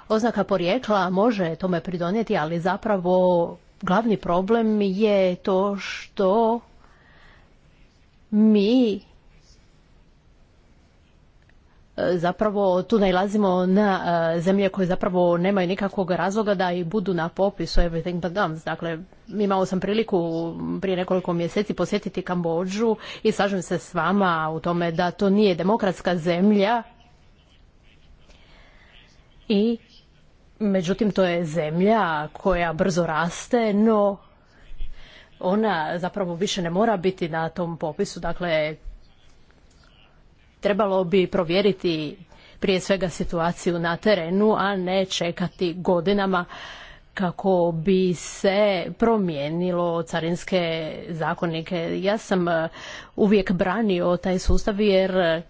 oznaka porijekla može tome pridonijeti, ali zapravo glavni problem je to što mi E, zapravo tu najlazimo na e, zemlje koje zapravo nemaju nikakvog razloga da i budu na popisu Everything But Dumps. Dakle, imao sam priliku prije nekoliko mjeseci posjetiti Kambođu i slažem se s vama u tome da to nije demokratska zemlja i međutim to je zemlja koja brzo raste, no ona zapravo više ne mora biti na tom popisu. Dakle, trebalo bi provjeriti prije svega situaciju na terenu, a ne čekati godinama kako bi se promijenilo carinske zakonike. Ja sam e, uvijek branio taj sustav jer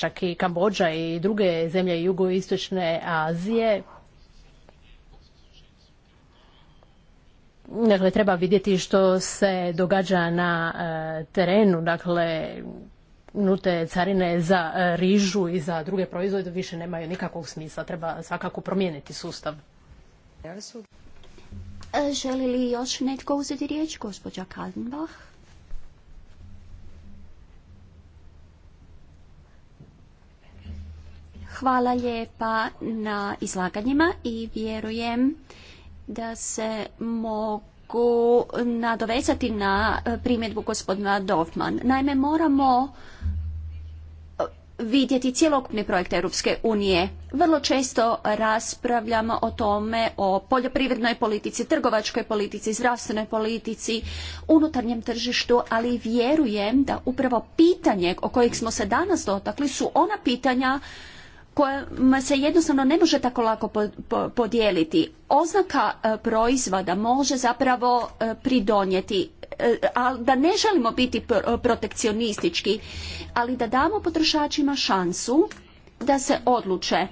čak i Kambođa i druge zemlje jugoistočne Azije Dakle, treba vidjeti što se događa na e, terenu. Dakle, nute carine za e, rižu i za druge proizvode više nemaju nikakvog smisla. Treba svakako promijeniti sustav. E, želi li još netko uzeti riječ, gospođa Kaldenbach? Hvala lijepa na izlaganjima i vjerujem da se mogu kratko nadovezati na e, primjedbu gospodina Dovman. Naime, moramo e, vidjeti cjelokupni projekt Europske unije. Vrlo često raspravljamo o tome, o poljoprivrednoj politici, trgovačkoj politici, zdravstvenoj politici, unutarnjem tržištu, ali vjerujem da upravo pitanje o kojeg smo se danas dotakli su ona pitanja kojima se jednostavno ne može tako lako podijeliti. Oznaka e, proizvoda može zapravo e, pridonijeti e, ali da ne želimo biti protekcionistički, ali da damo potrošačima šansu da se odluče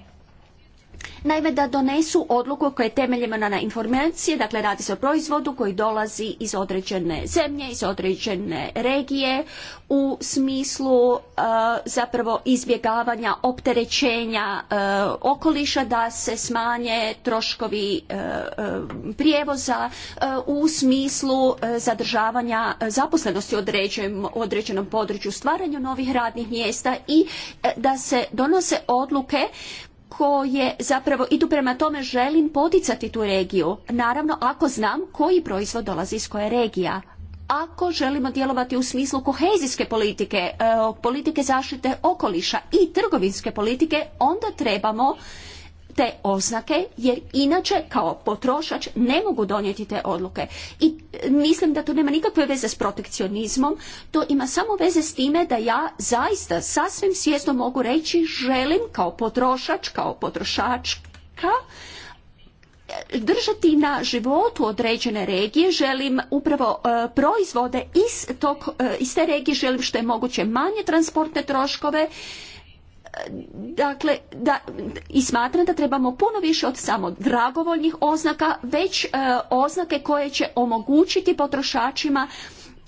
Naime, da donesu odluku koja je temeljena na informacije, dakle radi se o proizvodu koji dolazi iz određene zemlje, iz određene regije u smislu e, zapravo izbjegavanja opterećenja e, okoliša da se smanje troškovi e, prijevoza u smislu zadržavanja zaposlenosti u određenom području, stvaranju novih radnih mjesta i da se donose odluke koje zapravo idu prema tome želim poticati tu regiju. Naravno ako znam koji proizvod dolazi iz koje regija. Ako želimo djelovati u smislu kohezijske politike, e, politike zaštite okoliša i trgovinske politike, onda trebamo te oznake jer inače kao potrošač ne mogu donijeti te odluke. I e, mislim da to nema nikakve veze s protekcionizmom, to ima samo veze s time da ja zaista sasvim svjesno mogu reći želim kao potrošač, kao potrošačka e, držati na životu određene regije, želim upravo e, proizvode iz, iz te regije, želim što je moguće manje transportne troškove dakle, da, i smatram da trebamo puno više od samo dragovoljnih oznaka, već e, oznake koje će omogućiti potrošačima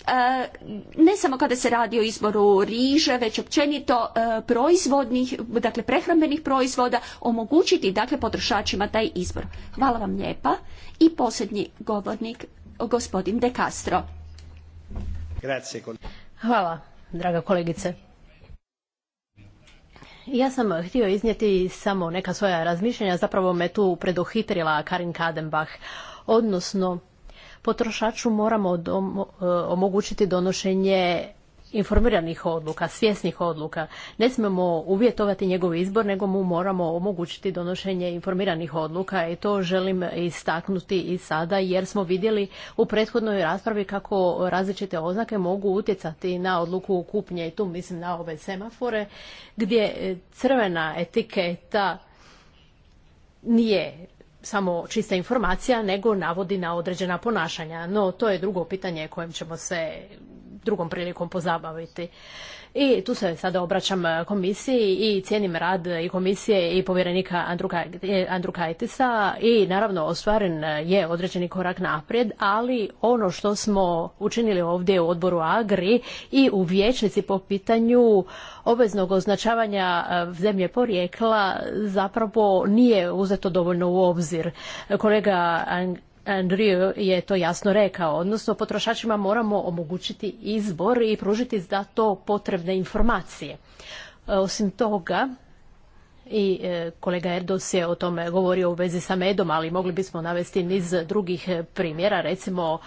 e, ne samo kada se radi o izboru riže, već općenito e, proizvodnih, dakle prehrambenih proizvoda, omogućiti dakle potrošačima taj izbor. Hvala vam lijepa. I posljednji govornik, gospodin De Castro. Hvala, draga kolegice. Ja sam htio iznijeti samo neka svoja razmišljanja, zapravo me tu preduhitrila Karin Kadenbach, odnosno potrošaču moramo e, omogućiti donošenje informiranih odluka, svjesnih odluka. Ne smemo uvjetovati njegov izbor, nego mu moramo omogućiti donošenje informiranih odluka i to želim istaknuti i sada jer smo vidjeli u prethodnoj raspravi kako različite oznake mogu utjecati na odluku kupnje i tu mislim na ove semafore gdje e, crvena etiketa nije samo čista informacija, nego navodi na određena ponašanja. No, to je drugo pitanje kojem ćemo se drugom prilikom pozabaviti. I tu se sada obraćam e, komisiji i cijenim rad i komisije i povjerenika e, Andrukajtisa i naravno ostvaren je određeni korak naprijed, ali ono što smo učinili ovdje u odboru Agri i u vijećnici po pitanju obveznog označavanja e, zemlje porijekla zapravo nije uzeto dovoljno u obzir. Kolega Andrew je to jasno rekao, odnosno potrošačima moramo omogućiti izbor i pružiti za to potrebne informacije. E, osim toga, i e, kolega Erdos je o tome govorio u vezi sa medom, ali mogli bismo navesti niz drugih primjera, recimo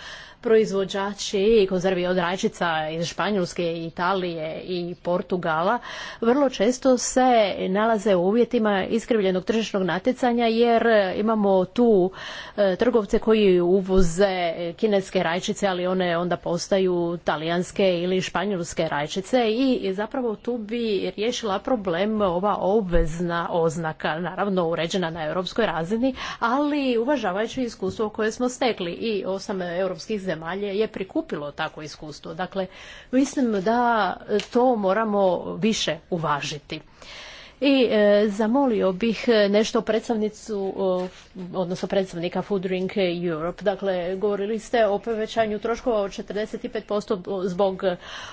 proizvođači konzervi od rajčica iz Španjolske, Italije i Portugala vrlo često se nalaze u uvjetima iskrivljenog tržišnog natjecanja jer imamo tu e, trgovce koji uvoze kineske rajčice, ali one onda postaju talijanske ili španjolske rajčice i zapravo tu bi riješila problem ova obvezna oznaka, naravno uređena na europskoj razini, ali uvažavajući iskustvo koje smo stekli i osam europskih zemalje je prikupilo takvo iskustvo. Dakle, mislim da to moramo više uvažiti. I e, zamolio bih nešto predstavnicu, odnosno predstavnika Food Drink Europe. Dakle, govorili ste o povećanju troškova od 45% zbog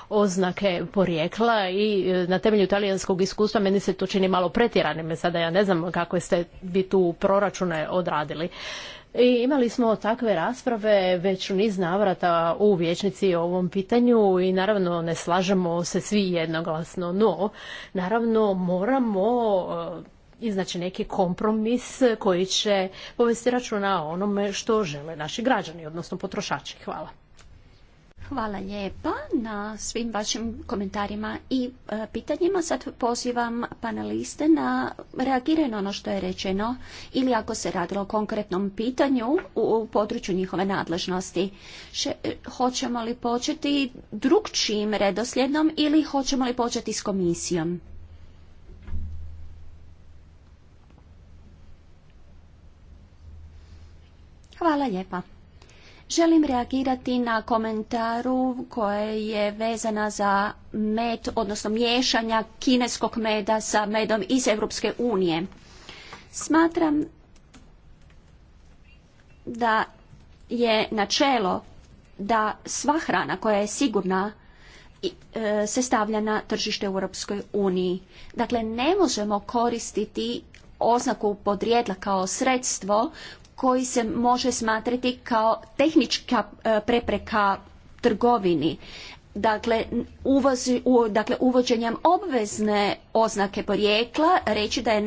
oznake porijekla i e, na temelju talijanskog iskustva meni se to čini malo pretjeranim. Sada ja ne znam kako ste bi tu proračune odradili. I imali smo takve rasprave već u niz navrata u vječnici o ovom pitanju i naravno ne slažemo se svi jednoglasno, no naravno moramo e, iznaći neki kompromis koji će povesti računa o onome što žele naši građani, odnosno potrošači. Hvala. Hvala lijepa na svim vašim komentarima i e, pitanjima. Sad pozivam paneliste na reagiranje na ono što je rečeno ili ako se radilo o konkretnom pitanju u, području njihove nadležnosti. E, hoćemo li početi drugčijim redosljednom ili hoćemo li početi s komisijom? Hvala lijepa. Želim reagirati na komentaru koja je vezana za med, odnosno miješanja kineskog meda sa medom iz Europske unije. Smatram da je načelo da sva hrana koja je sigurna e, se stavlja na tržište Europskoj uniji. Dakle, ne možemo koristiti oznaku podrijetla kao sredstvo koji se može smatrati kao tehnička e, prepreka trgovini dakle, dakle uvođenjem obvezne oznake porijekla reći da je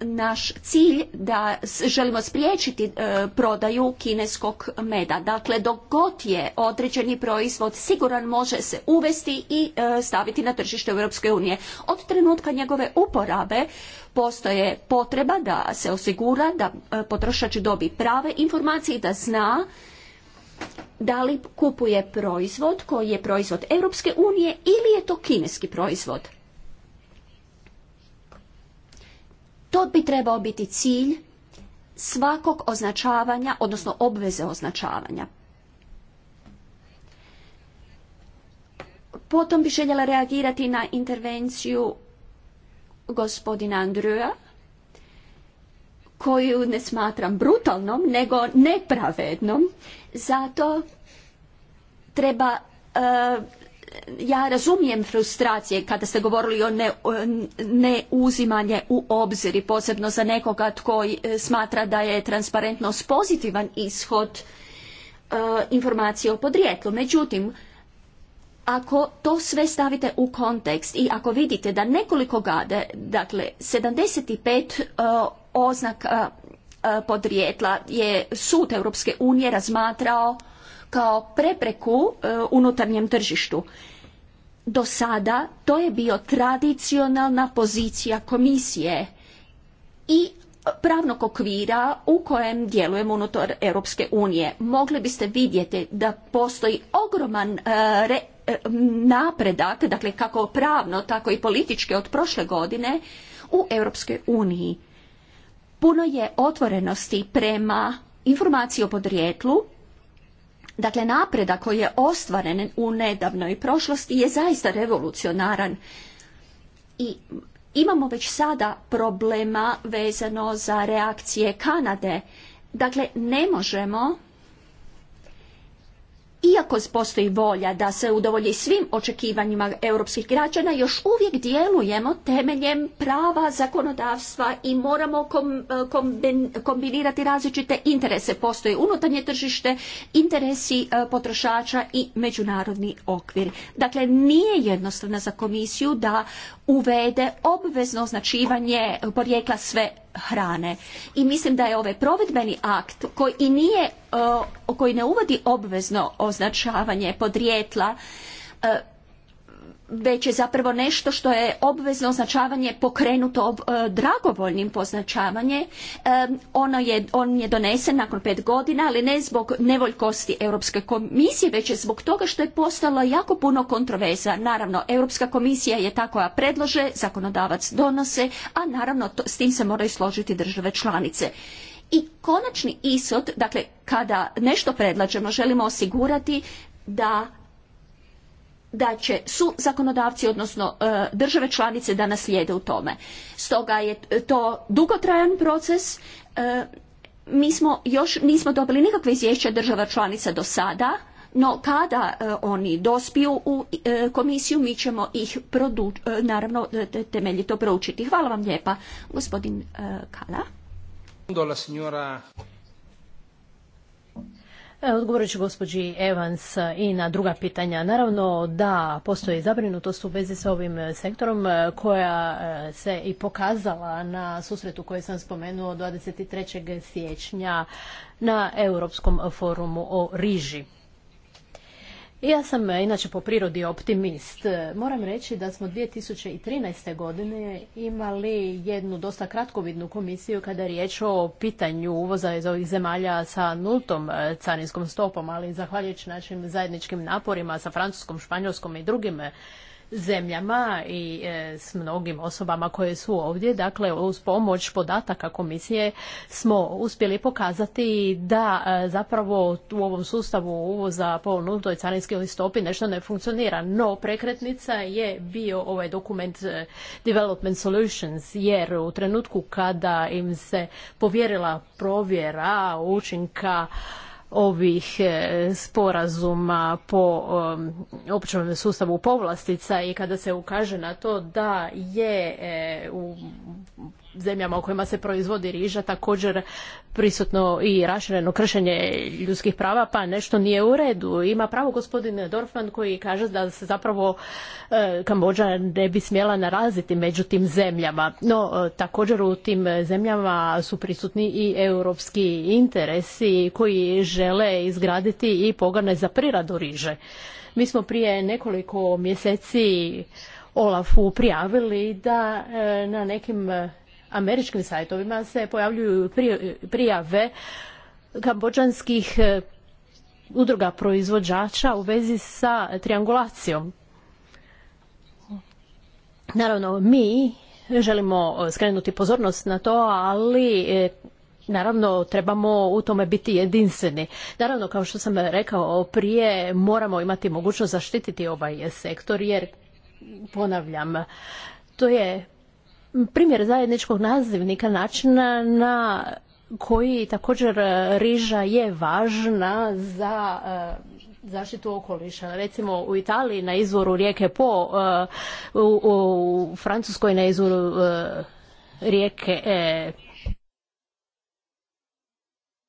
naš cilj da želimo spriječiti e, prodaju kineskog meda. Dakle, dok god je određeni proizvod siguran može se uvesti i e, staviti na tržište Europske unije. Od trenutka njegove uporabe postoje potreba da se osigura da e, potrošač dobi prave informacije i da zna da li kupuje proizvod koji je proizvod Europske unije ili je to kineski proizvod. To bi trebao biti cilj svakog označavanja, odnosno obveze označavanja. Potom bi željela reagirati na intervenciju gospodina Andruja koju ne smatram brutalnom, nego nepravednom. Zato treba e, ja razumijem frustracije kada ste govorili o neuzimanje u obzir posebno za nekoga tko e, smatra da je transparentnost pozitivan ishod e, informacije o podrijetlu. Međutim, ako to sve stavite u kontekst i ako vidite da nekoliko gade, dakle 75 pet oznaka podrijetla je sud Europske unije razmatrao kao prepreku e, unutarnjem tržištu. Do sada to je bio tradicionalna pozicija komisije i pravnog okvira u kojem djelujemo unutar Europske unije. Mogli biste vidjeti da postoji ogroman e, e, napredak, dakle kako pravno, tako i politički od prošle godine u Europskoj uniji. Puno je otvorenosti prema informaciji o podrijetlu, Dakle, napredak koji je ostvaren u nedavnoj prošlosti je zaista revolucionaran. I imamo već sada problema vezano za reakcije Kanade. Dakle, ne možemo iako postoji volja da se udovolji svim očekivanjima europskih građana, još uvijek djelujemo temeljem prava zakonodavstva i moramo e, kombinirati različite interese. Postoje unutarnje tržište, interesi e, potrošača i međunarodni okvir. Dakle, nije jednostavno za komisiju da uvede obvezno označivanje porijekla sve hrane. I mislim da je ovaj provedbeni akt koji i nije, e, koji ne uvodi obvezno označavanje podrijetla e, već je zapravo nešto što je obvezno označavanje pokrenuto e, dragovoljnim poznačavanje. E, ono je, on je donesen nakon pet godina, ali ne zbog nevoljkosti Europske komisije, već je zbog toga što je postalo jako puno kontroveza. Naravno, Europska komisija je ta koja predlože, zakonodavac donose, a naravno to, s tim se moraju složiti države članice. I konačni ishod, dakle, kada nešto predlažemo, želimo osigurati da da će su zakonodavci, odnosno e, države članice da naslijede u tome. Stoga je to dugotrajan proces. E, mi smo još nismo dobili nikakve izvješća država članica do sada, no kada e, oni dospiju u komisiju mi ćemo ih naravno temeljito proučiti. Hvala vam lijepa, gospodin Kala. E, odgovorit ću gospođi Evans i na druga pitanja. Naravno da postoji zabrinutost u vezi sa ovim sektorom e, koja e, se i pokazala na susretu koje sam spomenuo 23. siječnja na Europskom forumu o riži. Ja sam e, inače po prirodi optimist. E, moram reći da smo 2013. godine imali jednu dosta kratkovidnu komisiju kada je riječ o pitanju uvoza iz ovih zemalja sa nultom e, carinskom stopom, ali zahvaljujući našim zajedničkim naporima sa Francuskom, Španjolskom i drugim zemljama i e, s mnogim osobama koje su ovdje. Dakle, uz pomoć podataka komisije smo uspjeli pokazati da e, zapravo u ovom sustavu uvoza po nultoj carinskoj stopi nešto ne funkcionira. No, prekretnica je bio ovaj dokument e, Development Solutions, jer u trenutku kada im se povjerila provjera učinka ovih e, sporazuma po općem sustavu povlastica i kada se ukaže na to da je e, u zemljama u kojima se proizvodi riža također prisutno i rašireno kršenje ljudskih prava, pa nešto nije u redu. Ima pravo gospodin Dorfman koji kaže da se zapravo e, Kambođa ne bi smjela naraziti među tim zemljama. No, e, također u tim zemljama su prisutni i europski interesi koji žele izgraditi i pogane za priradu riže. Mi smo prije nekoliko mjeseci Olafu prijavili da e, na nekim američkim sajtovima se pojavljuju prijave kambođanskih e, udruga proizvođača u vezi sa triangulacijom. Naravno, mi želimo skrenuti pozornost na to, ali e, naravno trebamo u tome biti jedinstveni. Naravno, kao što sam rekao prije, moramo imati mogućnost zaštititi ovaj sektor jer, ponavljam, to je primjer zajedničkog nazivnika načina na koji također e, riža je važna za e, zaštitu okoliša. Recimo u Italiji na izvoru rijeke Po, e, u, Francuskoj na izvoru rijeke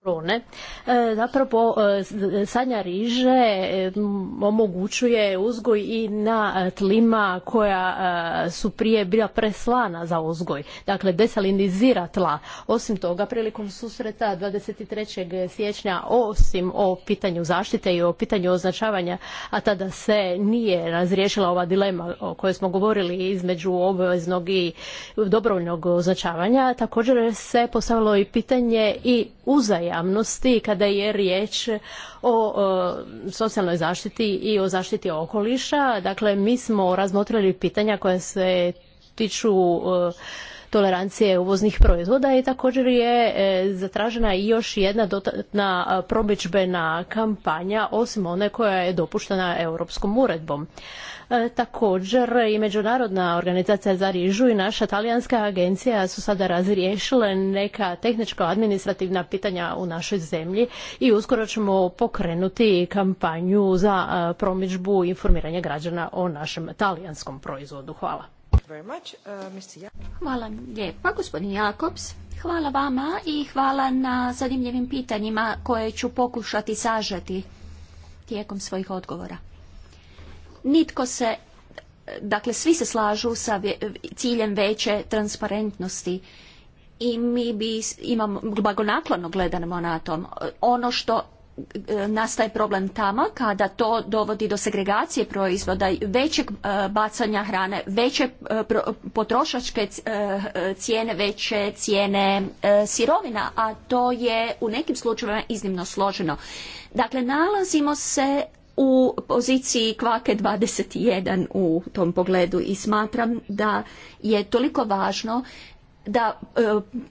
rone e, Zapravo e, sanja riže e, omogućuje uzgoj i na tlima koja su prije bila preslana za uzgoj. Dakle, desalinizira tla. Osim toga, prilikom susreta 23. siječnja, osim o pitanju zaštite i o pitanju označavanja, a tada se nije razriješila ova dilema o kojoj smo govorili između obveznog i dobrovoljnog označavanja, također se postavilo i pitanje i uzaja javnosti kada je riječ o socijalnoj zaštiti i o zaštiti okoliša. Dakle, mi smo razmotrili pitanja koja se tiču tolerancije uvoznih proizvoda i također je e, zatražena i još jedna dodatna probičbena kampanja osim one koja je dopuštena europskom uredbom. E, također i Međunarodna organizacija za rižu i naša talijanska agencija su sada razriješile neka tehničko-administrativna pitanja u našoj zemlji i uskoro ćemo pokrenuti kampanju za e, promičbu informiranja građana o našem talijanskom proizvodu. Hvala. Hvala lijepa, gospodin Jakobs. Hvala vama i hvala na zanimljivim pitanjima koje ću pokušati sažeti tijekom svojih odgovora nitko se, dakle svi se slažu sa ciljem veće transparentnosti i mi bi imamo, blagonaklono gledamo na tom. Ono što e, nastaje problem tamo kada to dovodi do segregacije proizvoda, većeg e, bacanja hrane, veće e, potrošačke cijene, veće cijene sirovina, a to je u nekim slučajevima iznimno složeno. Dakle, nalazimo se u poziciji kvake 21 u tom pogledu i smatram da je toliko važno da e,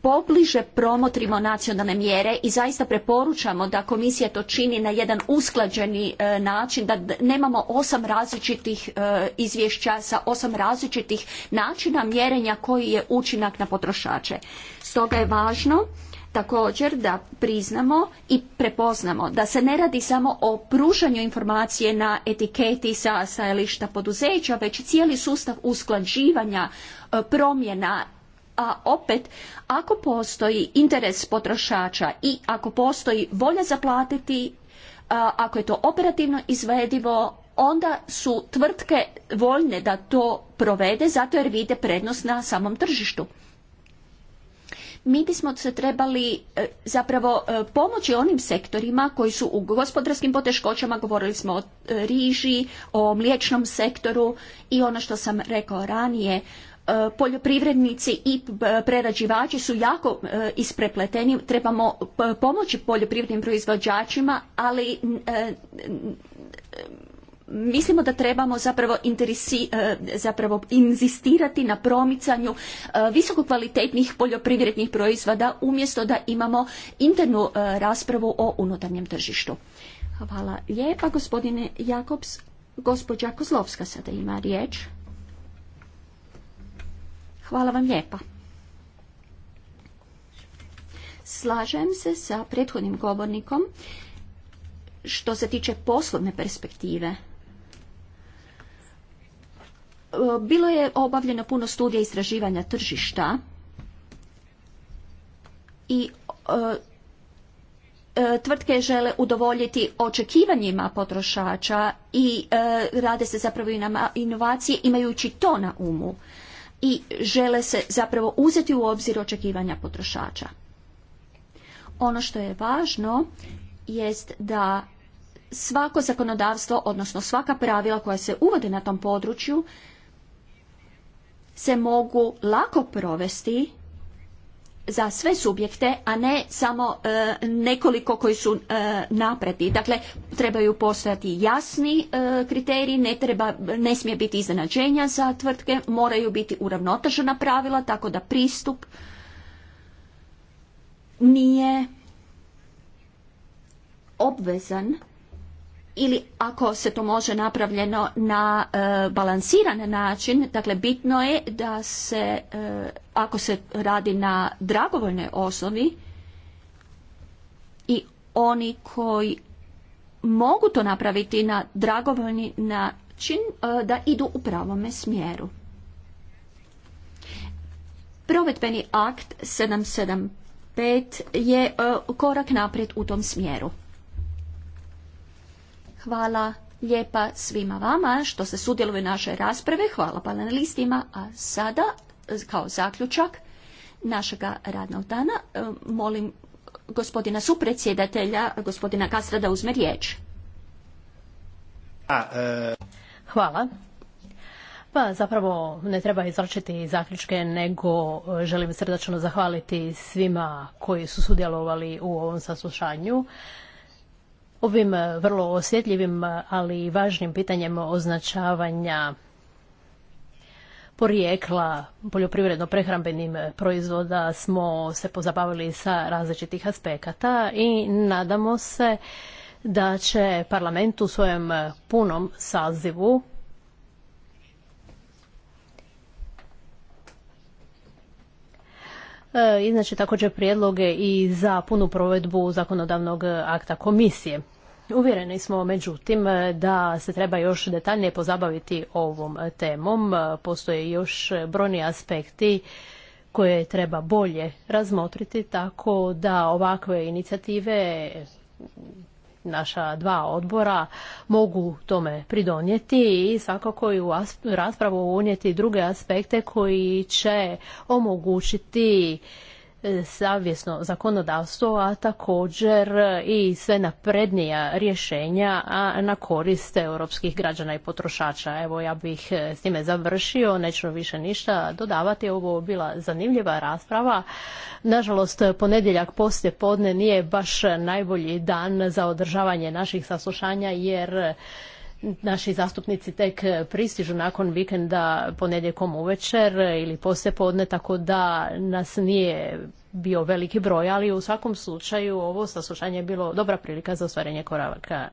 pobliže promotrimo nacionalne mjere i zaista preporučamo da komisija to čini na jedan usklađeni e, način da nemamo osam različitih e, izvješća sa osam različitih načina mjerenja koji je učinak na potrošače stoga je važno također da priznamo i prepoznamo da se ne radi samo o pružanju informacije na etiketi sa stajališta poduzeća, već cijeli sustav usklađivanja e, promjena a opet ako postoji interes potrošača i ako postoji volja zaplatiti e, ako je to operativno izvedivo onda su tvrtke voljne da to provede zato jer vide prednost na samom tržištu mi bismo se trebali e, zapravo e, pomoći onim sektorima koji su u gospodarskim poteškoćama, govorili smo o e, riži, o mliječnom sektoru i ono što sam rekao ranije, poljoprivrednici i prerađivači su jako isprepleteni, trebamo pomoći poljoprivrednim proizvođačima, ali mislimo da trebamo zapravo, e, zapravo inzistirati na promicanju e, visokokvalitetnih poljoprivrednih proizvoda umjesto da imamo internu e, raspravu o unutarnjem tržištu. Hvala lijepa gospodine Jakobs. Gospođa Kozlovska sada ima riječ. Hvala vam lijepa. Slažem se sa prethodnim govornikom što se tiče poslovne perspektive bilo je obavljeno puno studija istraživanja tržišta i e, e, tvrtke žele udovoljiti očekivanjima potrošača i e, rade se zapravo i inovacije imajući to na umu i žele se zapravo uzeti u obzir očekivanja potrošača. Ono što je važno jest da svako zakonodavstvo, odnosno svaka pravila koja se uvode na tom području se mogu lako provesti za sve subjekte, a ne samo e, nekoliko koji su e, napredni. Dakle, trebaju postojati jasni e, kriteriji, ne, treba, ne smije biti iznenađenja za tvrtke, moraju biti uravnotežena pravila, tako da pristup nije obvezan ili ako se to može napravljeno na e, balansiran način, dakle bitno je da se, e, ako se radi na dragovoljnoj osnovi i oni koji mogu to napraviti na dragovoljni način, e, da idu u pravome smjeru. Provedbeni akt 775 je korak naprijed u tom smjeru. Hvala lijepa svima vama što se u naše rasprave. Hvala panelistima. A sada, kao zaključak našega radnog dana, e, molim gospodina supredsjedatelja, gospodina Kastra, da uzme riječ. E, Hvala. Pa zapravo ne treba izračiti zaključke, nego e, želim srdačno zahvaliti svima koji su sudjelovali u ovom saslušanju. Ovim eh, vrlo osjetljivim, eh, ali i važnim pitanjem označavanja porijekla poljoprivredno-prehrambenim eh, proizvoda smo se pozabavili sa različitih aspekata i nadamo se da će parlament u svojem punom sazivu iznaći također prijedloge i za punu provedbu zakonodavnog akta komisije. Uvjereni smo međutim da se treba još detaljnije pozabaviti ovom temom. Postoje još brojni aspekti koje treba bolje razmotriti tako da ovakve inicijative naša dva odbora mogu tome pridonijeti i svakako i u raspravu unijeti druge aspekte koji će omogućiti savjesno zakonodavstvo, a također i sve naprednija rješenja a na korist europskih građana i potrošača. Evo ja bih eh, s time završio, neću više ništa dodavati. Ovo je bila zanimljiva rasprava. Nažalost, ponedjeljak poslije podne nije baš najbolji dan za održavanje naših saslušanja jer naši zastupnici tek e, pristižu nakon vikenda ponedjeljkom uvečer ili poslije podne, tako da nas nije bio veliki broj, ali u svakom slučaju ovo saslušanje je bilo dobra prilika za ostvarenje koraka